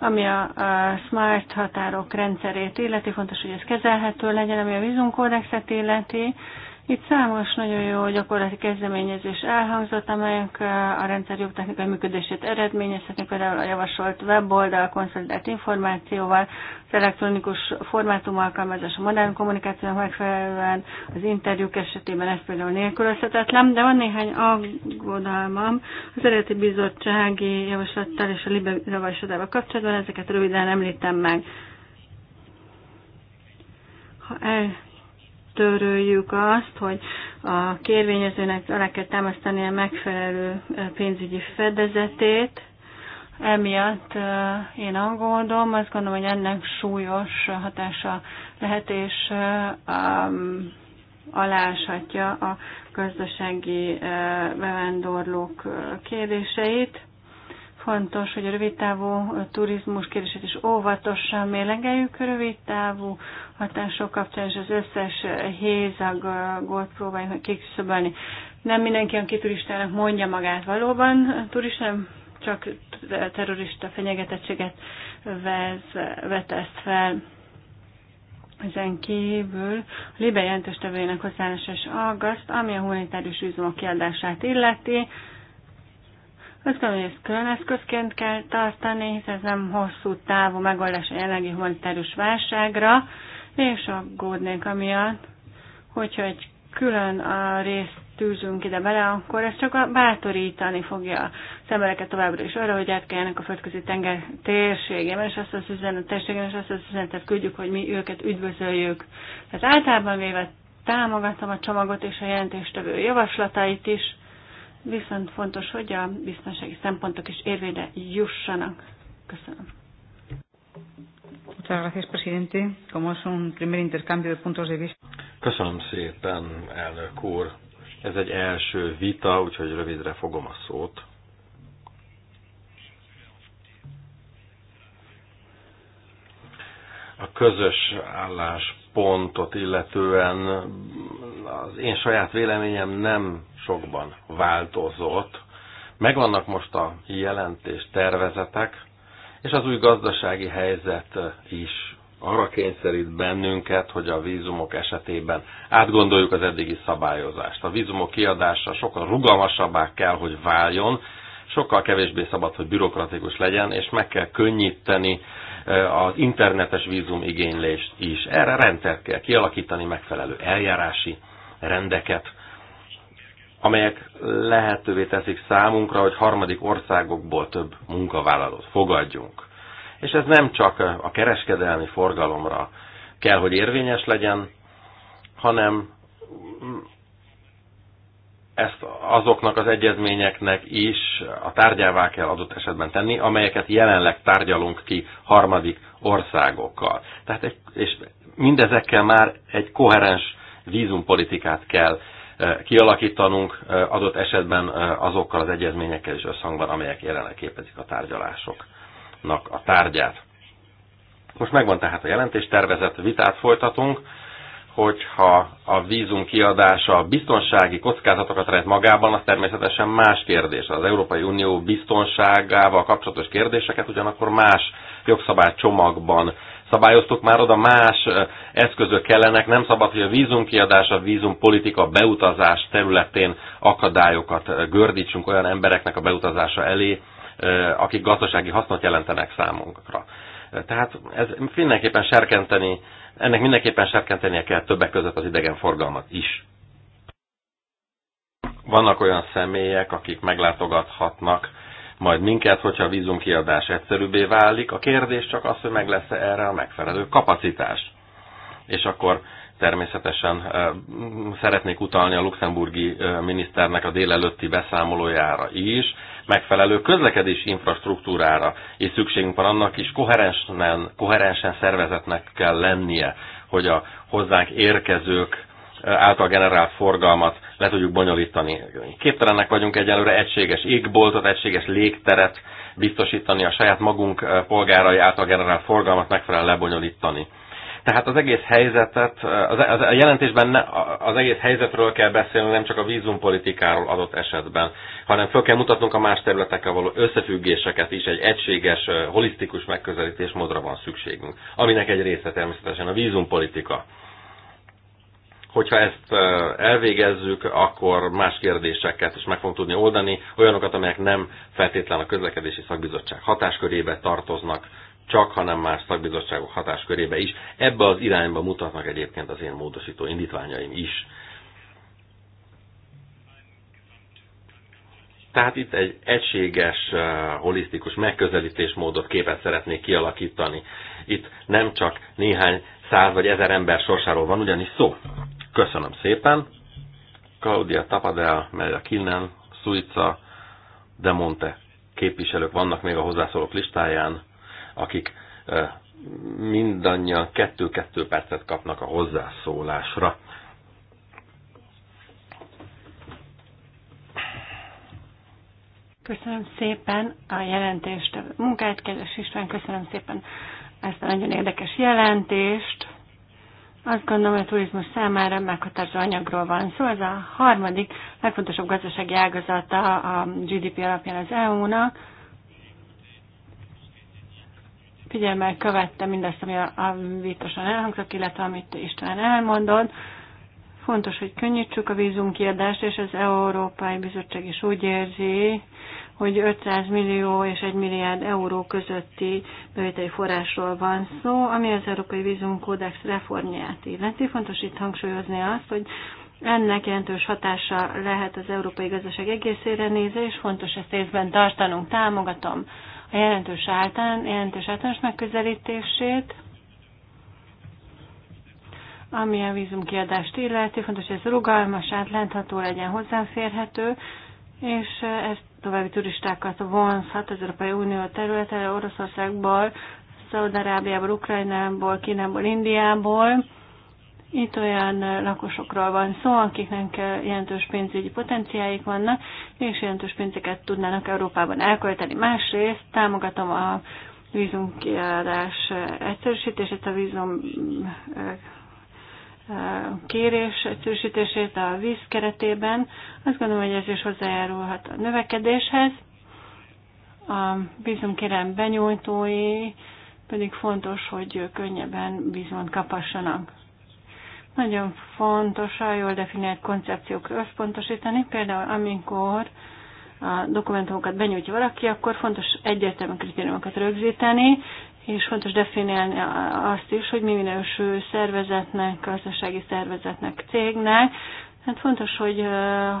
ami a, a smart határok rendszerét illeti, fontos, hogy ez kezelhető legyen, ami a vízunkódexet illeti. Itt számos nagyon jó gyakorlati kezdeményezés elhangzott, amelyek eh, a rendszer jobb technikai működését eredményezhetnek, például a javasolt weboldal, konszolidált információval, az elektronikus formátum alkalmazás a modern kommunikációnak megfelelően, az interjúk esetében ez például nélkülözhetetlen, de van néhány aggodalmam az eredeti bizottsági javaslattal és a liberalizatával kapcsolatban, ezeket röviden említem meg. Ha el töröljük azt, hogy a kérvényezőnek alá kell támasztani a megfelelő eh, pénzügyi fedezetét. Emiatt eh, én aggódom, azt gondolom, hogy ennek súlyos hatása lehet, és eh, aláshatja a gazdasági bevándorlók kérdéseit. Fontos, hogy a rövidtávú turizmus kérdését is óvatosan mélegeljük. Rövidtávú hatások kapcsán és az összes hézagot próbáljuk kiküszöbölni. Nem mindenki, aki turistának mondja magát valóban turista, csak terrorista fenyegetettséget vez, vet ezt fel. Ezen kívül a libe jelentős tevőjének hozzáállása is aggaszt, ami a humanitárius üzemok kiadását illeti. Azt gondolom, hogy ezt külön eszközként kell tartani, hiszen ez nem hosszú távú megoldás a jelenlegi humanitárius válságra, és aggódnék amiatt, hogyha egy külön a részt tűzünk ide bele, akkor ez csak a bátorítani fogja az embereket továbbra is arra, hogy átkeljenek a földközi tenger térségében, és azt az üzenet térségében, és azt az üzenetet küldjük, hogy mi őket üdvözöljük. Tehát általában véve támogatom a csomagot és a jelentéstevő javaslatait is, viszont fontos, hogy a biztonsági szempontok is érvényre jussanak. Köszönöm. Muchas gracias, presidente. Como es un primer intercambio de puntos de vista. Köszönöm szépen, elnök úr. Ez egy első vita, úgyhogy rövidre fogom a szót. A közös állás pontot illetően az én saját véleményem nem sokban változott. Megvannak most a jelentés tervezetek, és az új gazdasági helyzet is arra kényszerít bennünket, hogy a vízumok esetében átgondoljuk az eddigi szabályozást. A vízumok kiadása sokkal rugalmasabbá kell, hogy váljon, sokkal kevésbé szabad, hogy bürokratikus legyen, és meg kell könnyíteni Eh, az internetes vízum igénylést is. Erre rendszert kell kialakítani, megfelelő eljárási rendeket, amelyek lehetővé teszik számunkra, hogy harmadik országokból több munkavállalót fogadjunk. És ez nem csak a kereskedelmi forgalomra kell, hogy érvényes legyen, hanem ezt azoknak az egyezményeknek is a tárgyává kell adott esetben tenni, amelyeket jelenleg tárgyalunk ki harmadik országokkal. Tehát egy, és mindezekkel már egy koherens vízumpolitikát kell e, kialakítanunk, e, adott esetben e, azokkal az egyezményekkel is összhangban, amelyek jelenleg képezik a tárgyalásoknak a tárgyát. Most megvan tehát a jelentés, tervezett vitát folytatunk, hogyha a vízum kiadása biztonsági kockázatokat rejt magában, az természetesen más kérdés. Az Európai Unió biztonságával kapcsolatos kérdéseket ugyanakkor más jogszabálycsomagban szabályoztuk már oda, más eszközök kellenek, nem szabad, hogy a kiadása, a vízumpolitika beutazás területén akadályokat gördítsünk olyan embereknek a beutazása elé, akik gazdasági hasznot jelentenek számunkra. Tehát ez mindenképpen serkenteni ennek mindenképpen serkentenie kell többek között az idegenforgalmat is. Vannak olyan személyek, akik meglátogathatnak majd minket, hogyha a vízumkiadás egyszerűbbé válik. A kérdés csak az, hogy meg lesz-e erre a megfelelő kapacitás. És akkor természetesen szeretnék utalni a luxemburgi miniszternek a délelőtti beszámolójára is, megfelelő közlekedési infrastruktúrára, és szükségünk van annak is koherensen, koherensen szervezetnek kell lennie, hogy a hozzánk érkezők által generált forgalmat le tudjuk bonyolítani. Képtelenek vagyunk egyelőre egységes égboltot, egységes légteret biztosítani, a saját magunk polgárai által generált forgalmat megfelelően lebonyolítani. Tehát az egész helyzetet, az, az, a jelentésben ne, az egész helyzetről kell beszélni, nem csak a vízumpolitikáról adott esetben, hanem föl kell mutatnunk a más területekkel való összefüggéseket is, egy egységes, holisztikus megközelítésmódra van szükségünk, aminek egy része természetesen a vízumpolitika. Hogyha ezt elvégezzük, akkor más kérdéseket is meg fogunk tudni oldani, olyanokat, amelyek nem feltétlenül a közlekedési szakbizottság hatáskörébe tartoznak, csak, hanem más szakbizottságok hatáskörébe is. Ebbe az irányba mutatnak egyébként az én módosító indítványaim is. Tehát itt egy egységes, eh, holisztikus megközelítésmódot képet szeretnék kialakítani. Itt nem csak néhány száz vagy ezer ember sorsáról van ugyanis szó. Köszönöm szépen. Claudia Tapadel, Melia Kilnen, Suica, De Monte képviselők vannak még a hozzászólók listáján akik mindannyian kettő-kettő percet kapnak a hozzászólásra. Köszönöm szépen a jelentést, a munkát, kedves István, köszönöm szépen ezt a nagyon érdekes jelentést. Azt gondolom, hogy a turizmus számára meghatározó anyagról van szó. Szóval ez a harmadik legfontosabb gazdasági ágazata a GDP alapján az EU-nak figyelmel követtem mindazt, ami a, a vitosan elhangzott, illetve amit Isten elmondott. Fontos, hogy könnyítsük a vízumkiadást, és az Európai Bizottság is úgy érzi, hogy 500 millió és 1 milliárd euró közötti bevételi forrásról van szó, ami az Európai Vízumkódex reformját illeti. Fontos itt hangsúlyozni azt, hogy ennek jelentős hatása lehet az európai gazdaság egészére nézve, és fontos ezt észben tartanunk. Támogatom a jelentős általán, jelentős általános megközelítését, ami a vízumkiadást illeti, fontos, hogy ez rugalmas, átlátható legyen, hozzáférhető, és ez további turistákat vonzhat az Európai Unió területére, Oroszországból, Szaudarábiából, Ukrajnából, Kínából, Indiából, itt olyan lakosokról van szó, akiknek jelentős pénzügyi potenciáik vannak, és jelentős pénzeket tudnának Európában elkölteni. Másrészt támogatom a vízumkiadás egyszerűsítését, a vízum kérés egyszerűsítését a víz keretében. Azt gondolom, hogy ez is hozzájárulhat a növekedéshez. A vízumkérem benyújtói pedig fontos, hogy könnyebben vízumot kapassanak. Nagyon fontos a jól definiált koncepciókra összpontosítani, például amikor a dokumentumokat benyújtja valaki, akkor fontos egyértelmű kritériumokat rögzíteni, és fontos definiálni azt is, hogy mi minősül szervezetnek, gazdasági szervezetnek, cégnek. Hát fontos, hogy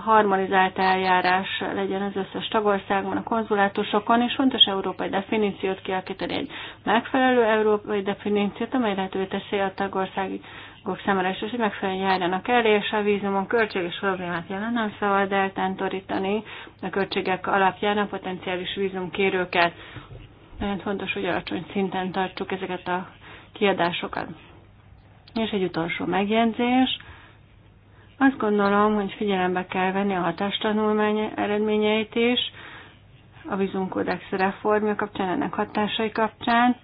harmonizált eljárás legyen az összes tagországban, a konzulátusokon, és fontos európai definíciót kialakítani, egy megfelelő európai definíciót, amely lehetővé teszi a tagországi országok számára is, hogy megfelelően járjanak el, és a vízumon költséges problémát jelen nem szabad eltántorítani a költségek alapján a potenciális vízumkérőket. Nagyon fontos, hogy alacsony szinten tartsuk ezeket a kiadásokat. És egy utolsó megjegyzés. Azt gondolom, hogy figyelembe kell venni a hatástanulmány eredményeit is, a vízumkódex reformja kapcsán, ennek hatásai kapcsán,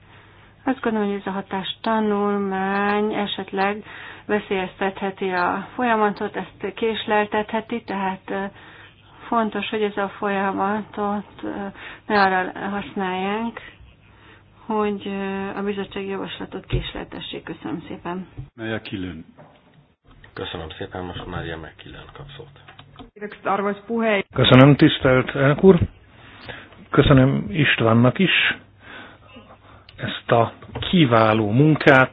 azt gondolom, hogy ez a hatás tanulmány esetleg veszélyeztetheti a folyamatot, ezt késleltetheti, tehát fontos, hogy ez a folyamatot ne arra használjánk, hogy a bizottsági javaslatot késleltessék. Köszönöm szépen. Melyek kilőn. Köszönöm szépen, most ilyen meg kilőn kapszót. Köszönöm, tisztelt elnök úr. Köszönöm Istvánnak is ezt a kiváló munkát.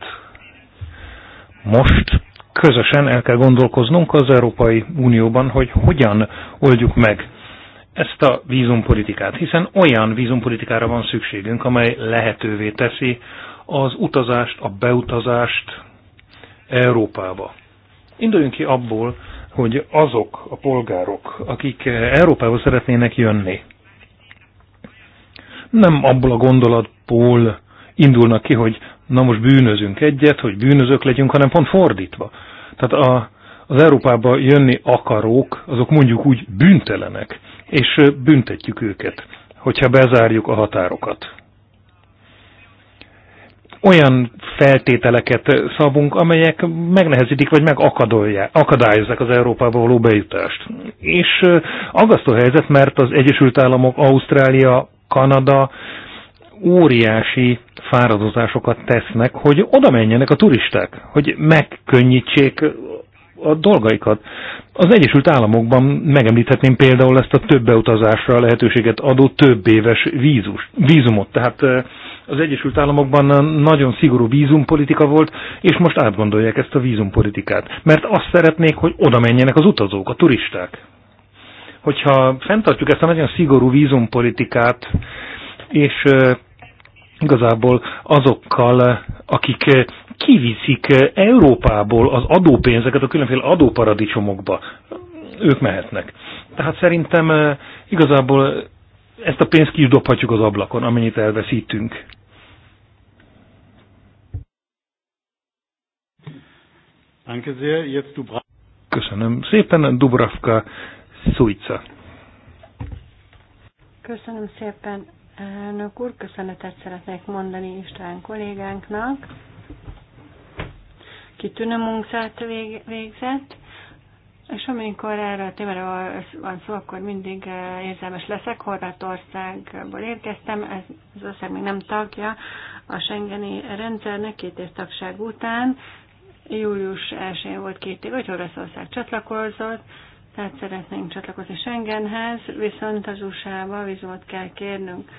Most közösen el kell gondolkoznunk az Európai Unióban, hogy hogyan oldjuk meg ezt a vízumpolitikát, hiszen olyan vízumpolitikára van szükségünk, amely lehetővé teszi az utazást, a beutazást Európába. Induljunk ki abból, hogy azok a polgárok, akik Európába szeretnének jönni, nem abból a gondolatból indulnak ki, hogy na most bűnözünk egyet, hogy bűnözők legyünk, hanem pont fordítva. Tehát a, az Európába jönni akarók, azok mondjuk úgy büntelenek és büntetjük őket, hogyha bezárjuk a határokat. Olyan feltételeket szabunk, amelyek megnehezítik vagy megakadályozzák az Európába való bejutást. És aggasztó helyzet, mert az Egyesült Államok, Ausztrália, Kanada óriási fáradozásokat tesznek, hogy oda menjenek a turisták, hogy megkönnyítsék a dolgaikat. Az Egyesült Államokban megemlíthetném például ezt a több utazásra lehetőséget adó több éves vízus, vízumot. Tehát az Egyesült Államokban nagyon szigorú vízumpolitika volt, és most átgondolják ezt a vízumpolitikát. Mert azt szeretnék, hogy oda menjenek az utazók, a turisták. Hogyha fenntartjuk ezt a nagyon szigorú vízumpolitikát, és igazából azokkal, akik eh, kiviszik eh, Európából az adópénzeket a különféle adóparadicsomokba. Ők mehetnek. Tehát szerintem eh, igazából ezt a pénzt ki is dobhatjuk az ablakon, amennyit elveszítünk. Köszönöm szépen, Dubravka Szujca. Köszönöm szépen, Elnök úr, köszönetet szeretnék mondani István kollégánknak. Kitűnő munkát vég, végzett, és amikor erre a témára van szó, akkor mindig eh, érzelmes leszek. Horvátországból érkeztem, ez az ország még nem tagja a Schengeni rendszernek két év tagság után. Július 1-én volt két év, hogy Horvátország csatlakozott, tehát szeretnénk csatlakozni Schengenhez, viszont az USA-ba vizót kell kérnünk.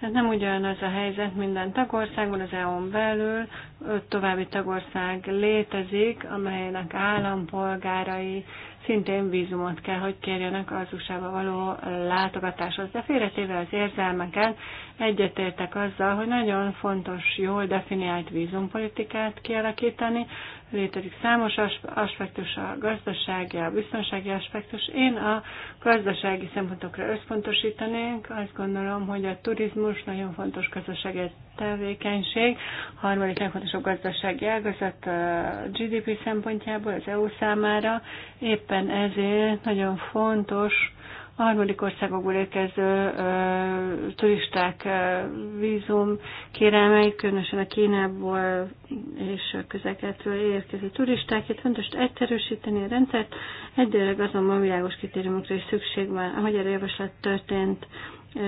Tehát nem ugyanaz a helyzet minden tagországban, az EU-n belül öt további tagország létezik, amelynek állampolgárai szintén vízumot kell, hogy kérjenek az usa való látogatáshoz. De félretéve az érzelmeket, egyetértek azzal, hogy nagyon fontos jól definiált vízumpolitikát kialakítani. Létezik számos aspektus, a gazdasági, a biztonsági aspektus. Én a gazdasági szempontokra összpontosítanék. Azt gondolom, hogy a turizmus nagyon fontos gazdasági tevékenység, a harmadik legfontosabb gazdasági ágazat a GDP szempontjából az EU számára. Éppen ezért nagyon fontos a harmadik országokból érkező ö, turisták ö, vízum kérelmei, különösen a Kínából és közeketről érkező turisták. Itt fontos egyszerűsíteni a rendszert, egyre azonban világos kritériumokra is szükség van, ahogy erre javaslat történt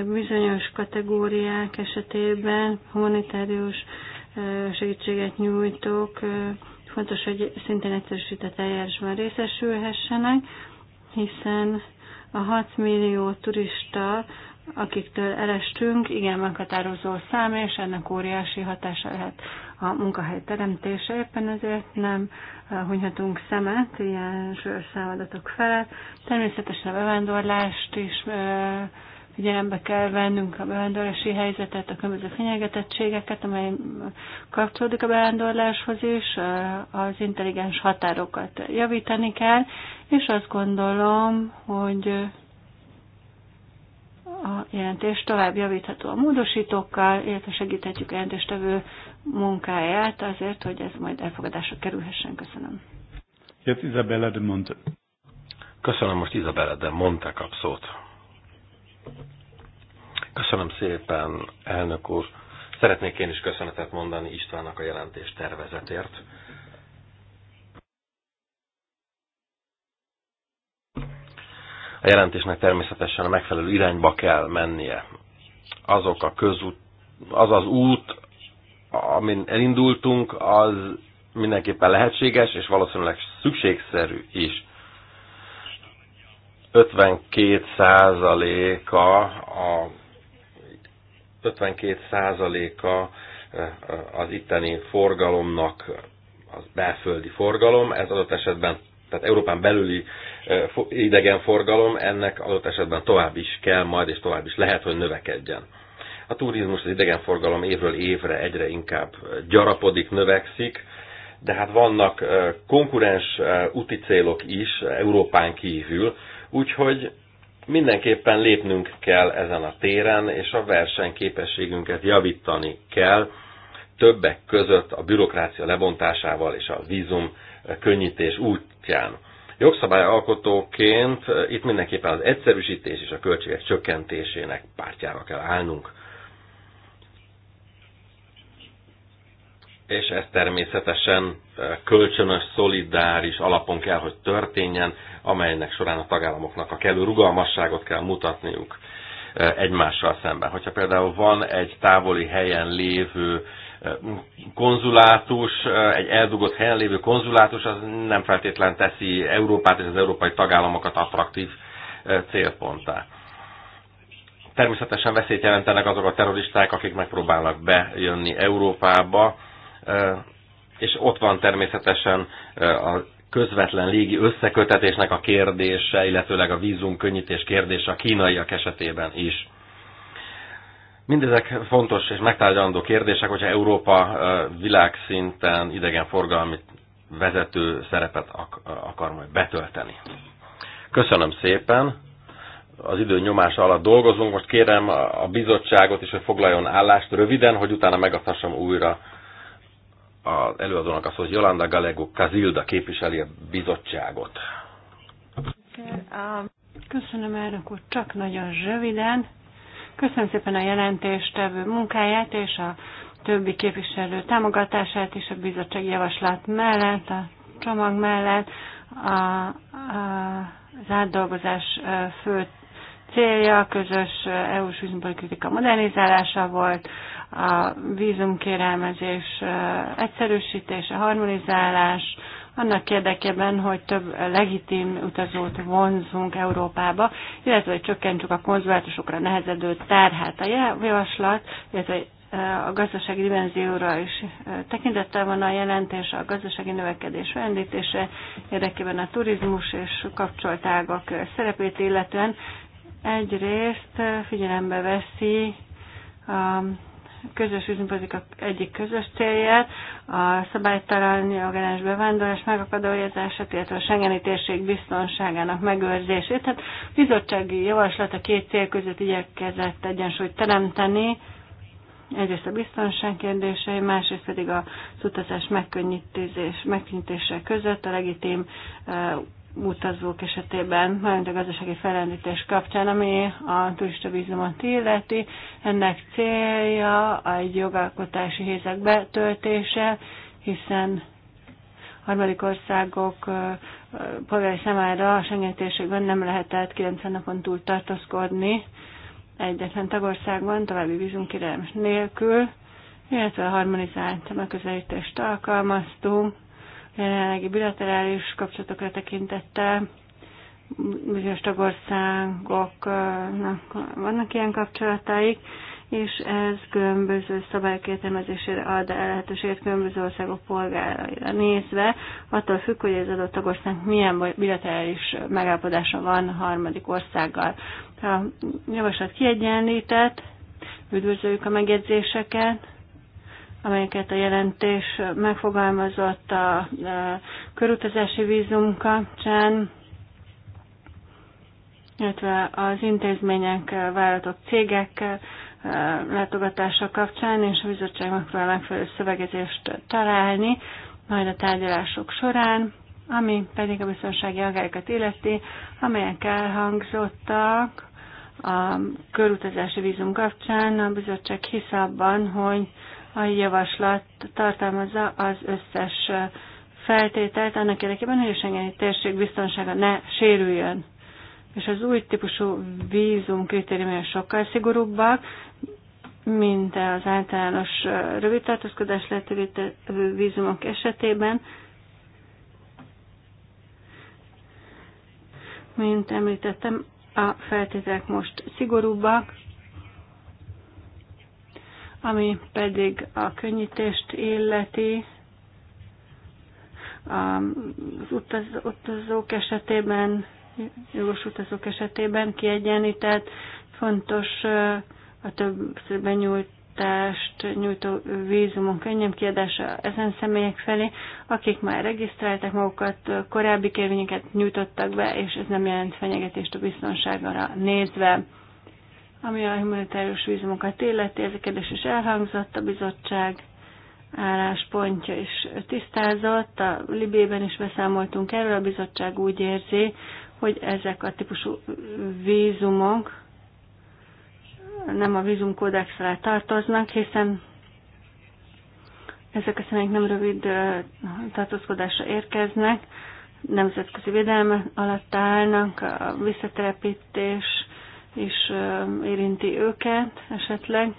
Bizonyos kategóriák esetében humanitárius segítséget nyújtók fontos, hogy szintén egyszerűsített eljárásban részesülhessenek, hiszen a 6 millió turista, akiktől elestünk, igen meghatározó szám, és ennek óriási hatása lehet a munkahely teremtése. Éppen ezért nem hunyhatunk szemet ilyen súlyos számadatok felett. Természetesen a bevándorlást is Figyelembe kell vennünk a bevándorlási helyzetet, a különböző fenyegetettségeket, amely kapcsolódik a bevándorláshoz is, az intelligens határokat javítani kell, és azt gondolom, hogy a jelentés tovább javítható a módosítókkal, illetve segíthetjük a jelentéstevő munkáját azért, hogy ez majd elfogadásra kerülhessen. Köszönöm. Jött Isabella de Monte. Köszönöm most Isabella de Monte kap szót. Köszönöm szépen, elnök úr. Szeretnék én is köszönetet mondani Istvánnak a jelentés tervezetért. A jelentésnek természetesen a megfelelő irányba kell mennie. Azok a közút, az az út, amin elindultunk, az mindenképpen lehetséges, és valószínűleg szükségszerű is. 52%-a a 52%-a eh, az itteni forgalomnak az belföldi forgalom, ez adott esetben, tehát Európán belüli eh, idegen forgalom, ennek adott esetben tovább is kell majd, és tovább is lehet, hogy növekedjen. A turizmus, az idegenforgalom évről évre egyre inkább eh, gyarapodik, növekszik, de hát vannak konkurens úti célok is Európán kívül, úgyhogy Mindenképpen lépnünk kell ezen a téren, és a versenyképességünket javítani kell, többek között a bürokrácia lebontásával és a vízum könnyítés útján. Jogszabályalkotóként itt mindenképpen az egyszerűsítés és a költségek csökkentésének pártjára kell állnunk. és ez természetesen kölcsönös, szolidáris alapon kell, hogy történjen, amelynek során a tagállamoknak a kellő rugalmasságot kell mutatniuk egymással szemben. Hogyha például van egy távoli helyen lévő konzulátus, egy eldugott helyen lévő konzulátus, az nem feltétlen teszi Európát és az európai tagállamokat attraktív célponttá. Természetesen veszélyt jelentenek azok a terroristák, akik megpróbálnak bejönni Európába, és ott van természetesen a közvetlen légi összekötetésnek a kérdése, illetőleg a vízum könnyítés kérdése a kínaiak esetében is. Mindezek fontos és megtárgyalandó kérdések, hogyha Európa világszinten idegenforgalmi vezető szerepet akar majd betölteni. Köszönöm szépen. Az idő nyomása alatt dolgozunk. Most kérem a bizottságot is, hogy foglaljon állást röviden, hogy utána megadhassam újra az előadónak az, hogy Jolanda Galego Kazilda képviseli a bizottságot. Köszönöm, elnök úr, csak nagyon röviden. Köszönöm szépen a jelentéstevő munkáját és a többi képviselő támogatását is a bizottság javaslat mellett, a csomag mellett. A, a, az átdolgozás fő célja a közös EU-s a modernizálása volt, a vízumkérelmezés egyszerűsítése, harmonizálás, annak érdekében, hogy több legitim utazót vonzunk Európába, illetve hogy csökkentsük a konzulátusokra nehezedő terhát. A javaslat, illetve a gazdasági dimenzióra is tekintettel van a jelentés, a gazdasági növekedés rendítése érdekében a turizmus és kapcsoltágok szerepét illetően egyrészt figyelembe veszi a közös üzempolitika egyik közös célját, a szabálytalan jogellenes bevándorlás megakadályozását, illetve a Schengeni térség biztonságának megőrzését. Tehát a bizottsági javaslat a két cél között igyekezett egyensúlyt teremteni, egyrészt a biztonság kérdései, másrészt pedig a utazás megkönnyítése között a legitim eh, utazók esetében, valamint a gazdasági felrendítés kapcsán, ami a turista vízumot illeti. Ennek célja egy jogalkotási hézek betöltése, hiszen harmadik országok polgári számára a Schengen térségben nem lehetett 90 napon túl tartózkodni egyetlen tagországban, további vízumkérelem nélkül, illetve a harmonizált megközelítést alkalmaztunk, jelenlegi bilaterális kapcsolatokra tekintette, Bizonyos tagországoknak vannak ilyen kapcsolataik, és ez különböző szabályok értelmezésére ad el lehetőséget különböző országok polgáraira nézve, attól függ, hogy az adott tagország milyen bilaterális megállapodása van a harmadik országgal. Ha javaslat kiegyenlített, üdvözöljük a megjegyzéseket, amelyeket a jelentés megfogalmazott a körutazási vízum kapcsán, illetve az intézmények, vállalatok, cégek e, látogatása kapcsán, és a bizottság megpróbál megfelelő szövegezést találni, majd a tárgyalások során, ami pedig a biztonsági agályokat illeti, amelyek elhangzottak a körutazási vízum kapcsán. A bizottság hisz abban, hogy a javaslat tartalmazza az összes feltételt annak érdekében, hogy a Schengeni térség biztonsága ne sérüljön. És az új típusú vízum kritériumai sokkal szigorúbbak, mint az általános rövid tartózkodás lehetővé vízumok esetében, mint említettem, a feltételek most szigorúbbak, ami pedig a könnyítést illeti, az utazók esetében, jogos utazók esetében kiegyenített, fontos a többszörben nyújt nyújtó vízumon könnyen kiadása ezen személyek felé, akik már regisztráltak magukat, korábbi kérvényeket nyújtottak be, és ez nem jelent fenyegetést a biztonságra nézve. Ami a humanitárius vízumokat illeti, ez a kérdés is elhangzott, a bizottság álláspontja is tisztázott, a Libében is beszámoltunk erről, a bizottság úgy érzi, hogy ezek a típusú vízumok nem a vízumkódex alá tartoznak, hiszen ezek a személyek nem rövid tartózkodásra érkeznek, nemzetközi védelme alatt állnak, a visszatelepítés is érinti őket esetleg.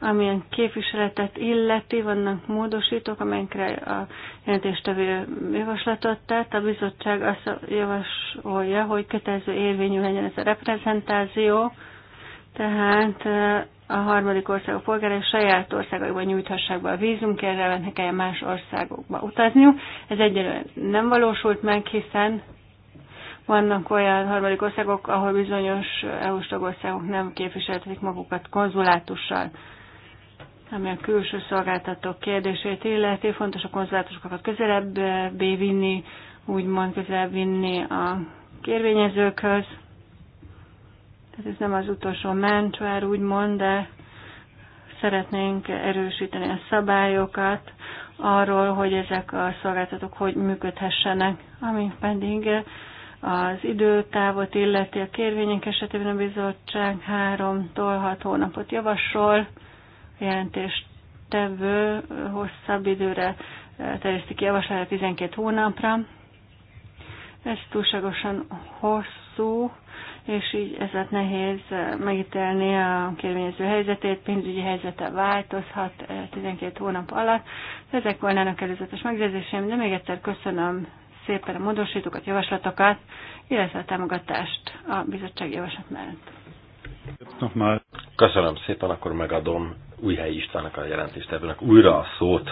Amilyen képviseletet illeti, vannak módosítók, amelyekre a jelentéstevő javaslatot tett. A bizottság azt javasolja, hogy kötelező érvényű legyen ez a reprezentáció, tehát a harmadik országok polgárai saját országaiban nyújthassák be a vízunk, erre lehetnek más országokba utazniuk. Ez egyelőre nem valósult meg, hiszen vannak olyan harmadik országok, ahol bizonyos EU-s tagországok nem képviseltetik magukat konzulátussal, ami a külső szolgáltatók kérdését illeti. Fontos a konzulátusokat közelebb eh, bévinni, úgymond közelebb vinni a kérvényezőkhöz. Tehát ez nem az utolsó mencsvár, úgymond, de szeretnénk erősíteni a szabályokat arról, hogy ezek a szolgáltatók hogy működhessenek, ami pedig az időtávot illeti a kérvények esetében a bizottság 3-tól 6 hónapot javasol, a tevő hosszabb időre eh, terjeszti ki javaslára 12 hónapra. Ez túlságosan hosszú, és így ezért nehéz eh, megítélni a kérvényező helyzetét, pénzügyi helyzete változhat 12 eh, hónap alatt. Ezek volnának előzetes megjegyzéseim, de még egyszer köszönöm szépen a módosítókat, javaslatokat, illetve a támogatást a bizottság javaslat mellett. Köszönöm szépen, akkor megadom Újhelyi Istvánnak a jelentést ebbenek. újra a szót.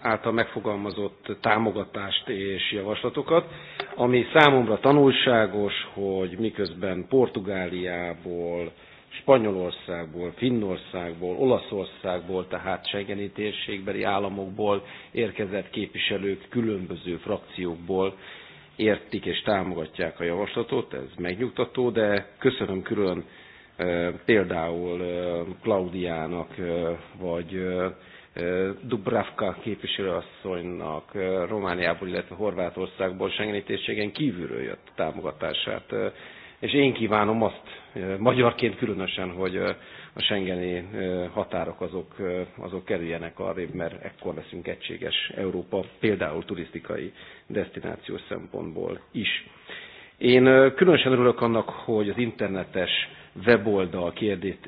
Által megfogalmazott támogatást és javaslatokat, ami számomra tanulságos, hogy miközben Portugáliából Spanyolországból, Finnországból, Olaszországból, tehát Schengeni térségbeli államokból érkezett képviselők különböző frakciókból értik és támogatják a javaslatot, ez megnyugtató, de köszönöm külön például Klaudiának, vagy Dubravka képviselőasszonynak Romániából, illetve Horvátországból Schengeni térségen kívülről jött támogatását és én kívánom azt magyarként különösen, hogy a Schengeni határok azok, azok kerüljenek arrébb, mert ekkor leszünk egységes Európa, például turisztikai destinációs szempontból is. Én különösen örülök annak, hogy az internetes weboldal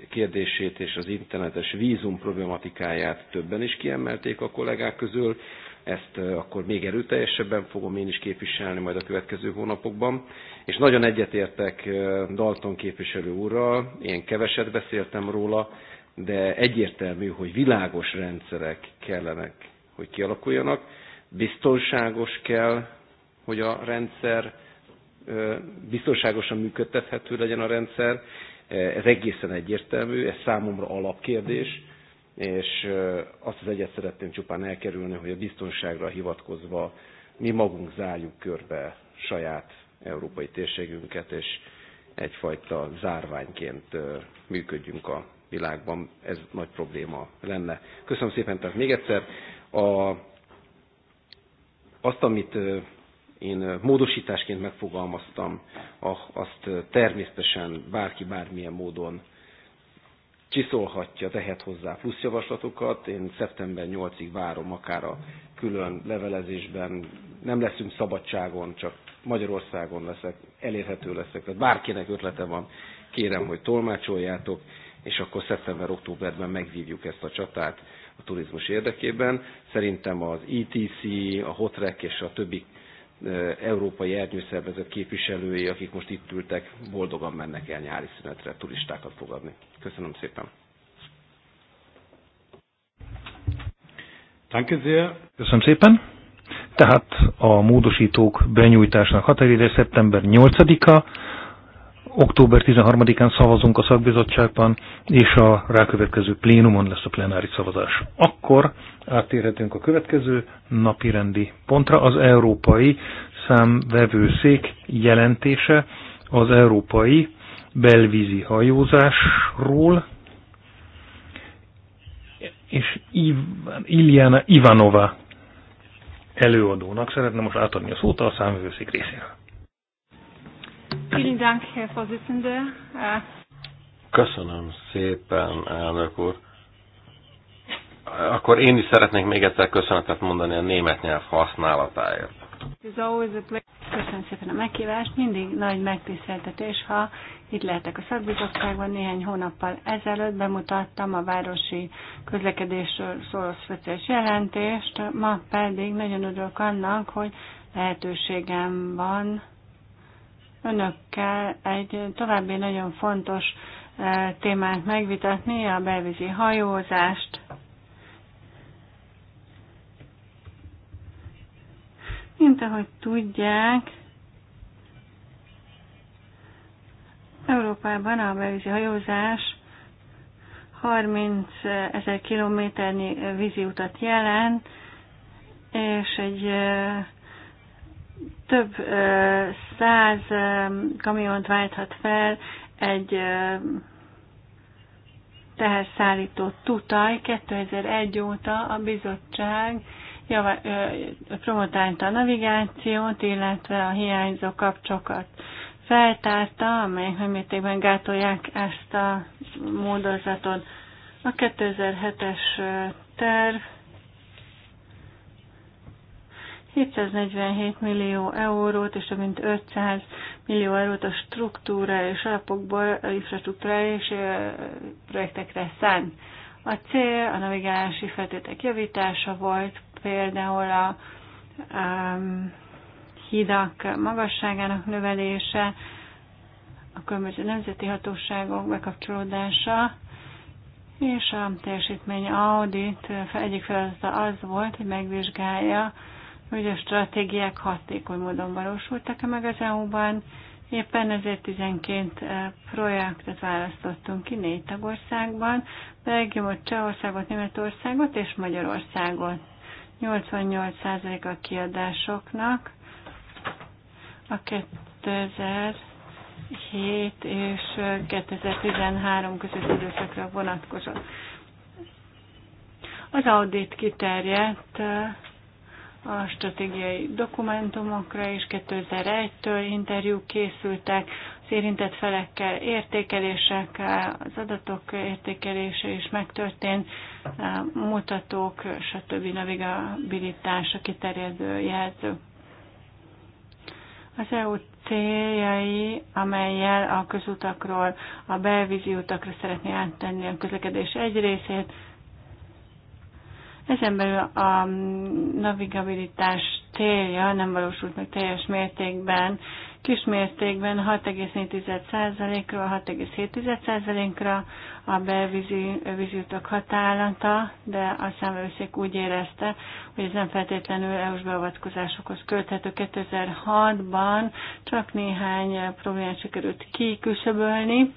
kérdését és az internetes vízum problematikáját többen is kiemelték a kollégák közül ezt akkor még erőteljesebben fogom én is képviselni majd a következő hónapokban. És nagyon egyetértek Dalton képviselő úrral, én keveset beszéltem róla, de egyértelmű, hogy világos rendszerek kellenek, hogy kialakuljanak. Biztonságos kell, hogy a rendszer biztonságosan működtethető legyen a rendszer. Ez egészen egyértelmű, ez számomra alapkérdés és azt az egyet szeretném csupán elkerülni, hogy a biztonságra hivatkozva mi magunk zárjuk körbe saját európai térségünket, és egyfajta zárványként működjünk a világban. Ez nagy probléma lenne. Köszönöm szépen, tehát még egyszer. A, azt, amit én módosításként megfogalmaztam, azt természetesen bárki bármilyen módon csiszolhatja, tehet hozzá plusz javaslatokat. Én szeptember 8-ig várom akár a külön levelezésben. Nem leszünk szabadságon, csak Magyarországon leszek, elérhető leszek. Tehát bárkinek ötlete van, kérem, hogy tolmácsoljátok, és akkor szeptember-októberben megvívjuk ezt a csatát a turizmus érdekében. Szerintem az ETC, a Hotrek és a többi európai erdőszervezet képviselői, akik most itt ültek, boldogan mennek el nyári szünetre turistákat fogadni. Köszönöm szépen! Köszönöm szépen! Tehát a módosítók benyújtásnak határideje szeptember 8-a, október 13-án szavazunk a szakbizottságban, és a rákövetkező plénumon lesz a plenáris szavazás. Akkor átérhetünk a következő napi rendi pontra, az Európai Számvevőszék jelentése az európai belvízi hajózásról, és Iljana Ivanova előadónak szeretne most átadni a szót a számvevőszék részéről. Vielen Dank, Herr Vorsitzender. Äh, Köszönöm szépen, elnök úr. Akkor én is szeretnék még egyszer köszönetet mondani a német nyelv használatáért. Köszönöm szépen a meghívást. Mindig nagy megtiszteltetés, ha itt lehetek a szakbizottságban. Néhány hónappal ezelőtt bemutattam a városi közlekedésről szóló speciális jelentést. Ma pedig nagyon örülök annak, hogy lehetőségem van önökkel egy további nagyon fontos eh, témát megvitatni, a belvízi hajózást. Mint ahogy tudják, Európában a belvízi hajózás 30 ezer kilométernyi vízi utat jelent, és egy eh, több száz kamiont válthat fel egy teherszállító tutaj 2001 óta a bizottság java, promotálta a navigációt, illetve a hiányzó kapcsokat feltárta, amelyek nem mértékben gátolják ezt a módozatot. A 2007-es terv 747 millió eurót és több mint 500 millió eurót a struktúra és alapokból infrastruktúra és projektekre szánt. A cél a navigálási feltétek javítása volt, például a um, hidak magasságának növelése, a különböző nemzeti hatóságok bekapcsolódása, és a teljesítmény audit egyik feladata az volt, hogy megvizsgálja hogy a stratégiák hatékony módon valósultak-e meg az EU-ban. Éppen ezért 12 eh, projektet választottunk ki négy tagországban, Belgiumot, Csehországot, Németországot és Magyarországot. 88% a kiadásoknak a 2007 és 2013 eh, közötti időszakra vonatkozott. Az audit kiterjedt eh, a stratégiai dokumentumokra és 2001-től interjúk készültek, az érintett felekkel értékelések, az adatok értékelése is megtörtént, mutatók, stb. navigabilitás, a kiterjedő jelző. Az EU céljai, amelyel a közutakról a belvízi utakra szeretné áttenni a közlekedés egy részét, ezen belül a navigabilitás célja nem valósult meg teljes mértékben, kismértékben 6,4%-ról 6,7%-ra a belvízi víziutak határlata, de a számvevőszék úgy érezte, hogy ez nem feltétlenül EU-s beavatkozásokhoz köthető. 2006-ban csak néhány problémát sikerült kiküszöbölni,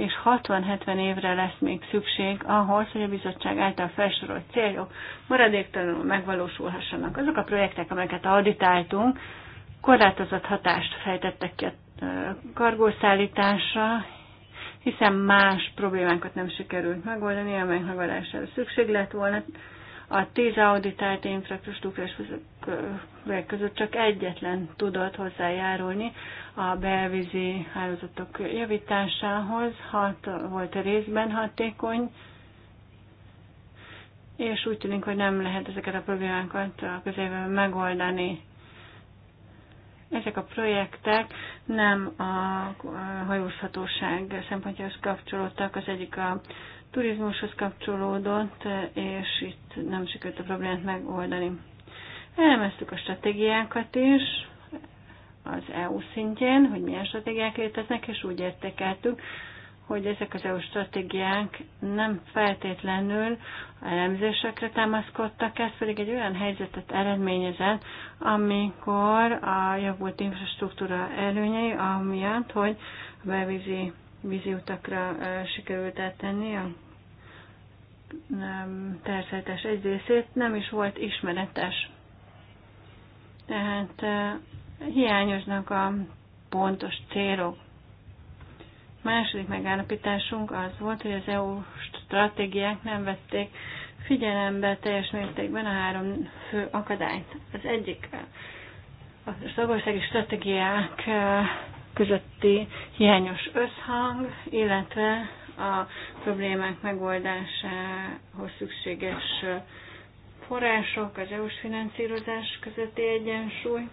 és 60-70 évre lesz még szükség ahhoz, hogy a bizottság által felsorolt célok maradéktalanul megvalósulhassanak. Azok a projektek, amelyeket auditáltunk, korlátozott hatást fejtettek ki a kargószállításra, hiszen más problémákat nem sikerült megoldani, amelyek megoldására szükség lett volna. A tíz auditált infrastruktúrás között csak egyetlen tudott hozzájárulni a belvízi hálózatok javításához, hat volt a részben hatékony, és úgy tűnik, hogy nem lehet ezeket a problémákat a közelben megoldani. Ezek a projektek nem a hajózhatóság szempontjához kapcsolódtak, az egyik a turizmushoz kapcsolódott, és itt nem sikerült a problémát megoldani. Elemeztük a stratégiákat is az EU szintjén, hogy milyen stratégiák léteznek, és úgy értékeltük, hogy ezek az EU stratégiák nem feltétlenül elemzésekre támaszkodtak, ez pedig egy olyan helyzetet eredményezett, amikor a javult infrastruktúra előnyei, amiatt, hogy a belvízi vízi utakra sikerült eltenni a terszeltes egy részét, nem is volt ismeretes. Tehát hiányoznak a pontos célok. A második megállapításunk az volt, hogy az EU stratégiák nem vették figyelembe teljes mértékben a három fő akadályt. Az egyik a szagországi stratégiák közötti hiányos összhang, illetve a problémák megoldásához szükséges források, az EU-s finanszírozás közötti egyensúly.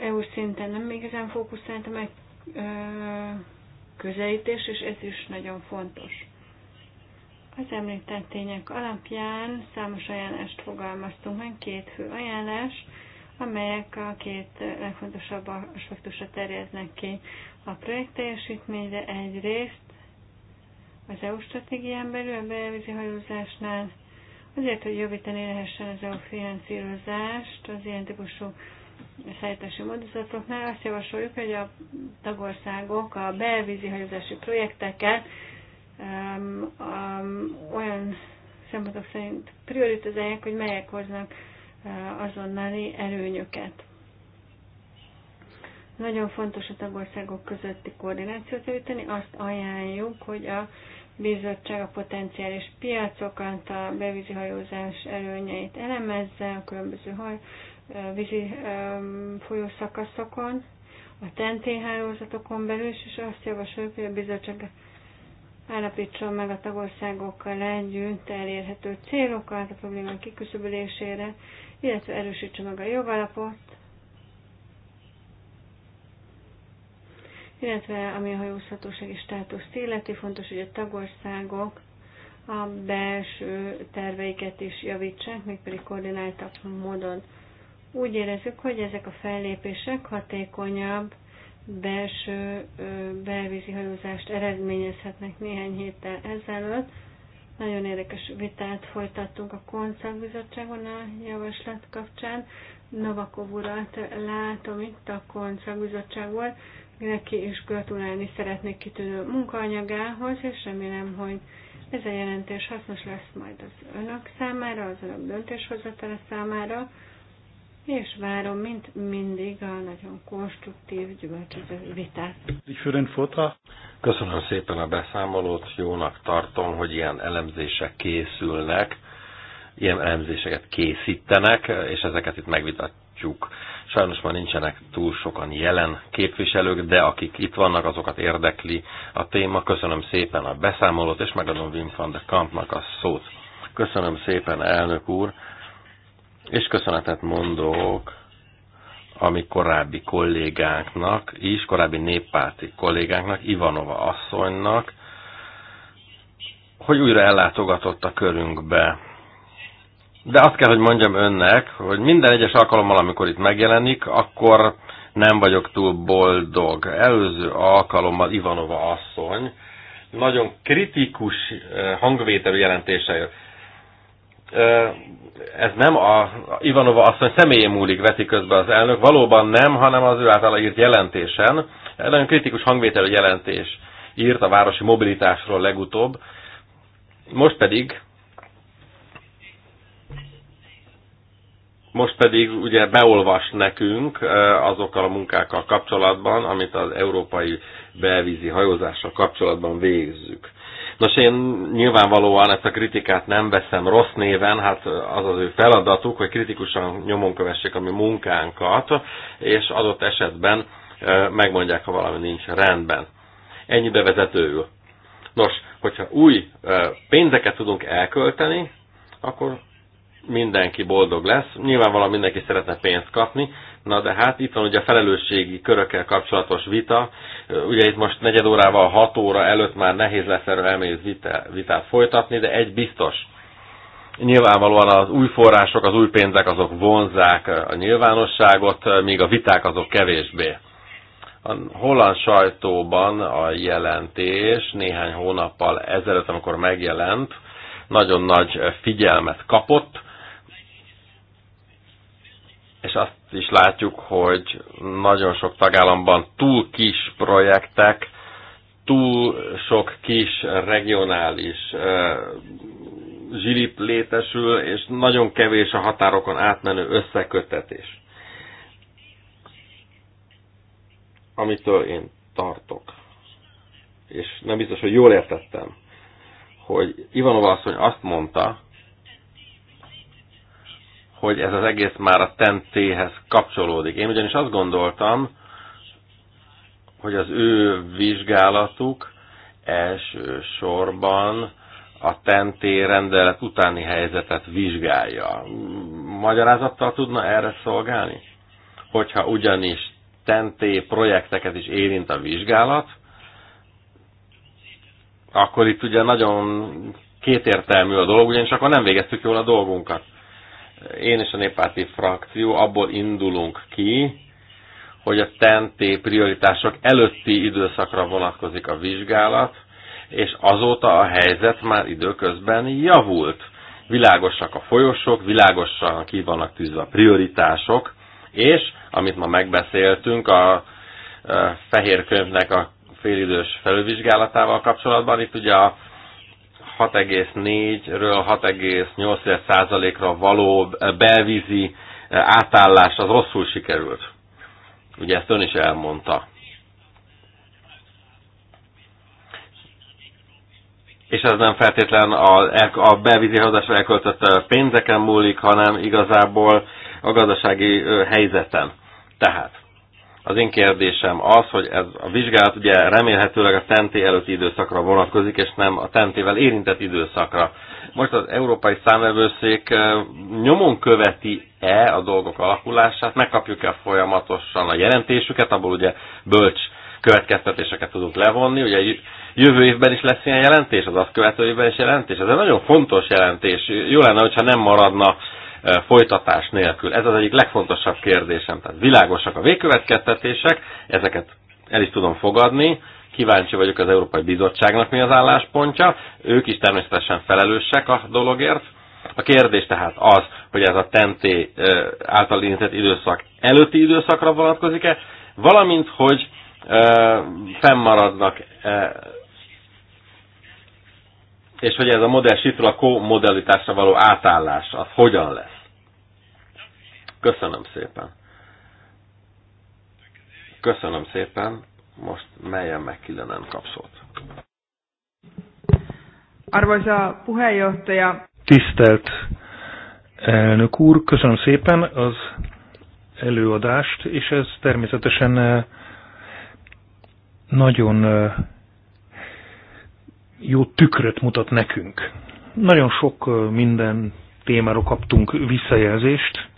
EU szinten nem igazán fókuszált a megközelítés, és ez is nagyon fontos. Az említett tények alapján számos ajánlást fogalmaztunk meg, két fő ajánlás, amelyek a két legfontosabb aspektusra terjednek ki a projekt teljesítményre egyrészt, az EU stratégián belül, a belvízi hajózásnál, azért, hogy javítani lehessen az EU finanszírozást az ilyen típusú szállítási módozatoknál, azt javasoljuk, hogy a tagországok a belvízi hajózási projekteket um, um, olyan szempontok szerint prioritizálják, hogy melyek hoznak uh, azonnali előnyöket. Nagyon fontos a tagországok közötti koordinációt javítani, azt ajánljuk, hogy a bizottság a potenciális piacokat, a bevízi hajózás előnyeit elemezze a különböző haj, vízi folyószakaszokon, a TNT hálózatokon belül is, és azt javasoljuk, hogy a bizottság állapítson meg a tagországokkal együtt elérhető célokat a problémák kiküszöbölésére, illetve erősítse meg a jogalapot, illetve ami a hajózhatósági státusz illeti, fontos, hogy a tagországok a belső terveiket is javítsák, mégpedig koordináltabb módon. Úgy érezzük, hogy ezek a fellépések hatékonyabb belső belvízi hajózást eredményezhetnek néhány héttel ezelőtt. Nagyon érdekes vitát folytattunk a Koncertbizottságon a javaslat kapcsán. Novakov urat látom itt a Koncertbizottságból neki is gratulálni szeretnék kitűnő munkaanyagához, és remélem, hogy ez a jelentés hasznos lesz majd az önök számára, az önök döntéshozatala számára, és várom, mint mindig, a nagyon konstruktív, gyümölcsöző vitát. Köszönöm szépen a beszámolót, jónak tartom, hogy ilyen elemzések készülnek, ilyen elemzéseket készítenek, és ezeket itt megvitat, osztjuk. Sajnos már nincsenek túl sokan jelen képviselők, de akik itt vannak, azokat érdekli a téma. Köszönöm szépen a beszámolót, és megadom Wim van de Kampnak a szót. Köszönöm szépen, elnök úr, és köszönetet mondok a mi korábbi kollégánknak is, korábbi néppárti kollégánknak, Ivanova asszonynak, hogy újra ellátogatott a körünkbe de azt kell, hogy mondjam önnek, hogy minden egyes alkalommal, amikor itt megjelenik, akkor nem vagyok túl boldog. Előző alkalommal Ivanova asszony nagyon kritikus hangvételű jelentése jött. Ez nem a Ivanova asszony személyén múlik, veti közbe az elnök, valóban nem, hanem az ő általa írt jelentésen. Egy nagyon kritikus hangvételű jelentés írt a városi mobilitásról legutóbb. Most pedig Most pedig ugye beolvas nekünk azokkal a munkákkal kapcsolatban, amit az európai belvízi hajózással kapcsolatban végzzük. Nos, én nyilvánvalóan ezt a kritikát nem veszem rossz néven, hát az az ő feladatuk, hogy kritikusan nyomon kövessék a mi munkánkat, és adott esetben megmondják, ha valami nincs rendben. Ennyi bevezetőül. Nos, hogyha új pénzeket tudunk elkölteni, akkor mindenki boldog lesz. Nyilvánvalóan mindenki szeretne pénzt kapni, na de hát itt van ugye a felelősségi körökkel kapcsolatos vita. Ugye itt most negyed órával, hat óra előtt már nehéz lesz erről elmélyült vitát folytatni, de egy biztos. Nyilvánvalóan az új források, az új pénzek azok vonzák a nyilvánosságot, míg a viták azok kevésbé. A holland sajtóban a jelentés néhány hónappal ezelőtt, amikor megjelent, nagyon nagy figyelmet kapott, és azt is látjuk, hogy nagyon sok tagállamban túl kis projektek, túl sok kis regionális zsilip létesül, és nagyon kevés a határokon átmenő összekötetés. Amitől én tartok. És nem biztos, hogy jól értettem, hogy Ivanova asszony azt mondta, hogy ez az egész már a tentéhez kapcsolódik. Én ugyanis azt gondoltam, hogy az ő vizsgálatuk elsősorban a tenté rendelet utáni helyzetet vizsgálja. Magyarázattal tudna erre szolgálni? Hogyha ugyanis tenté projekteket is érint a vizsgálat, akkor itt ugye nagyon kétértelmű a dolog, ugyanis akkor nem végeztük jól a dolgunkat én és a néppárti frakció abból indulunk ki, hogy a TNT prioritások előtti időszakra vonatkozik a vizsgálat, és azóta a helyzet már időközben javult. Világosak a folyosok, világosan ki vannak tűzve a prioritások, és, amit ma megbeszéltünk, a e, fehér könyvnek a félidős felülvizsgálatával kapcsolatban, itt ugye a 6,4-ről 6,8%-ra való belvízi átállás az rosszul sikerült. Ugye ezt ön is elmondta. És ez nem feltétlen a, a belvízi hazásra elköltött pénzeken múlik, hanem igazából a gazdasági helyzeten. Tehát az én kérdésem az, hogy ez a vizsgálat ugye remélhetőleg a tenté előtti időszakra vonatkozik, és nem a tentével érintett időszakra. Most az Európai Számvevőszék nyomon követi-e a dolgok alakulását, megkapjuk-e folyamatosan a jelentésüket, abból ugye bölcs következtetéseket tudunk levonni. Ugye jövő évben is lesz ilyen jelentés, az azt követő évben is jelentés. Ez egy nagyon fontos jelentés. Jó lenne, hogyha nem maradna folytatás nélkül. Ez az egyik legfontosabb kérdésem. Tehát világosak a végkövetkeztetések, ezeket el is tudom fogadni, kíváncsi vagyok az Európai Bizottságnak mi az álláspontja, ők is természetesen felelősek a dologért. A kérdés tehát az, hogy ez a TNT e által érintett időszak előtti időszakra vonatkozik-e, valamint, hogy fennmaradnak és hogy ez a modell shiftről a co-modellitásra való átállás, az hogyan lesz. Köszönöm szépen. Köszönöm szépen. Most melyen meg nem kapszót. Arvoisa puheenjohtaja. Tisztelt elnök úr, köszönöm szépen az előadást, és ez természetesen eh, nagyon eh, jó tükröt mutat nekünk. Nagyon sok eh, minden témáról kaptunk visszajelzést,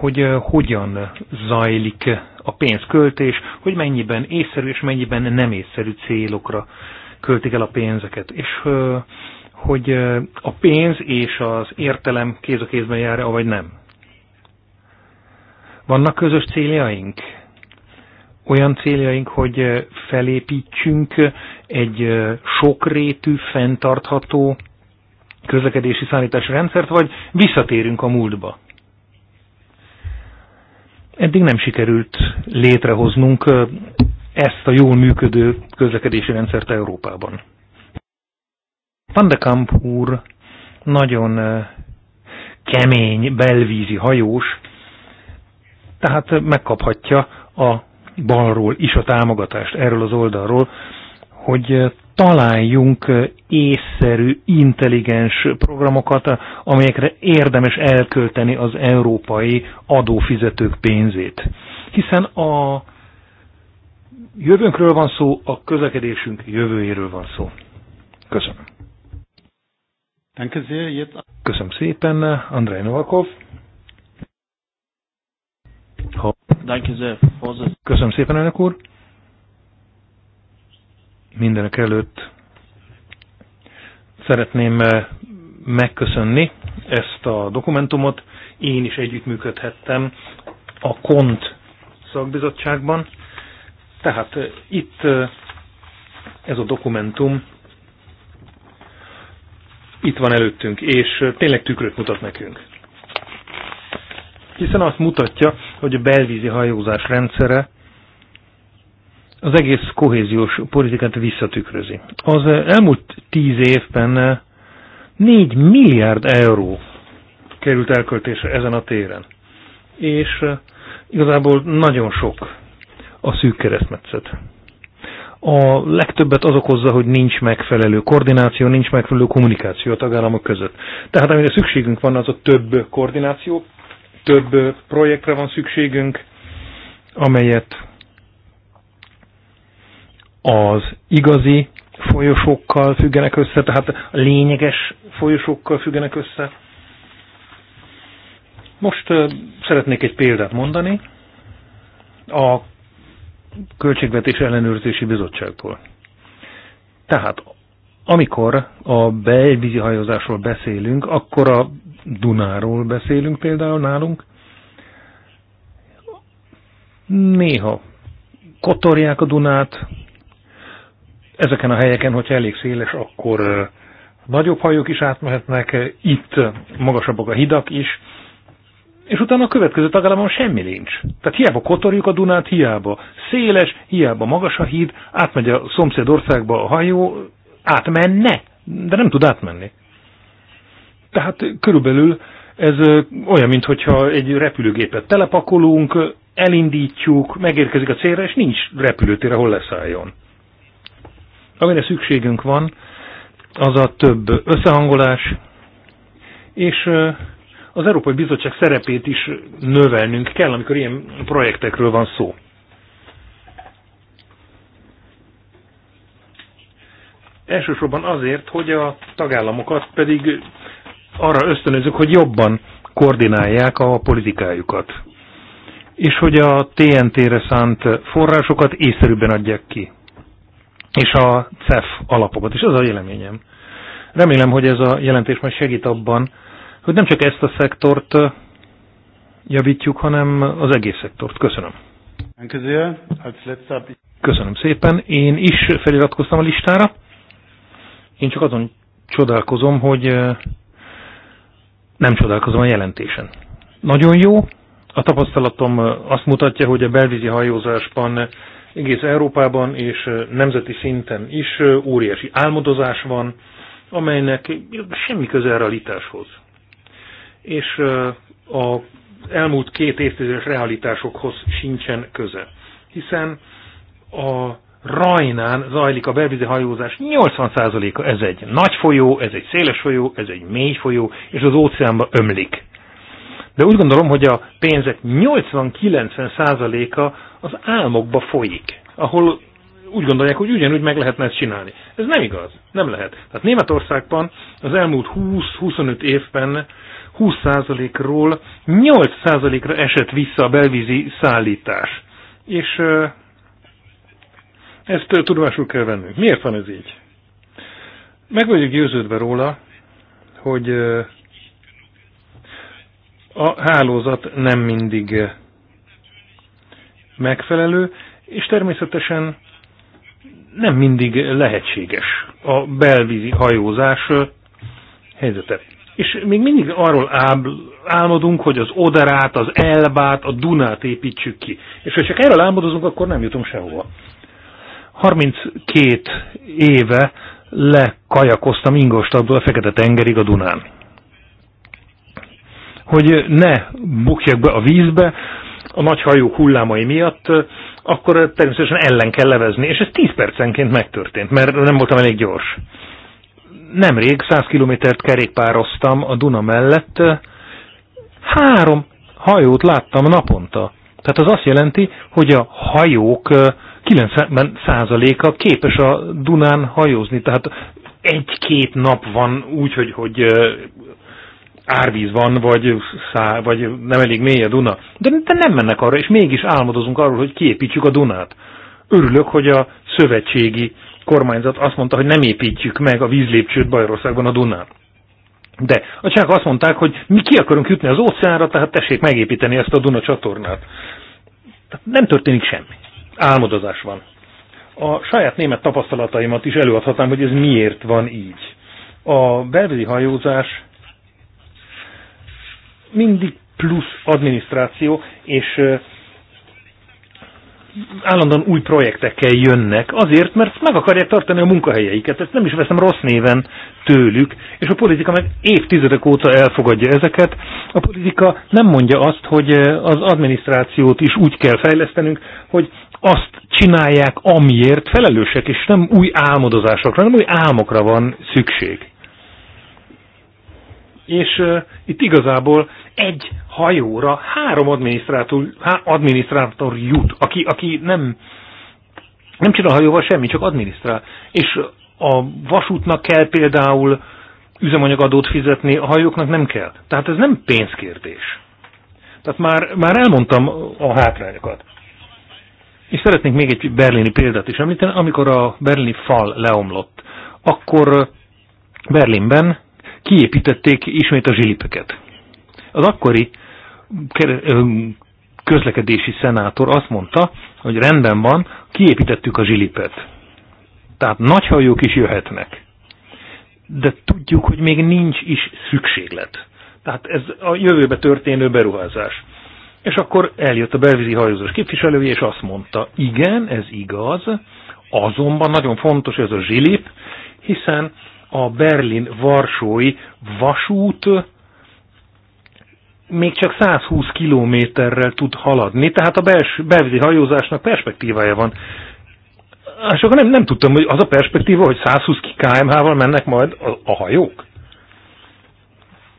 hogy hogyan zajlik a pénzköltés, hogy mennyiben észszerű és mennyiben nem észszerű célokra költik el a pénzeket. És hogy a pénz és az értelem kéz a kézben jár-e, vagy nem. Vannak közös céljaink? Olyan céljaink, hogy felépítsünk egy sokrétű, fenntartható közlekedési szállítási rendszert, vagy visszatérünk a múltba? Eddig nem sikerült létrehoznunk ezt a jól működő közlekedési rendszert Európában. Van de Kamp úr nagyon kemény belvízi hajós, tehát megkaphatja a balról is a támogatást erről az oldalról, hogy találjunk észszerű, intelligens programokat, amelyekre érdemes elkölteni az európai adófizetők pénzét. Hiszen a jövőnkről van szó, a közlekedésünk jövőjéről van szó. Köszönöm. Köszönöm szépen, Andrei Novakov. Köszönöm szépen, elnök úr. Mindenek előtt szeretném eh, megköszönni ezt a dokumentumot. Én is együttműködhettem a KONT szakbizottságban. Tehát eh, itt eh, ez a dokumentum itt van előttünk, és tényleg tükröt mutat nekünk. Hiszen azt mutatja, hogy a belvízi hajózás rendszere az egész kohéziós politikát visszatükrözi. Az elmúlt tíz évben 4 milliárd euró került elköltésre ezen a téren. És eh, igazából nagyon sok a szűk keresztmetszet. A legtöbbet az okozza, hogy nincs megfelelő koordináció, nincs megfelelő kommunikáció a tagállamok között. Tehát amire szükségünk van, az a több koordináció, több eh, projektre van szükségünk, amelyet az igazi folyosókkal függenek össze, tehát a lényeges folyosókkal függenek össze. Most szeretnék egy példát mondani a Költségvetés Ellenőrzési Bizottságtól. Tehát amikor a belvízi hajózásról beszélünk, akkor a Dunáról beszélünk például nálunk. Néha kotorják a Dunát, Ezeken a helyeken, hogyha elég széles, akkor nagyobb hajók is átmehetnek, itt magasabbak a hidak is, és utána a következő tagállamon semmi nincs. Tehát hiába kotorjuk a Dunát, hiába széles, hiába magas a híd, átmegy a szomszéd országba a hajó, átmenne, de nem tud átmenni. Tehát körülbelül ez olyan, mintha egy repülőgépet telepakolunk, elindítjuk, megérkezik a célra, és nincs repülőtér, ahol leszálljon. Amire szükségünk van, az a több összehangolás, és az Európai Bizottság szerepét is növelnünk kell, amikor ilyen projektekről van szó. Elsősorban azért, hogy a tagállamokat pedig arra ösztönözzük, hogy jobban koordinálják a politikájukat. És hogy a TNT-re szánt forrásokat észszerűbben adják ki és a CEF alapokat is. az a véleményem. Remélem, hogy ez a jelentés majd segít abban, hogy nem csak ezt a szektort javítjuk, hanem az egész szektort. Köszönöm. Köszönöm szépen. Én is feliratkoztam a listára. Én csak azon csodálkozom, hogy nem csodálkozom a jelentésen. Nagyon jó. A tapasztalatom azt mutatja, hogy a belvízi hajózásban egész Európában és nemzeti szinten is óriási álmodozás van, amelynek semmi köze a realitáshoz. És a elmúlt két évtizedes realitásokhoz sincsen köze. Hiszen a Rajnán zajlik a belvízi hajózás 80%-a. Ez egy nagy folyó, ez egy széles folyó, ez egy mély folyó, és az óceánba ömlik. De úgy gondolom, hogy a pénzek 80-90%-a az álmokba folyik, ahol úgy gondolják, hogy ugyanúgy meg lehetne ezt csinálni. Ez nem igaz, nem lehet. Tehát Németországban az elmúlt 20-25 évben 20%-ról 8%-ra esett vissza a belvízi szállítás. És ezt tudomásul kell vennünk. Miért van ez így? Meg vagyok győződve róla, hogy a hálózat nem mindig megfelelő, és természetesen nem mindig lehetséges a belvízi hajózás helyzete. És még mindig arról álmodunk, hogy az Oderát, az Elbát, a Dunát építsük ki. És ha csak erről álmodozunk, akkor nem jutunk sehova. 32 éve lekajakoztam Ingolstadtból a Fekete-tengerig a Dunán hogy ne bukjak be a vízbe a nagy hajók hullámai miatt, akkor természetesen ellen kell levezni, és ez 10 percenként megtörtént, mert nem voltam elég gyors. Nemrég 100 kilométert kerékpároztam a Duna mellett, három hajót láttam naponta. Tehát az azt jelenti, hogy a hajók 90%-a képes a Dunán hajózni. Tehát egy-két nap van úgy, hogy, hogy árvíz van, vagy, szá, vagy nem elég mély a Duna. De, de nem mennek arra, és mégis álmodozunk arról, hogy kiépítjük a Dunát. Örülök, hogy a szövetségi kormányzat azt mondta, hogy nem építjük meg a vízlépcsőt Bajorországban a Dunán. De a csák azt mondták, hogy mi ki akarunk jutni az óceánra, tehát tessék megépíteni ezt a Duna csatornát. Tehát nem történik semmi. Álmodozás van. A saját német tapasztalataimat is előadhatnám, hogy ez miért van így. A belvédi hajózás mindig plusz adminisztráció, és állandóan új projektekkel jönnek, azért, mert meg akarják tartani a munkahelyeiket, ezt nem is veszem rossz néven tőlük, és a politika meg évtizedek óta elfogadja ezeket. A politika nem mondja azt, hogy az adminisztrációt is úgy kell fejlesztenünk, hogy azt csinálják, amiért felelősek, és nem új álmodozásokra, nem új álmokra van szükség. És itt igazából egy hajóra három adminisztrátor, há, adminisztrátor jut, aki, aki nem, nem csinál hajóval semmi, csak adminisztrál. És a vasútnak kell például üzemanyagadót fizetni, a hajóknak nem kell. Tehát ez nem pénzkérdés. Tehát már, már elmondtam a hátrányokat. És szeretnék még egy berlini példát is említeni, amikor a berlini fal leomlott, akkor Berlinben kiépítették ismét a zsilipeket. Az akkori közlekedési szenátor azt mondta, hogy rendben van, kiépítettük a zsilipet. Tehát nagy hajók is jöhetnek. De tudjuk, hogy még nincs is szükséglet. Tehát ez a jövőbe történő beruházás. És akkor eljött a belvízi hajózós képviselője, és azt mondta, igen, ez igaz, azonban nagyon fontos ez a zsilip, hiszen a Berlin-Varsói vasút még csak 120 kilométerrel tud haladni, tehát a belvédi hajózásnak perspektívája van. És akkor nem, nem tudtam, hogy az a perspektíva, hogy 120 km/h-val mennek majd a, a hajók.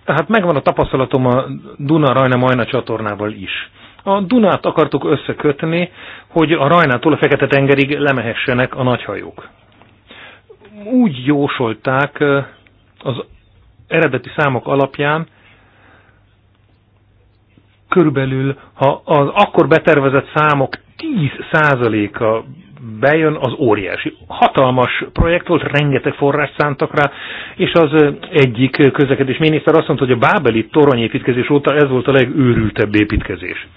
Tehát megvan a tapasztalatom a Duna-Rajna-Majna csatornával is. A Dunát akartuk összekötni, hogy a Rajnától a Fekete-tengerig lemehessenek a nagyhajók úgy jósolták az eredeti számok alapján, körülbelül, ha az akkor betervezett számok 10%-a bejön, az óriási. Hatalmas projekt volt, rengeteg forrás szántak rá, és az egyik közlekedés miniszter azt mondta, hogy a bábeli toronyépítkezés óta ez volt a legőrültebb építkezés.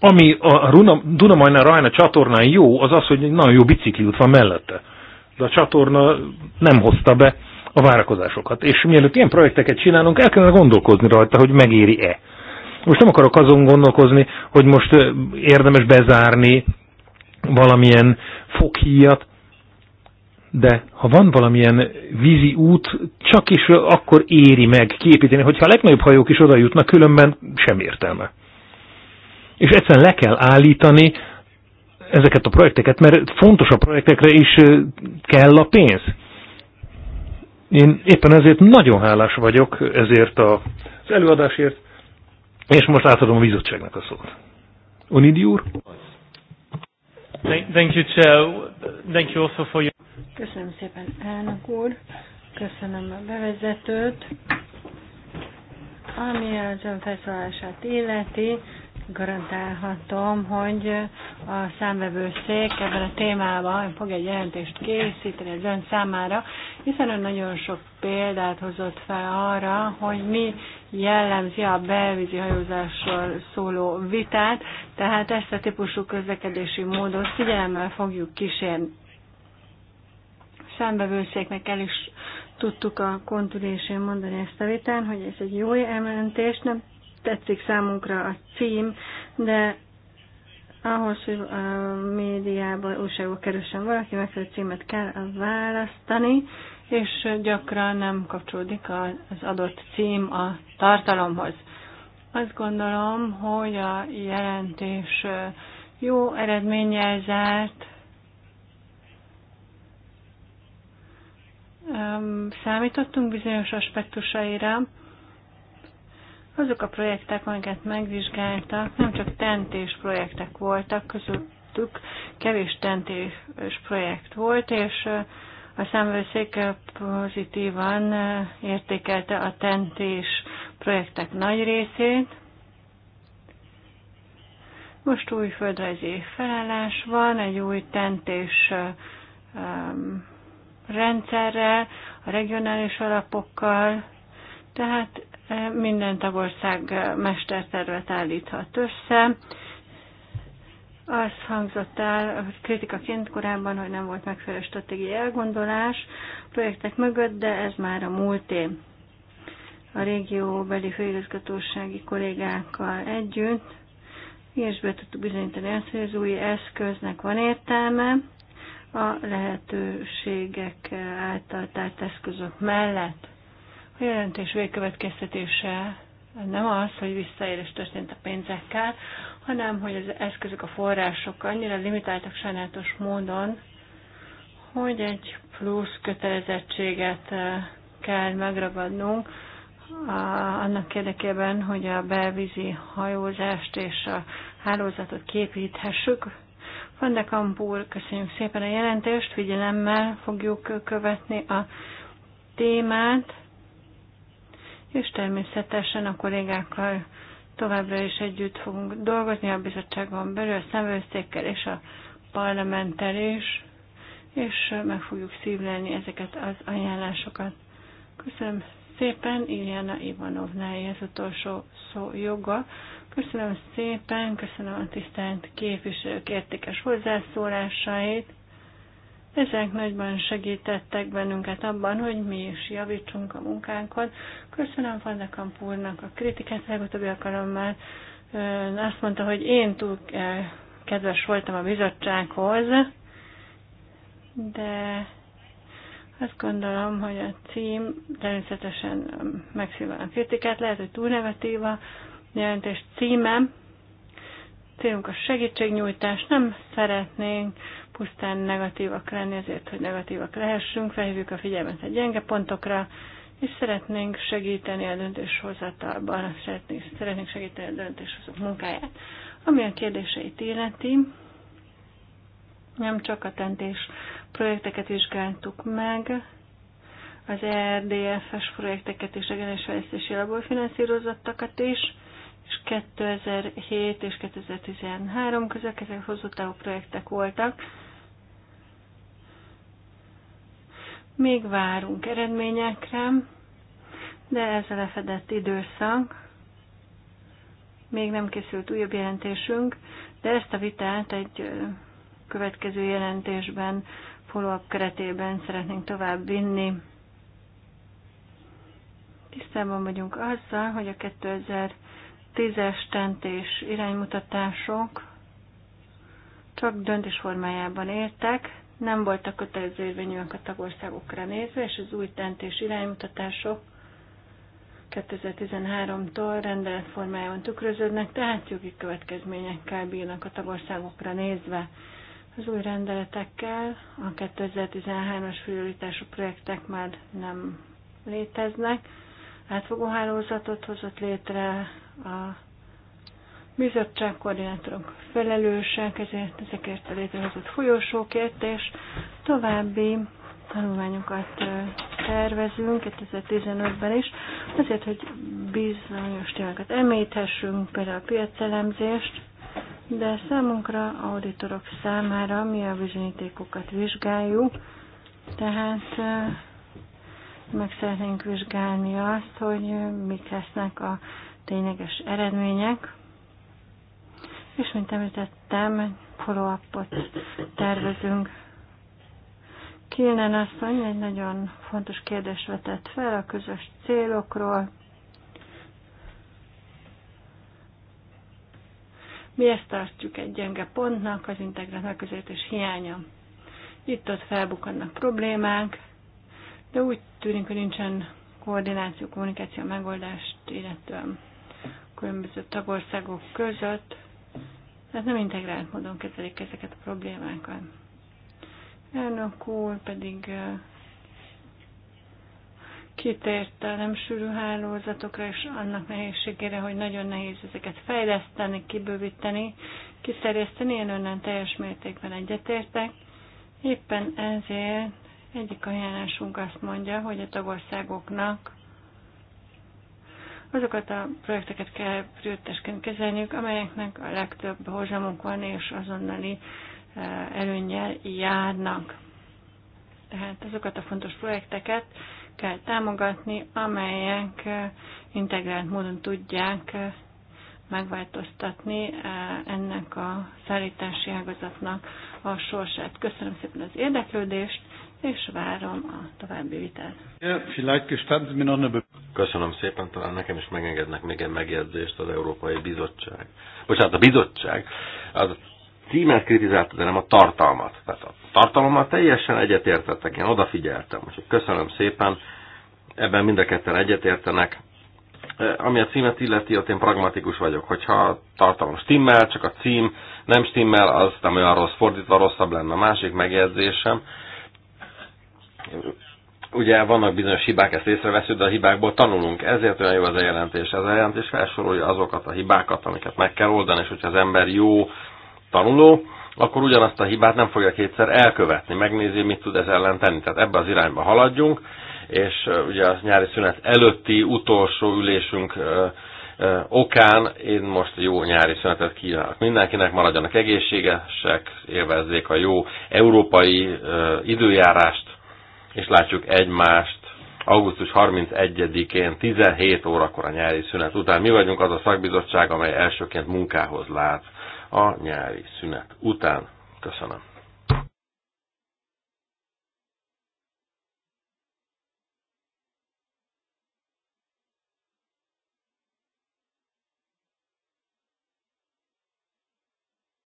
Ami a Dunamajnán Rajna csatornán jó, az az, hogy nagyon jó út van mellette de a csatorna nem hozta be a várakozásokat. És mielőtt ilyen projekteket csinálunk, el kellene gondolkozni rajta, hogy megéri-e. Most nem akarok azon gondolkozni, hogy most érdemes bezárni valamilyen fokhíjat, de ha van valamilyen vízi út, csak is akkor éri meg kiépíteni, hogyha a legnagyobb hajók is oda jutnak, különben sem értelme. És egyszerűen le kell állítani ezeket a projekteket, mert fontos a projektekre is kell a pénz. Én éppen ezért nagyon hálás vagyok ezért az előadásért, és most átadom a bizottságnak a szót. Unidi úr? Thank you, Thank you also for your... Köszönöm szépen, elnök úr. Köszönöm a bevezetőt. Ami az önfeszolását illeti, garantálhatom, hogy a számvevőszék ebben a témában fog egy jelentést készíteni az ön számára, hiszen ön nagyon sok példát hozott fel arra, hogy mi jellemzi a belvízi hajózásról szóló vitát, tehát ezt a típusú közlekedési módot figyelemmel fogjuk kísérni. Számbevőszéknek el is tudtuk a kontúrésén mondani ezt a vitán, hogy ez egy jó jelentés, nem tetszik számunkra a cím, de ahhoz, hogy a médiában, újságok kerüljön valaki, meg a címet kell választani, és gyakran nem kapcsolódik az adott cím a tartalomhoz. Azt gondolom, hogy a jelentés jó eredménnyel zárt, számítottunk bizonyos aspektusaira, azok a projektek, amiket megvizsgáltak, nem csak tentés projektek voltak, közöttük kevés tentés projekt volt, és a számvőszék pozitívan értékelte a tentés projektek nagy részét. Most új földrajzi felállás van, egy új tentés rendszerrel, a regionális alapokkal, tehát minden tagország mestertervet állíthat össze. Az hangzott el kritikaként korábban, hogy nem volt megfelelő stratégiai elgondolás a projektek mögött, de ez már a múlté. A régióbeli főigazgatósági kollégákkal együtt és be tudtuk bizonyítani azt, hogy az új eszköznek van értelme a lehetőségek által tárt eszközök mellett. A jelentés végkövetkeztetése nem az, hogy visszaélés történt a pénzekkel, hanem hogy az eszközök, a források annyira limitáltak sajnálatos módon, hogy egy plusz kötelezettséget eh, kell megragadnunk annak érdekében, hogy a belvízi hajózást és a hálózatot képíthessük. Van de Kampúr, köszönjük szépen a jelentést, figyelemmel fogjuk követni a témát és természetesen a kollégákkal továbbra is együtt fogunk dolgozni a bizottságon belül, a szemvőszékkel és a parlamenttel is, és meg fogjuk szívlelni ezeket az ajánlásokat. Köszönöm szépen, Iliana Ivanovna, ez utolsó szó joga. Köszönöm szépen, köszönöm a tisztelt képviselők értékes hozzászólásait. Ezek nagyban segítettek bennünket abban, hogy mi is javítsunk a munkánkon. Köszönöm Vandekamp úrnak a kritikát, legutóbbi alkalommal azt mondta, hogy én túl kedves voltam a bizottsághoz, de azt gondolom, hogy a cím természetesen megszívvel a kritikát, lehet, hogy túl negatív a jelentés címem. Célunk a segítségnyújtás, nem szeretnénk pusztán negatívak lenni, ezért, hogy negatívak lehessünk, felhívjuk a figyelmet a gyenge pontokra, és szeretnénk segíteni a döntéshozatalban, szeretnénk, szeretnénk segíteni a döntéshozók munkáját. Ami a kérdéseit illeti, nem csak a tentés projekteket vizsgáltuk meg, az e RDF-es projekteket és a Genesfejlesztési Alapból finanszírozottakat is, és 2007 és 2013 között ezek hosszú projektek voltak, Még várunk eredményekre, de ez a lefedett időszak. Még nem készült újabb jelentésünk, de ezt a vitát egy következő jelentésben, follow-up keretében szeretnénk tovább vinni. Tisztában vagyunk azzal, hogy a 2010-es tentés iránymutatások csak döntés formájában értek, nem voltak kötelező érvényűek a tagországokra nézve, és az új tentés iránymutatások 2013-tól rendeletformájában tükröződnek, tehát jogi következményekkel bírnak a tagországokra nézve. Az új rendeletekkel a 2013-as prioritású projektek már nem léteznek. Átfogó hálózatot hozott létre a bizottságkoordinátorok koordinátorok felelősek ezért ezekért a létrehozott folyosókért, és további tanulmányokat tervezünk 2015-ben is, azért, hogy bizonyos témákat említhessünk, például a piacelemzést, de számunkra, auditorok számára mi a bizonyítékokat vizsgáljuk, tehát meg szeretnénk vizsgálni azt, hogy mik lesznek a tényleges eredmények, és mint említettem, follow-upot tervezünk. Kínen asszony egy nagyon fontos kérdés vetett fel a közös célokról. Mi ezt tartjuk egy gyenge pontnak, az integrált megközelítés hiánya. Itt-ott felbukannak problémák, de úgy tűnik, hogy nincsen koordináció, kommunikáció megoldást, illetve különböző tagországok között. Tehát nem integrált módon kezelik ezeket a problémákat. Elnök úr pedig kitért a nem sűrű hálózatokra és annak nehézségére, hogy nagyon nehéz ezeket fejleszteni, kibővíteni, kiterjeszteni. Én önnel teljes mértékben egyetértek. Éppen ezért egyik ajánlásunk azt mondja, hogy a tagországoknak azokat a projekteket kell prioritásként kezelniük, amelyeknek a legtöbb hozamunk van és azonnali eh, előnnyel járnak. Tehát azokat a fontos projekteket kell támogatni, amelyek eh, integrált módon tudják eh, megváltoztatni ennek a szállítási ágazatnak a sorsát. Köszönöm szépen az érdeklődést, és várom a további vitát. Köszönöm szépen, talán nekem is megengednek még egy megjegyzést az Európai Bizottság. Bocsánat, a bizottság az a címet kritizálta, de nem a tartalmat. Tehát a tartalommal teljesen egyetértettek, én odafigyeltem. Úgyhogy köszönöm szépen, ebben mind a ketten egyetértenek. Ami a címet illeti, ott én pragmatikus vagyok. Hogyha a tartalom stimmel, csak a cím nem stimmel, az nem olyan rossz, fordítva rosszabb lenne. A másik megjegyzésem, Ugye vannak bizonyos hibák, ezt észreveszünk, de a hibákból tanulunk. Ezért olyan jó az a jelentés. Ez a jelentés felsorolja azokat a hibákat, amiket meg kell oldani, és hogyha az ember jó tanuló, akkor ugyanazt a hibát nem fogja kétszer elkövetni. Megnézi, mit tud ez ellen tenni. Tehát ebbe az irányba haladjunk, és ugye a nyári szünet előtti utolsó ülésünk okán én most jó nyári szünetet kívánok mindenkinek, maradjanak egészségesek, élvezzék a jó európai időjárást, és látjuk egymást augusztus 31-én 17 órakor a nyári szünet után. Mi vagyunk az a szakbizottság, amely elsőként munkához lát a nyári szünet után. Köszönöm.